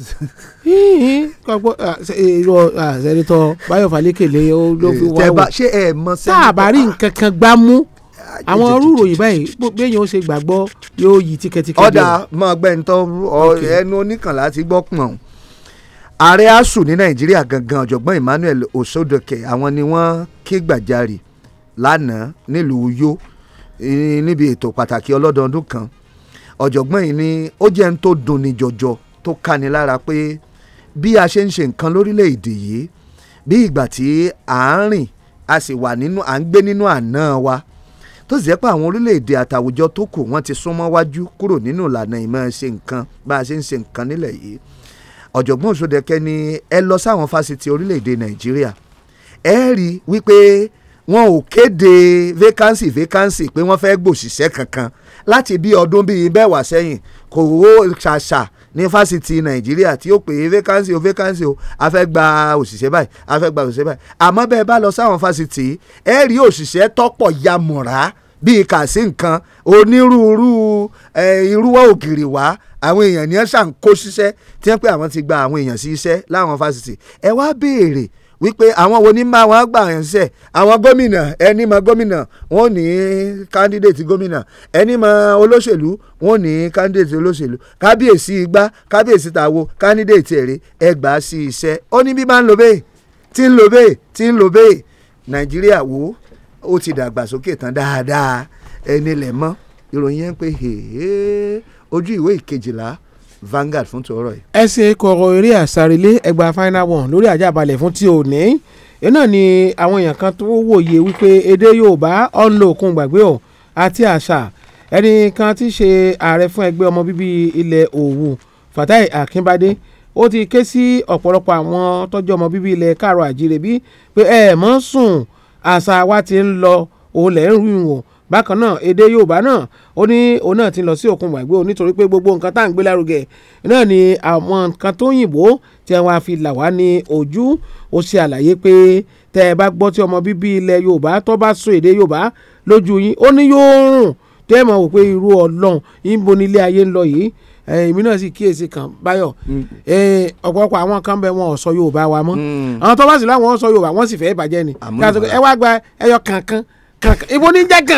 sẹ́nitọ́ báyọ̀ falẹ́kẹ̀lẹ́ ló fi wá wò. ṣé ẹ mọ sẹ́nitọ́ tá a bá rí nǹkan kan gbá mú ah, àwọn irú ròyìn báyìí béèyàn ó ṣe gbàgbọ́ yóò yí tíkẹ́tíkẹ́ díẹ̀. ọ̀dà mọ ọgbẹ́ntọ́ ẹnu oníkànlá ti gbọ́ pọ̀n ààrẹ asuu ní nàìjíríà gangan ọ̀jọ̀gbọ́n emmanuel osodoke àwọn ni wọ́n ké lánàá nílùú yó níbi ètò pàtàkì ọlọ́dọọdún kan ọ̀jọ̀gbọ́n yìí ni ó jẹ́ ń tó dunni jọjọ tó káni lára pé bí a ṣe ń ṣe nǹkan lórílẹ̀‐èdè yìí bí ìgbà tí à ń rìn a sì wà nínú à ń gbé nínú àná wa tó sì jẹ́ pé àwọn orílẹ̀‐èdè àtàwùjọ tó kù wọ́n ti súnmọ́ wájú kúrò nínú ìlànà ìmọ̀ ṣe nǹkan bá a ṣe ń ṣe nǹkan nílẹ̀ yìí ọ̀jọ̀gbọ́n Òṣòdẹ̀kẹ́ ni ẹ lọ sáwọn fásitì orílẹ̀‐èdè Nàìjíríà ẹ rí wípé wọn ò kéde vacancy vacancy pé wọ́n fẹ́ gbòṣìṣẹ́ kankan láti bí ọdún bíi mẹ́wàá sẹ́yìn kò wó ṣàṣà ní fásitì nàìjíríà tí ó pè é vacancy o vacancy o a fẹ́ gba òṣìṣẹ́ báyìí a fẹ́ gba òṣìṣẹ́ báyìí àmọ́ bẹ́ẹ̀ bá lọ sáwọn fásitì ẹ rí òṣìṣẹ́ tọ́pọ̀ yamùrá bíi kàsí nǹkan onírúurú irúwọ́ ògiri wá àwọn èèyàn ní ẹ ṣàn kó ṣiṣẹ́ tí wọ́n pé àwọn ti gba àwọn èèyàn sí iṣẹ́ láwọn fásitì ẹ wá béèrè wípé àwọn wo ni máa wọn gbà yàn sẹ́ àwọn gómìnà ẹni mọ gómìnà wọn ò ní kándídéètì gómìnà ẹni mọ olóṣèlú wọn ò ní kándídéètì olóṣèlú kábíyèsí igbá kábíyèsí tàwo kándídéètì èrè ẹgbàá sí iṣẹ́ ó ní bí máa ń lo bẹ́ẹ̀ tí ń lo bẹ́ẹ̀ tí ń lo bẹ́ẹ̀ nàìjíríà wo ó ti dàgbàsókè tán dáadáa ẹni lẹ̀ mọ́ ìròyìn yẹn pé ojú ìwé ìkejìlá Vanguard fún tòórọ yìí. ẹ ṣe kọ̀rọ̀ eré àsárelé ẹgbà final one lórí àjàbalẹ̀ fún ti òní yẹn náà ni àwọn èèyàn kan tó wòye wípé èdè Yorùbá ọ̀nlò òkun gbàgbé ọ̀ àti àṣà ẹnì kan ti ṣe ààrẹ fún ẹgbẹ́ ọmọ bíbí ilẹ̀ Òwu Fatai Akínbádé ó ti ké sí ọ̀pọ̀lọpọ̀ àwọn tọ́jú ọmọ bíbí ilẹ̀ káàrọ̀ àjíire pé ẹ sùn àṣà wa ti ń lọ òun lẹ́ bákan náà èdè yorùbá náà ó ní òun náà ti lọ sí òkun wàgbé o nítorí pé gbogbo nǹkan tá à ń gbé lárugẹ náà ni àwọn nǹkan tó yìnbó tí wọn fi là wá ní ojú ó ṣe àlàyé pé tẹ ẹ bá gbọ́ tí ọmọ bíbí ilẹ̀ yorùbá tó bá sọ èdè yorùbá lójú yín ó ní yóò rùn tẹ́ ẹ mọ̀ wò pé irú ọlọ́run ìbò nílé ayé ń lọ yìí èmi náà sì kíyèsí kan báyọ̀ mm. ọ̀pọ̀lọpọ̀ àwọn kan bẹ wọn ò sọ yorùbá wa mọ́ mm. àwọn tó bá sì láwọn sọ yorùbá wọ́n sì fẹ́ bàjẹ́ ni ẹ wá gba ẹyọ kankan kankan ibo ní jẹ́